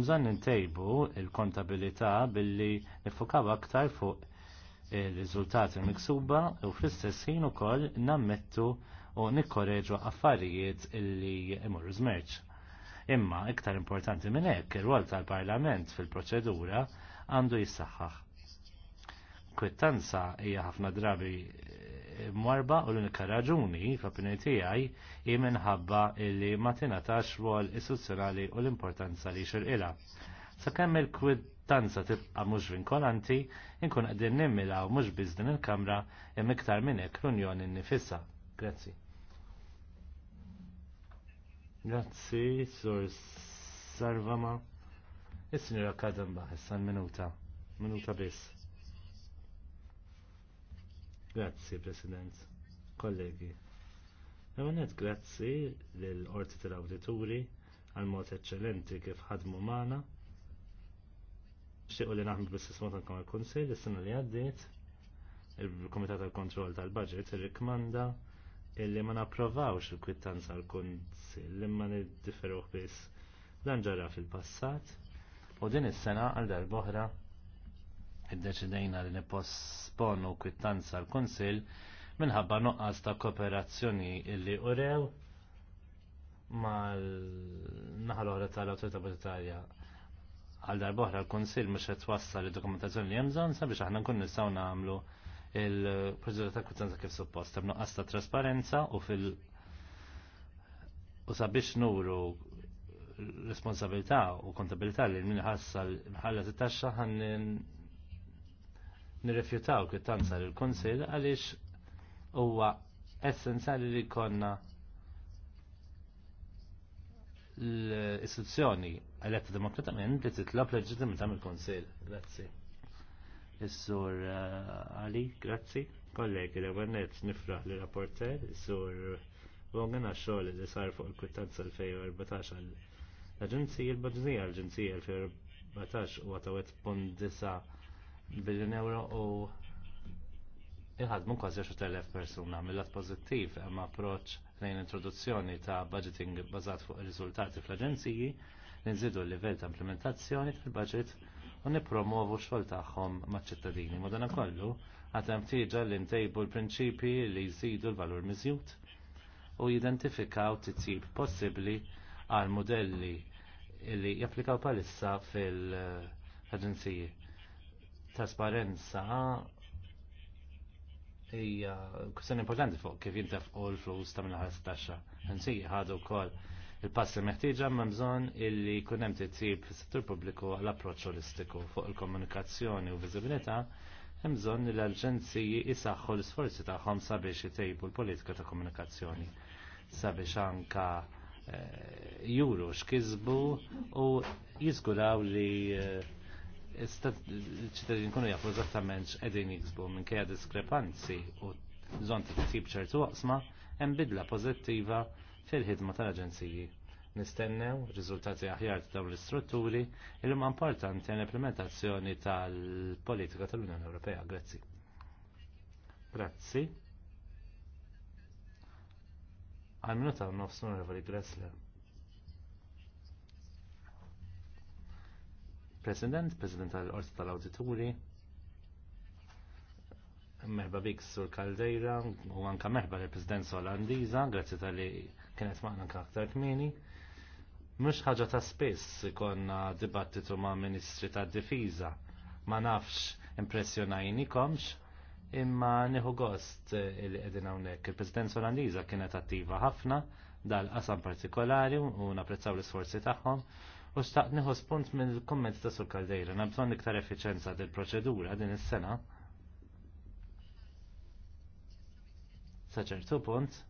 Mżan ntejbu intejbu il-kontabilità billi nifukaw aktar fuq il-riżultati miksuba u fl-istess ħin ukoll nammettu u nikkoreġu affarijiet illi imur zmerċ. Imma iktar importanti minn hekk ir-rol tal-Parlament fil-proċedura għandu jissaħħaħ. Kwittanza hija ħafna drabi eh, mwarba u l-unika raġuni f'opinjoni tiegħi hi minħabba li ma tingħatax rwol istituzzjonali u l-importanza li xirqilha. Sakemm il-kwittanza tibqa' mhux vinkolanti, inkun qegħdin u mhux biż din il-Kamra hemm iktar minn hekk l-Unjoni nnifisha. Grazzi. Grazzi, Sur Sarvama. Is-sinjura Kadamba, issa minuta. Minuta biss. Grazzi, President. Kollegi. Għanet grazzi l-orti tal-awdituri għal-mod eccellenti kif ħadmu maħna. Xiequ li naħmlu bis-sismot għankom għal-konsil, is-sena li għaddit, il-Komitat tal-Kontroll tal-Budget irrikmanda illi ma napprovawx il-kwittanza għal-konsil, ma niddiferuħ biss dan ġara fil-passat U din is-sena għal darboħra iddeċidejna li nipposponu kwittanza l-Kunsill minħabba nuqqas ta' kooperazzjoni illi urew mal naħal oħra tal-Awtorità Budgetarja. Għal darboħra l-Kunsill mhux qed wassal id-dokumentazzjoni li hemm bżonn sabiex aħna nkun nistgħu nagħmlu il-proċedura ta' kwittanza kif suppost, hemm nuqqas ta' trasparenza u fil- u sabiex nuru responsabilità u kontabilità li min ħassal ħalla t-taxxa ħan nirrefjutaw kwittanza l-Konsil għaliex huwa essenzjali li konna l-istituzzjoni eletta demokratament li titlob leġitimità mill-Konsil. Grazzi. Is-sur eh, Ali, grazzi. Kollegi, li għannet nifraħ li rapporter, is-sur Rogan għax xogħol li sar fuq il-kwittanza l-2014 L-Aġenzija l-Baġzija l-Aġenzija l-14 u għatawet pund 9 biljon euro u iħadmu kważi 10.000 persuna mill-lat pozittiv hemm approċċ lejn introduzzjoni ta' budgeting bbażat fuq ir-riżultati fl-aġenziji li nżidu l-livell ta' implementazzjoni tal-budget u nippromovu x-xogħol tagħhom maċ-ċittadini. Madankollu għad hemm tieġa li ntejbu l-prinċipji li jżidu l-valur miżjud u jidentifikaw titjib possibbli għal modelli li japplikaw palissa fil-aġenziji. Trasparenza hija kwestjoni importanti fuq kif u l-flus ta' minn ħares taxxa. Nsejji ħadu wkoll il-passi meħtieġa ma' bżonn illi jkun hemm titsib fis-settur pubbliku għal approċċ holistiku fuq il-komunikazzjoni u viżibilità hemm bżonn li l-aġenziji jisaħħu l-isforzi tagħhom sabiex jtejbu l-politika ta' komunikazzjoni sabiex anka juru x'kisbu u jiżguraw li eh, ċittadin kunu jafu eżattament x'qegħdin jiksbu kja diskrepanzi u t tip ċertu waqsma hemm bidla pożittiva fil-ħidma tal-aġenziji. Nistennew riżultati aħjar ta' dawn l-istrutturi il huma importanti għal implementazzjoni tal-politika tal-Unjoni Ewropea. Grazzi. Grazzi. Għal minuta nofs onorevoli Gressler. President, President tal-Orti tal-Awdituri, merba bik sur Kaldeira, u anka merba li presidenza Olandiza, grazzi tal-li kienet maħna aktar kmini. Mux ħaġa ta' spess konna dibattitu ma' Ministri ta' Difiza, ma' nafx komx imma nieħu gost eh, li qegħdin hawnhekk. Il-Presidenza Olandiża kienet attiva ħafna dal-qasam partikolari u napprezzaw l-isforzi tagħhom u staqt nieħu spunt minn il-komment ta' Sul Kaldejra na bżonn iktar effiċenza del proċedura din is-sena. Sa ċertu punt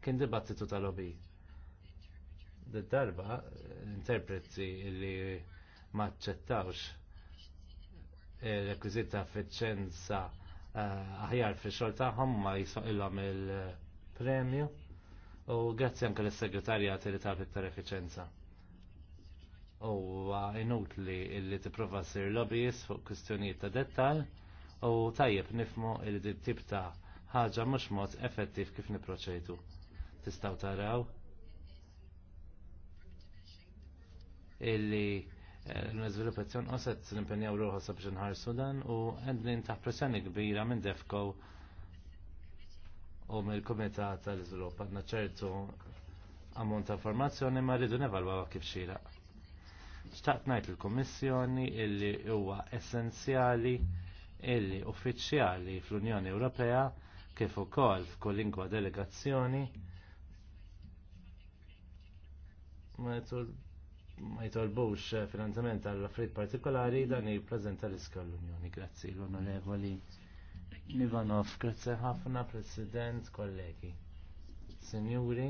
kien dibattitu tal-obi. Did-darba interpreti li maċċettawx il-rekwizit ta' effiċenza eh, aħjar fi xol taħħom ma jisqilhom il-premju u grazzi anke l-segretarja li ta' iktar effiċenza. U inutli li tipprova sir lobbyist fuq kwistjonijiet ta' dettal u tajjeb nifmu li tip ta' ħaġa mhux mod effettiv kif niproċedu. Tistgħu taraw illi Eh, l rezvilupazzjon oset s-nimpenjaw ruħu sabiex nħar Sudan u għedlin taħt pressjoni kbira minn Defko u mill komitat tal-Izvilupp għadna ċertu għamun ta' informazzjoni ma rridu nevalwa kif xira. Xtaqt ngħid il-Kummissjoni illi huwa essenzjali illi uffiċjali fl-Unjoni Ewropea kif ukoll f'kull lingwa delegazzjoni ma jitolbux eh, finanzament għall affrit partikolari dan l riskju l unjoni Grazzi l-Onorevoli Nivanov, grazzi ħafna President, kollegi. Senjuri,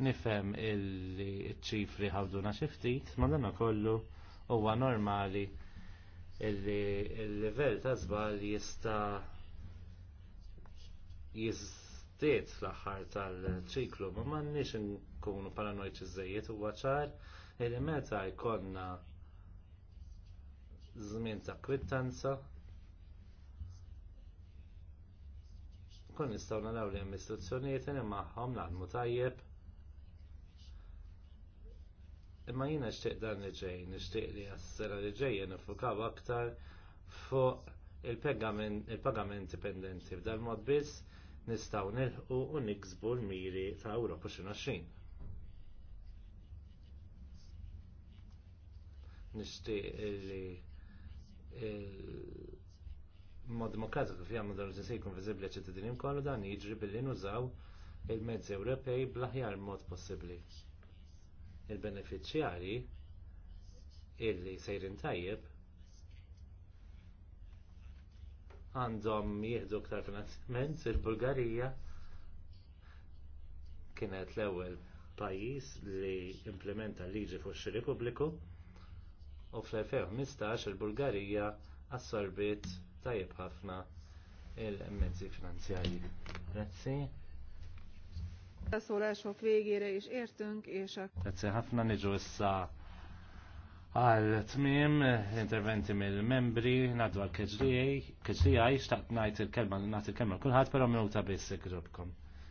nifhem il-ċifri ħawduna xi ftit, ma dan kollu huwa normali il-livell ta' żball jista' jiz ftit fl-aħħar tal-ċiklu, ma m'għandniex nkunu paranoiċi żejjed huwa ċar li meta jkollna żmien ta' kwittanza kun nistgħu naraw li hemm istituzzjonijiet li magħhom naħdmu tajjeb. Imma jiena xtieq dan li ġej, nixtieq li għas-sena li ġej nifukaw aktar fuq il-pagamenti pendenti b'dan mod biss nistaw nilħu u niksbu l-miri ta' Ewropa 2020. Nixtieq li mod demokratiku fi dan l ġinsi jkun viżibli ċittadini kollu dan jiġri billi nużaw il-mezzi Ewropej bl-aħjar mod possibbli. Il-beneficjari illi sejrin tajjeb għandhom jieħdu aktar finanzjament il-Bulgarija kienet l-ewwel pajjiż li implementa liġi fuq xi repubbliku u fl-2015 il-Bulgarija assorbit tajjeb ħafna il-mezzi finanzjarji. Grazzi. issa għal tmiem interventi mill-membri nadwar għal xtaqt najt il-kelma najt il-kelma kullħat pero minuta biss ikrobkom.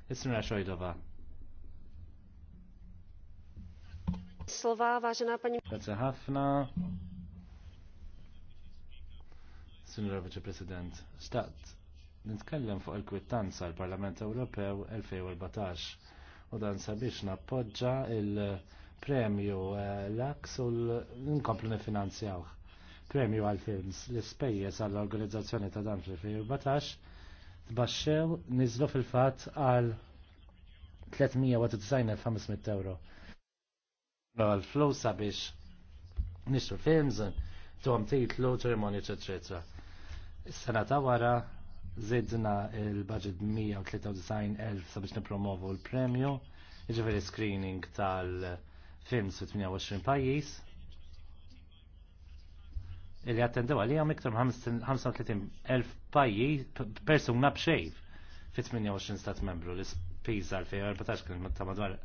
Is-sinra Xojdova. Slova, vaġena pani. Grazie ħafna. Signora Vice President, stat, nitkellem fuq il-kwittanza l-Parlament Ewropew 2014 u dan sabiex nappoġġa il- premju eh, l-aks u l-inkomplu nifinanzjawh. Premju għal-films, l-spejjeż għall-organizzazzjoni ta' dan fil-2014 tbaxxew nizlu fil-fat għal 390.500 euro. Għal-flus sabiex nixtru films, tuħam titlu, ċerimoni, ċeċetra. Is-sena ta' wara zidna il-budget 193.000 sabiex nipromovu l-premju, iġveri screening tal- fim 28 pajjiż illi attendew għalija miktar 35.000 pajjiż persuna b'xejf fi 28 stat membru li spiża l 14 kien ta' madwar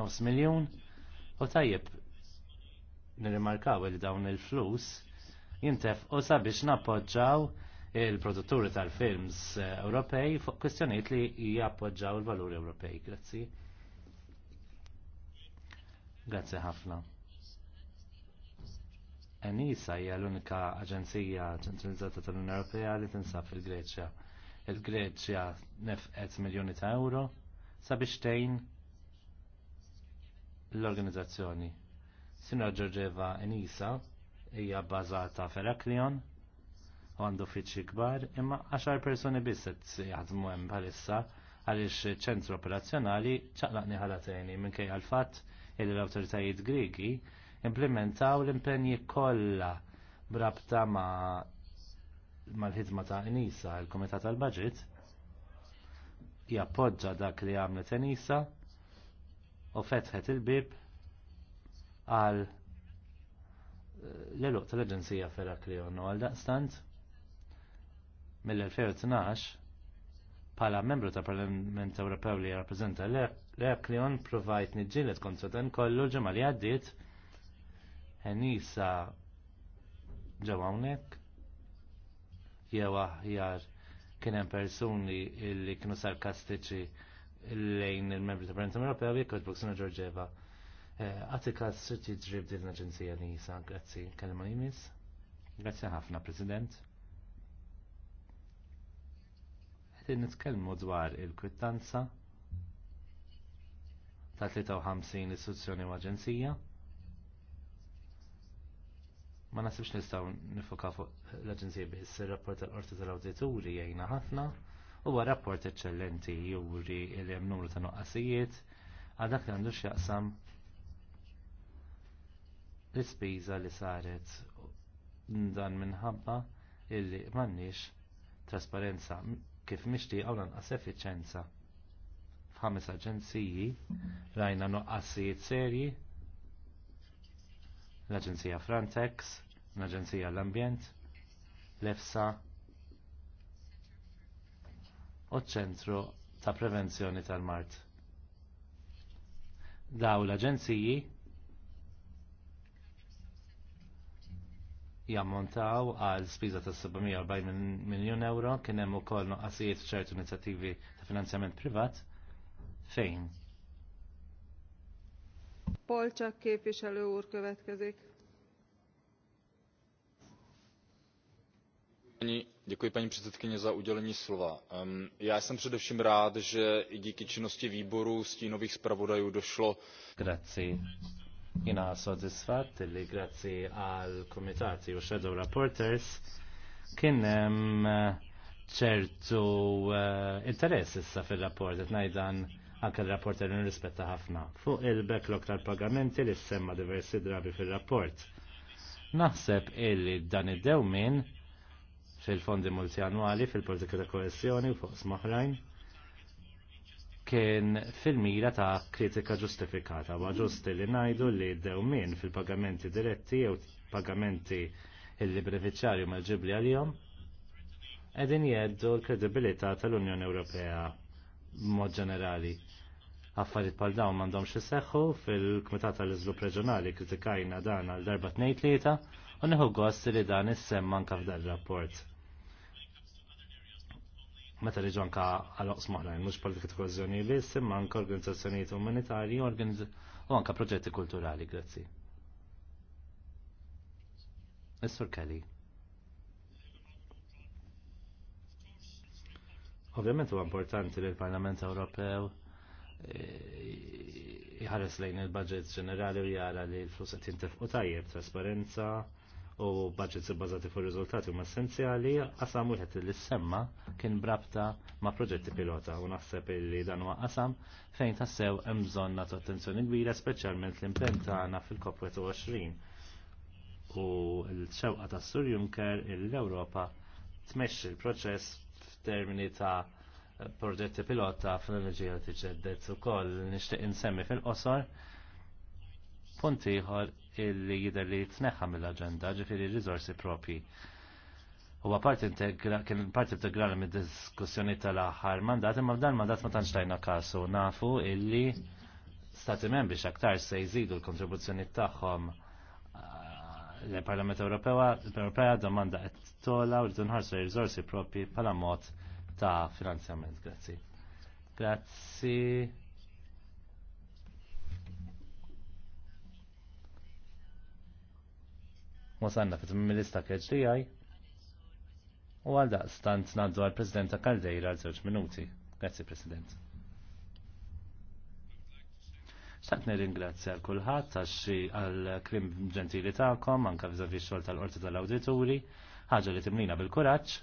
9 miljun u tajjeb nirrimarkaw li dawn il-flus jintef u sabiex nappoġġaw il-produtturi tal-films eh, Ewropej fuq kwistjonijiet li jappoġġaw il-valuri Ewropej. Grazzi. Grazzi ħafna. Enisa hija l-unika aġenzija ċentralizzata tal-Unjoni Ewropea li tinsab fil-Greċja. Il-Greċja nefqet miljoni ta' euro sabiex tgħin l-organizzazzjoni. Sinra Ġorġeva Enisa hija bbażata f'Eraklion u għandu uffiċċji kbar, imma għaxar persuni biss qed jaħdmu hemm bħalissa għaliex ċentru operazzjonali ċaqlaqni ħalatejni minkejja l-fatt illi l-awtoritajiet Grigi implementaw l-impenji kollha brabta ma' mal-ħidma ta' Enisa, il-Komitat tal-Budget, jappoġġa dak li għamlet Enisa u fetħet il-bib għal eh, l-eluq tal-Aġenzija Feraklion u għal daqstant mill-2012 Pala membru ta' Parlament Ewropew li jirrappreżenta l-Eklion provajt nġilet kontra dan kollu ġemma li għaddit enisa ġewawnek hawnhekk jew aħjar kien hemm persuni li kienu sarkastiċi lejn il-membri ta' Parlament Ewropew jekk il-Buksuna Ġorġeva. Eh, Għatika s-sirti ġrib din l-Aġenzija nisa, grazzi, kalma jimis. Grazzi ħafna, President. Qegħdin nitkellmu dwar il-kwittanza ta' 53 istituzzjoni u aġenzija. Ma nasibx nistgħu nifoka fuq l-aġenzija biss ir-rapport tal-qorti tal-awdituri jgħinna ħafna huwa rapport eċċellenti juri li hemm numru ta' noqqasijiet għal dak li għandu x'jaqsam l-ispiża li saret dan minħabba illi m'għandniex trasparenza kif mixti għaw lanqas effiċenza. F'ħames aġenziji rajna noqqasijiet serji l-Aġenzija Frontex, l-Aġenzija l-Ambjent, l-EFSA u ċ-ċentru ta' prevenzjoni tal-Mart. Daw l-Aġenziji jammontaw għal spiża ta' 740 miljon euro kien hemm ukoll noqqasijiet ċertu inizjattivi ta' finanzjament privat fejn. Polcsak képviselő úr következik. Děkuji paní předsedkyně za udělení slova. Um, já jsem především rád, že i díky činnosti výboru stínových zpravodajů došlo. Grazie. Jina soddisfat li grazzi għal komitati u shadow reporters kienem eh, ċertu uh, interess issa fil-rapport, et najdan anke l-rapport li nirrispetta ħafna. Fuq il-backlog tal-pagamenti li semma diversi drabi fil-rapport. Naħseb illi dan id-dewmin fil-fondi multianwali fil-politika ta' koesjoni u fuq smaħrajn kien fil-mira ta' kritika ġustifikata, wa ġusti li najdu li dewmin fil-pagamenti diretti jew pagamenti il beneficjarju ma' ġibli għal-jom, edin jeddu l-kredibilità tal-Unjoni Ewropea mod ġenerali. Affarijiet pal dawn m'għandhomx iseħħu fil-Kumitat tal-Iżlub Reġjonali kritikajna dan għal darba tnejn tlieta u neħu gost li dan is-semman anke f'dan rapport meta riġu anka għal-oqs moħrajn, mux politika kohezjoni li simma anka organizzazzjoniet umanitarji u anka proġetti kulturali, grazzi. Mr. Kelly. Ovvjament huwa importanti li l-Parlament Ewropew jħares e, lejn il-budget ġenerali u jara li l-flus qed u tajjeb, trasparenza, u budgets bazati fuq riżultati huma essenzjali, qasam wieħed li semma kien brabta ma' proġetti pilota u naħseb li dan huwa qasam fejn tassew hemm bżonn nagħtu attenzjoni kbira speċjalment l-impenn tagħna fil-COP 20 u l-xewqa ta' Sur Juncker l-Ewropa tmexxi l-proċess f'termini ta' proġetti pilota fl-enerġija tiġeddet ukoll nixtieq insemmi fil-qosor punt ieħor illi jider li jitneħħa mill-agenda ġifiri rizorsi propi. Huwa parti kien parti integrali mid-diskussjoni tal-aħħar mandat, imma dan mandat ma tantx tajna kasu nafu illi stati membri aktar se jżidu l-kontribuzzjoni tagħhom l-Parlament Ewropea domanda qed tola u rridu nħarsu riżorsi propri bħala mod ta' finanzjament. Grazzi. Grazzi. Mosanna fit mill-lista KHDI u għal daqstant naddu għal Presidenta Kaldejra għal żewġ minuti. Grazzi President. Xtaqt nirringrazzja għal kulħadd għax għal krim ġentili tagħkom anke viżavi x-xogħol tal-Qorti tal-Awdituri, ħaġa li timlina bil-kuraġġ.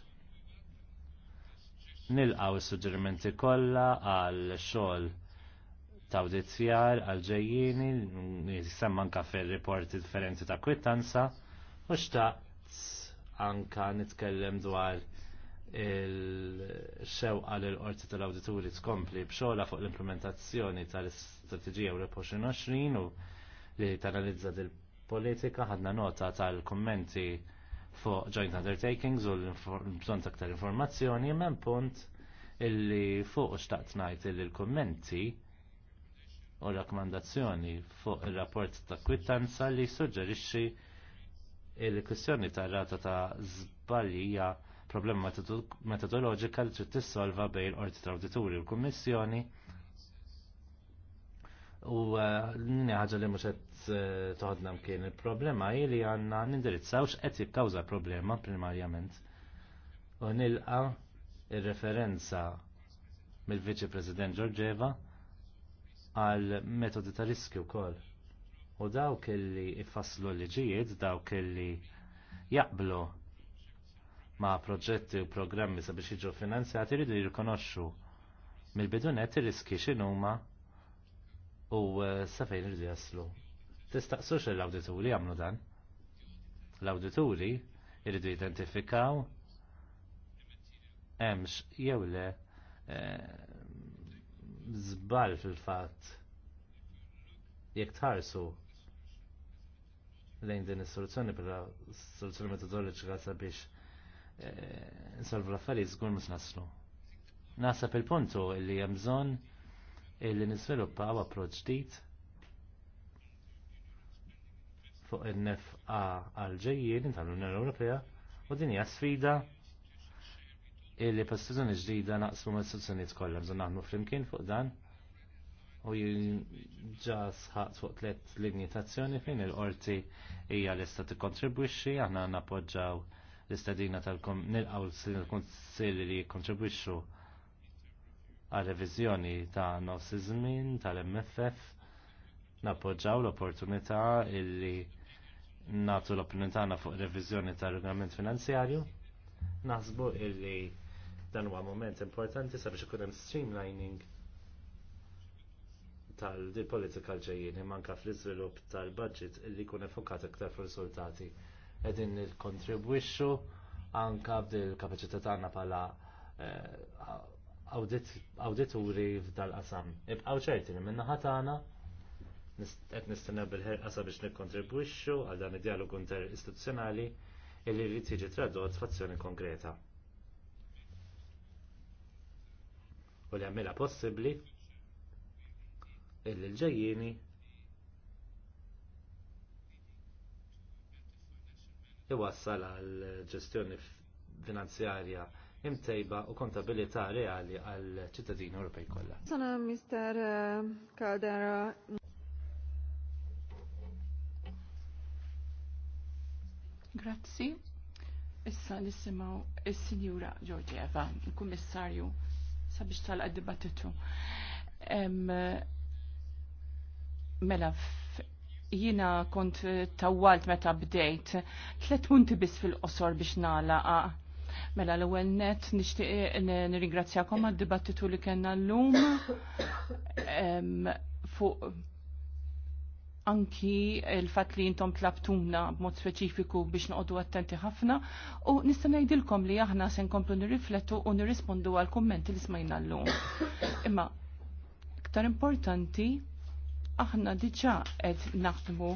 Nilqgħu s-suġġerimenti kollha għal xogħol ta' awdizzjar għal ġejjini, jisemma anke fir differenti ta' kwittanza U xtaqt anka nitkellem dwar il għal l-orti tal-awdituri tkompli bxola fuq l-implementazzjoni tal-istrategija Europa 2020 u li tanalizza dil-politika ħadna nota tal-kommenti fuq joint undertakings u l-bżon aktar informazzjoni men punt illi fuq xtaqt najt li l-kommenti u rakkomandazzjoni fuq il-rapport ta' kwittanza li suġġerixxi il-kwistjoni ta' rata ta' zbalija problema metodoloġika li trid tissolva bejn l-Qorti ta' Awdituri u l-Kummissjoni u eh, n ħaġa li mhux qed eh, toħodna mkien il-problema hi li għandna nindirizzawx qed jikkawża problema primarjament. U nilqa ir-referenza mill-Viċi President Giorgeva għal metodi ta' riskju wkoll u dawk li ifasslu liġijiet, dawk illi jaqblu ma' proġetti u programmi sabiex jiġu finanzjati rridu jirkonoxxu mill-bidunet ir-riski x'inhuma u eh, sa fejn irridu jaslu. Tistaqsux l-awdituri jagħmlu dan. L-awdituri irridu identifikaw hemmx jew le eh, żball fil-fatt jekk tħarsu lejn din is-soluzzjoni bħala soluzzjoni metodoloġika sabiex eh, insolvu l-affarijiet żgur mhux naslu. Nasab il-puntu li hemm bżonn illi nisviluppaw approċ ġdid fuq in-nefqa għal ġejjien tal-Unjoni Ewropea u din hija sfida illi pas ġdida naqsmu mas-sezzjonijiet kollha bżonn naħdmu flimkien fuq dan u ġa ħat fuq tlet linji fejn il-qorti hija lista tikkontribwixxi aħna nappoġġaw l-istadina tal-kom nilqaw l-kunsilli li jikkontribwixxu għal reviżjoni ta' nofs iż-żmien tal-MFF nappoġġaw l-opportunità illi natu l opportunità tagħna fuq reviżjoni tal-regolament finanzjarju. Naħsbu illi dan huwa moment importanti sabiex ikun hemm streamlining tal-politika ġejjin manka fl-iżvilupp tal-budget li jkun effokat iktar fil-riżultati. Qegħdin nikkontribwixxu anke b'dil-kapaċità tagħna bħala eh, awdituri f'dal-qasam. Ibqgħu ċerti li min-naħa tagħna qed nistenna bil-ħerqasa biex nikkontribwixxu għal dan id-dialogu interistituzzjonali illi jrid jiġi tradott f'azzjoni konkreta. U li għamilha possibbli illi l-ġejjieni iwassal għal ġestjoni finanzjarja imtejba u kontabilità reali għal ċittadini Ewropej kollha. Sana Mr. Eh, Caldera. Grazzi. Issa nisimaw il sinjura Georgieva, il-Kummissarju sabiex tal-dibattitu Mela, jina kont ta'walt meta bdejt, tlet punti bis fil-qosor biex nalaqa. Mela l-ewwel net nixtieq nirringrazzjakom għad-dibattitu li kellna llum fuq anki il-fat li jintom tlabtuna b'mod speċifiku biex noqogħdu attenti ħafna u nista' ngħidilkom li aħna se nkomplu nirriflettu u nirrispondu għal kummenti li smajna llum. Imma aktar importanti aħna diġa qed naħdmu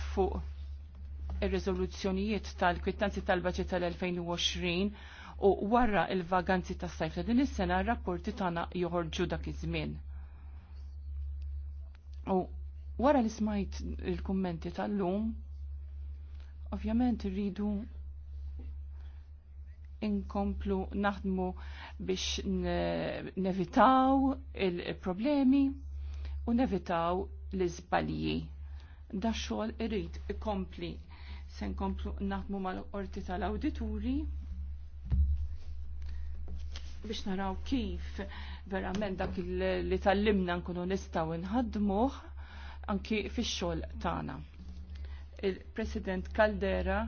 fuq ir-riżoluzzjonijiet tal-kwittanzi tal-baġi tal-2020 u warra il-vaganzi tas sajf ta' din is-sena r-rapporti tagħna joħorġu dak iż-żmien. U wara li smajt il-kummenti tal-lum, ovvjament rridu inkomplu naħdmu biex nevitaw il-problemi u nevitaw l-iżbalji. Da xogħol irrit ikompli se nkomplu naħdmu mal-qorti tal-awdituri biex naraw kif verament dak li tal-limna nkunu nistaw nħadmuh anki fix xogħol tagħna. Il-President Caldera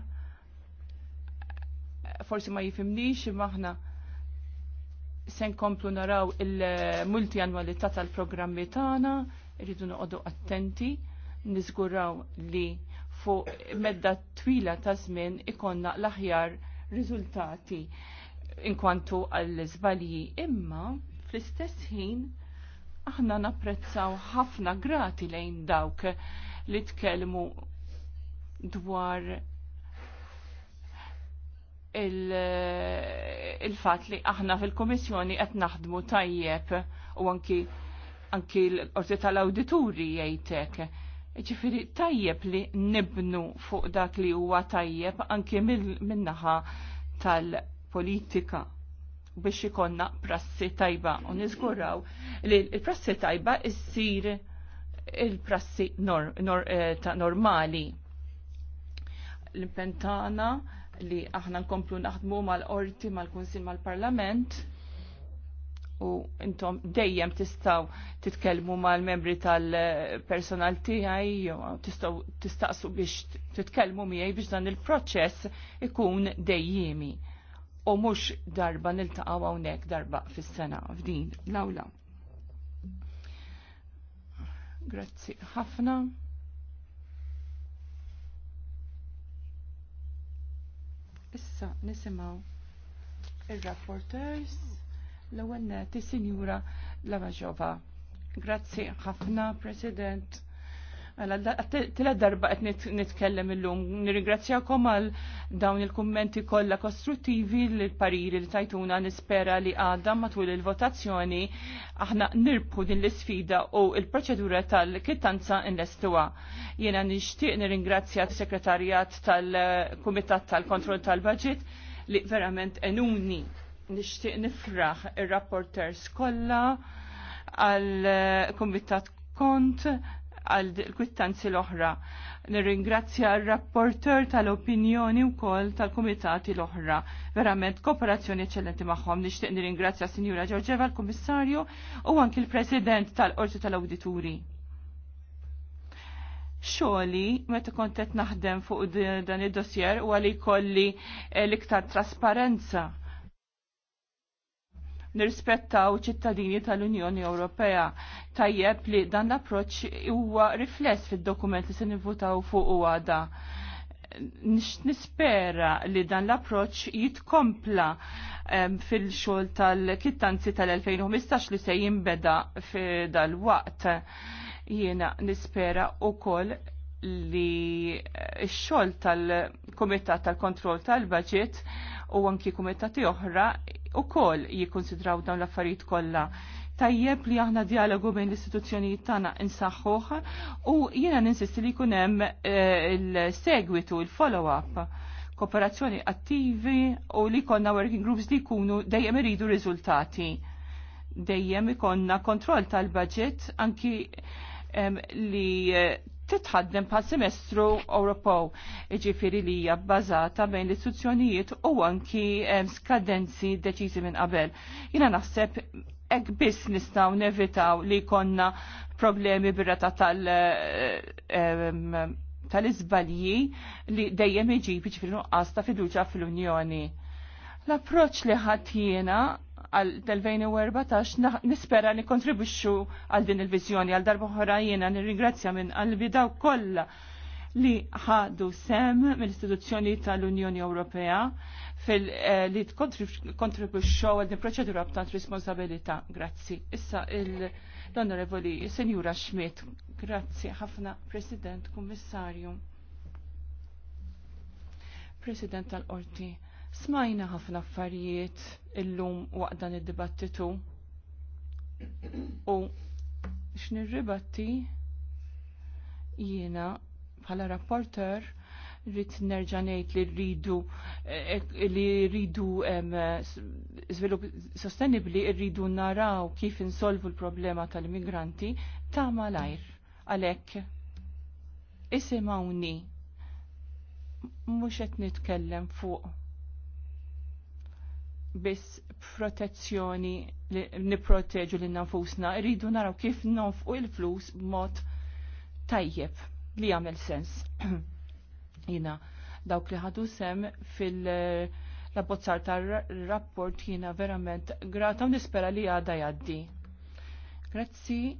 forsi ma jifimnix imma aħna se nkomplu naraw il-multi tal-programmi tagħna Irridu noqogħdu attenti, niżguraw li fuq medda twila ta' żmien ikonna l-aħjar riżultati inkwantu għall-żbalji. Imma fl-istess ħin aħna napprezzaw ħafna grati lejn dawk li tkellmu dwar il-fat il li aħna fil-Komissjoni qed naħdmu tajjeb u anki anki l-qorti tal-awdituri jajtek. Ġifiri tajjeb li nibnu fuq dak li huwa tajjeb anki minnaħa tal-politika biex ikonna prassi tajba u niżguraw li l-prassi tajba issir il-prassi nor, nor, eh, ta' normali. L-impentana li aħna nkomplu naħdmu mal-orti, mal-kunsil, mal-parlament, mal orti mal kunsil mal parlament mal mal parlament u intom dejjem tistaw titkellmu mal-membri tal-personal tiegħi jew tistaqsu biex titkellmu miegħi biex dan il-proċess ikun dejjimi u mhux darba niltaqgħu hawnhekk darba fis-sena f'din l-awla. Grazzi ħafna. Issa nisimgħu ir-rapporters. L-ewwel net is-Sinjura Lavaġova. Grazzi ħafna, President. Mela, tila darba qed nitkellem illum. Nirringrazzjakom għal dawn il-kummenti kollha kostruttivi l-pariri li tajtuna nispera li għadha matul il-votazzjoni aħna nirbħu din l-isfida u l-proċedura tal-kittanza inlestuha. Jiena nixtieq nirringrazzja s-Sekretarjat tal-Kumitat tal-Kontroll tal-Baġit li verament enuni nixtieq nifraħ ir-rapporters kolla għal eh, kumitat kont għal kwittanzi l-oħra. Nirringrazzja r-rapporter tal-opinjoni u kol tal-komitati l-oħra. Verament, kooperazzjoni eccellenti maħħom. Nishtiq nirringrazzja Sinjura Giorgeva, l-Komissarju u anki l-President tal-Orġu tal-Awdituri. Xoli, meta kontet naħdem fuq dan id-dossier u għalli kolli eh, l-iktar trasparenza nirrispettaw ċittadini tal-Unjoni Ewropea. Tajjeb li dan l-approċ huwa rifless fid-dokument li se nivvutaw fuq u għada. Nispera li dan l-approċ jitkompla fil-xol tal-kittanzi tal-2015 li se jimbeda f'dal-waqt. Jiena nispera u koll li eh, x-xogħol tal-Kumitat tal-Kontroll tal budget u anki kumitati oħra ukoll jikkonsidraw dawn l-affarijiet kollha. Tajjeb li aħna dialogu bejn l-istituzzjonijiet tagħna insaħħuh u jiena ninsisti li jkun hemm eh, il-segwitu, il-follow-up kooperazzjoni attivi u li konna working groups li jkunu dejjem iridu riżultati. Dejjem ikonna kontroll tal-budget anki li eh, titħaddem pa' semestru Ewropew, ġifiri li hija bbażata bejn l-istituzzjonijiet u anki skadenzi deċiżi minn qabel. Jiena naħseb hekk biss nistgħu nevitaw li konna problemi birrata tal- tal-izbalji li dejjem iġi ġifiri nuqqas ta' fiduċa fl-Unjoni. L-approċ li ħatjena għal 2014 nispera ni kontribuxxu għal din il-vizjoni għal darba oħra jiena nirringrazzja minn qalbi daw kollha li ħadu sem mill-istituzzjoni tal-Unjoni Ewropea fil eh, li kontribuxxu għal din proċedura b'tant responsabilità. Grazzi. Issa l-Onorevoli Senjura Schmidt. Grazzi ħafna President Kummissarju. President tal-Orti Smajna ħafna affarijiet illum waqt dan id-dibattitu. U x'nirribatti jiena bħala rapporter rrid nerġa' ngħid li rridu eh, li rridu żvilupp sostenibbli rridu naraw kif insolvu l-problema tal-immigranti ta' malajr għalhekk isimgħuni mhux qed nitkellem fuq biss protezzjoni li niproteġu li nafusna, rridu naraw kif u il-flus mod tajjeb li għamil sens. jina, dawk li ħadu sem fil-labbozzar tar-rapport jina verament grata u nispera li għada jaddi. Grazzi,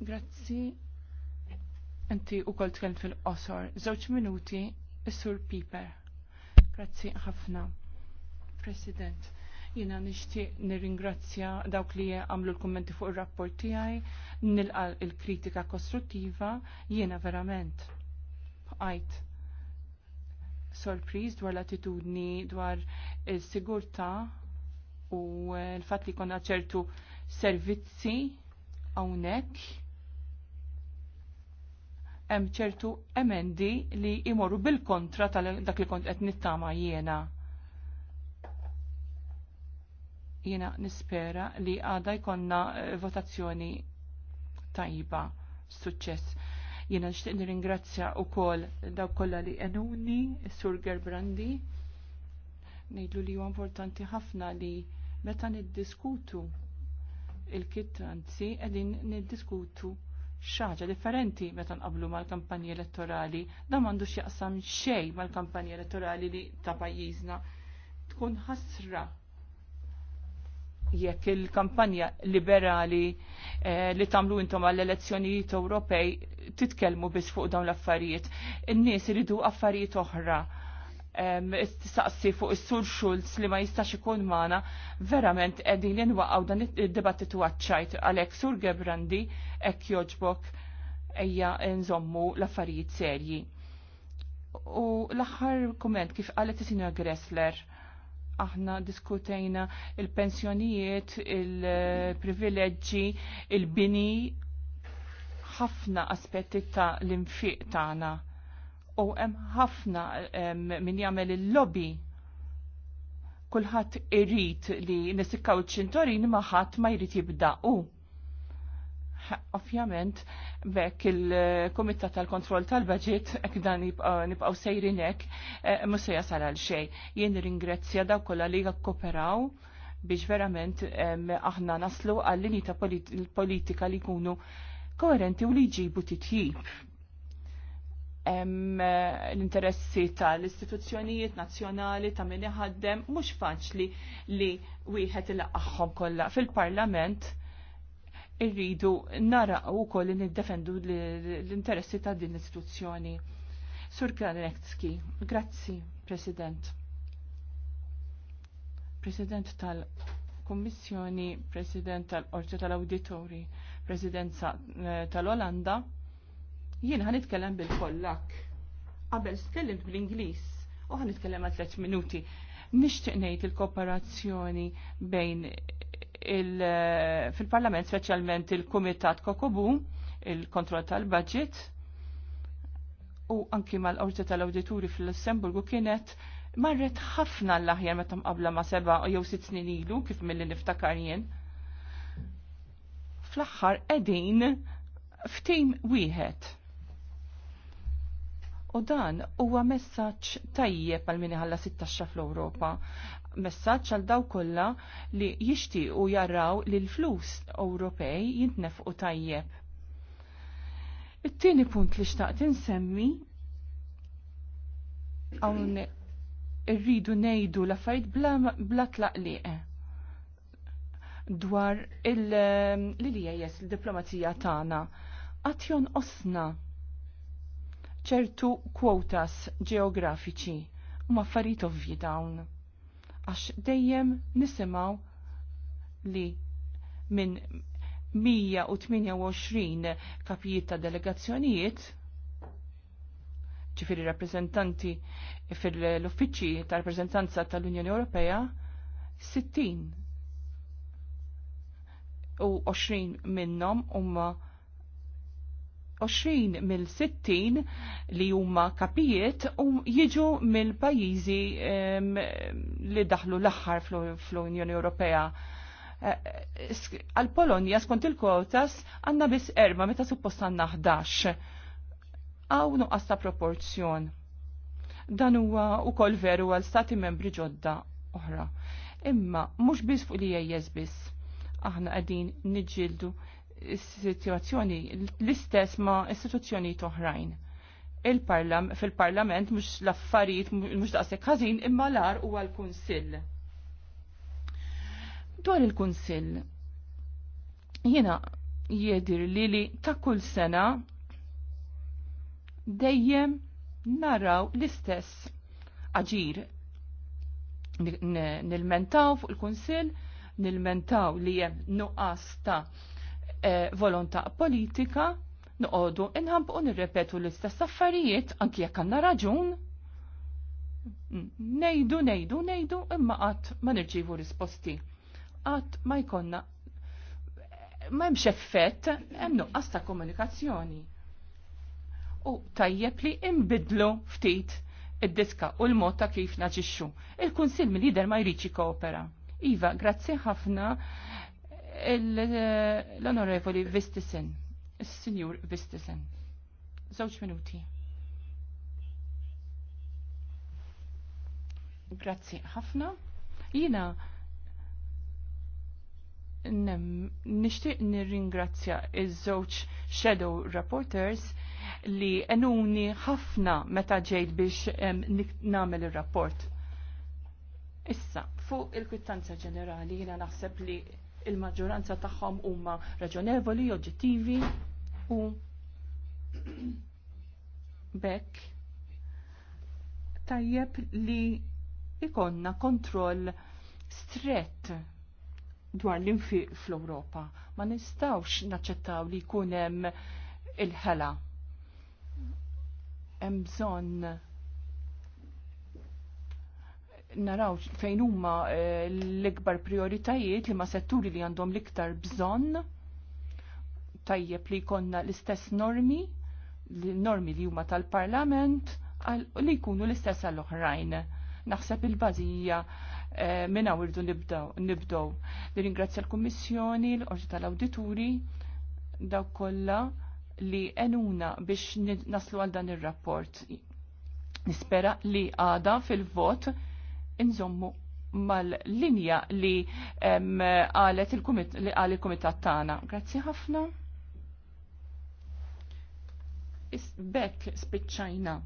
grazzi, inti u kol fil-qosor. Zewċ minuti, sur Piper. Grazzi ħafna. President. Jina nishtiq nirringrazzja dawk li għamlu l-kommenti fuq il-rapport tijaj, nilqa il-kritika kostruttiva, jina verament. Għajt sorpriz dwar l-attitudni dwar il-sigurta u l-fat li konna ċertu servizzi għawnek hemm ċertu emendi li imorru bil-kontra tal dak li kont qed nittama jiena. Jiena nispera li għada jkonna eh, votazzjoni tajba, suċċess. Jiena nixtieq nirringrazzja wkoll dawk kollha li enuni, Sur Gerbrandi, ngħidlu li huwa importanti ħafna li meta niddiskutu il-kittanzi qegħdin niddiskutu xaġa differenti meta nqablu mal-kampanji elettorali, da m'għandux jaqsam xejn mal-kampanji elettorali li ta' pajjiżna tkun ħasra jekk il-kampanja liberali eh, li tamlu intom għall-elezzjonijiet Ewropej titkellmu biss fuq dawn l-affarijiet. In-nies iridu affarijiet oħra Saqsi fuq is-sur Schulz li ma jistax ikun magħna, verament qegħdin inwaqgħu dan id-dibattitu għaċċajt għalhekk sur Gebrandi hekk joġbok ejja nżommu l-affarijiet serji. U l-aħħar kumment kif qalet is-Sinja Gressler aħna diskutejna il-pensjonijiet, il-privileġġi, il-bini, ħafna aspetti ta' l-infiq tagħna. U hemm ħafna min jagħmel il-lobby kulħadd irid li nisikkaw iċ-ċintorin ma ħadd ma jrid jibdaqu. Ovvjament, bekk il-Komitat tal-Kontroll tal baġit ek dan nibqaw sejrinek, e, musu jasal għal xej. Jien ringrazzja daw kolla li kooperaw biex verament aħna naslu għall-linji ta' politika li kunu koerenti u li ġibu titjib l-interessi tal-istituzzjonijiet nazzjonali ta' min ħaddem mhux faċli li wieħed il kollha fil-Parlament irridu u ukoll li niddefendu l-interessi ta' din l-istituzzjoni. Sur Karenetski, grazzi, President. President tal-Kommissjoni, President tal-Orġa tal-Auditori, Presidenza eh, tal-Olanda, jien għan itkellem bil-Pollak. Qabel tkellimt bl-Ingliż u għan itkellem għal 3 minuti. Nixtieq ngħid il-kooperazzjoni bejn Eh, fil-Parlament, speċjalment il-Kumitat Kokobu, il-kontroll tal-budget, u anki mal-Orti tal-Awdituri fil-Lussemburgu kienet marret ħafna l-aħjar meta qabla ma' seba' jew sitt snin ilu kif mill-li niftakar jien. Fl-aħħar qegħdin f'tim wieħed. U dan huwa messaġġ tajjeb għal min ħalla 16 fl-Ewropa messaġġ għal daw kollha li jixtiequ jarraw li l-flus Ewropej u tajjeb. It-tieni punt li xtaqt insemmi hawn irridu ngħidu l-affarijiet bla, bla tlaqliq dwar il-LIS, um, l diplomazija tagħna. Għatjon osna ċertu kwotas ġeografiċi u maffariet ovvji dawn għax dejjem nisimaw li minn 128 kapijiet ta' delegazzjonijiet ċifiri rappresentanti fil-uffiċċji ta' rappresentanza tal-Unjoni Ewropea 60 u 20 minnhom huma 20 mill-60 li huma kapijiet u jiġu mill-pajjiżi li daħlu l-aħħar fl-Unjoni Ewropea. Eh, eh, Għal-Polonja skont il-kwotas għandna biss erba meta suppost għanna 11. Għaw nuqqas ta' proporzjon. Dan huwa ukoll veru għal stati membri ġodda oħra. Imma mhux biss fuq li jgħajjeż biss. Aħna qegħdin niġġieldu is-sitwazzjoni l-istess ma' istituzzjoni toħrajn. il parlam fil-parlament mhux l-affarijiet mhux daqshekk ħażin imma lar huwa l-kunsill. Dwar il-kunsill jiena jedir li li ta' kull sena dejjem naraw l-istess aġir. Nilmentaw fuq il-Kunsil, nilmentaw li jem nuqas ta' Eh, volontà politika noqogħdu inħampu nirrepetu l-istess affarijiet anki jekk għandna raġun. Nejdu, nejdu, nejdu, imma qatt ma nirġivu risposti. Qatt ma jkonna ma jmx effett, hemm nuqqas ta' komunikazzjoni. U tajjeb li imbidlu ftit id-diska u l-mod ta' kif naġixxu. Il-Kunsill mill-lider ma jridx koopera. Iva, grazzi ħafna l-onorevoli Vistisen, il-Sinjur Vistisen. Zawċ minuti. Grazzi ħafna. Jina nishtiq nirringrazzja iż-żewġ shadow rapporters li enuni ħafna meta ġejt biex namel ir rapport Issa, fuq il-kwittanza ġenerali jina naħseb li il-maġġoranza tagħhom huma raġonevoli, oġġettivi u bekk tajjeb li ikonna kontroll strett dwar l-infiq fl-Ewropa. Ma nistawx naċċettaw li jkun hemm il-ħela. Hemm bżonn naraw fejn huma eh, l-ikbar prioritajiet li ma setturi li għandhom l-iktar bżonn tajjeb li jkollna l-istess normi, l-normi li huma tal-Parlament li jkunu l-istess għall-oħrajn. Naħseb il-bażija eh, minn għawirdu nibdow. Niringrazzja l-Kummissjoni, l-Qorti tal-Awdituri, daw kollha li enuna biex naslu għal dan ir-rapport. Nispera li għada fil-vot inżommu mal-linja li għalet il-kumitat tagħna. Grazzi ħafna. Bekk spiċċajna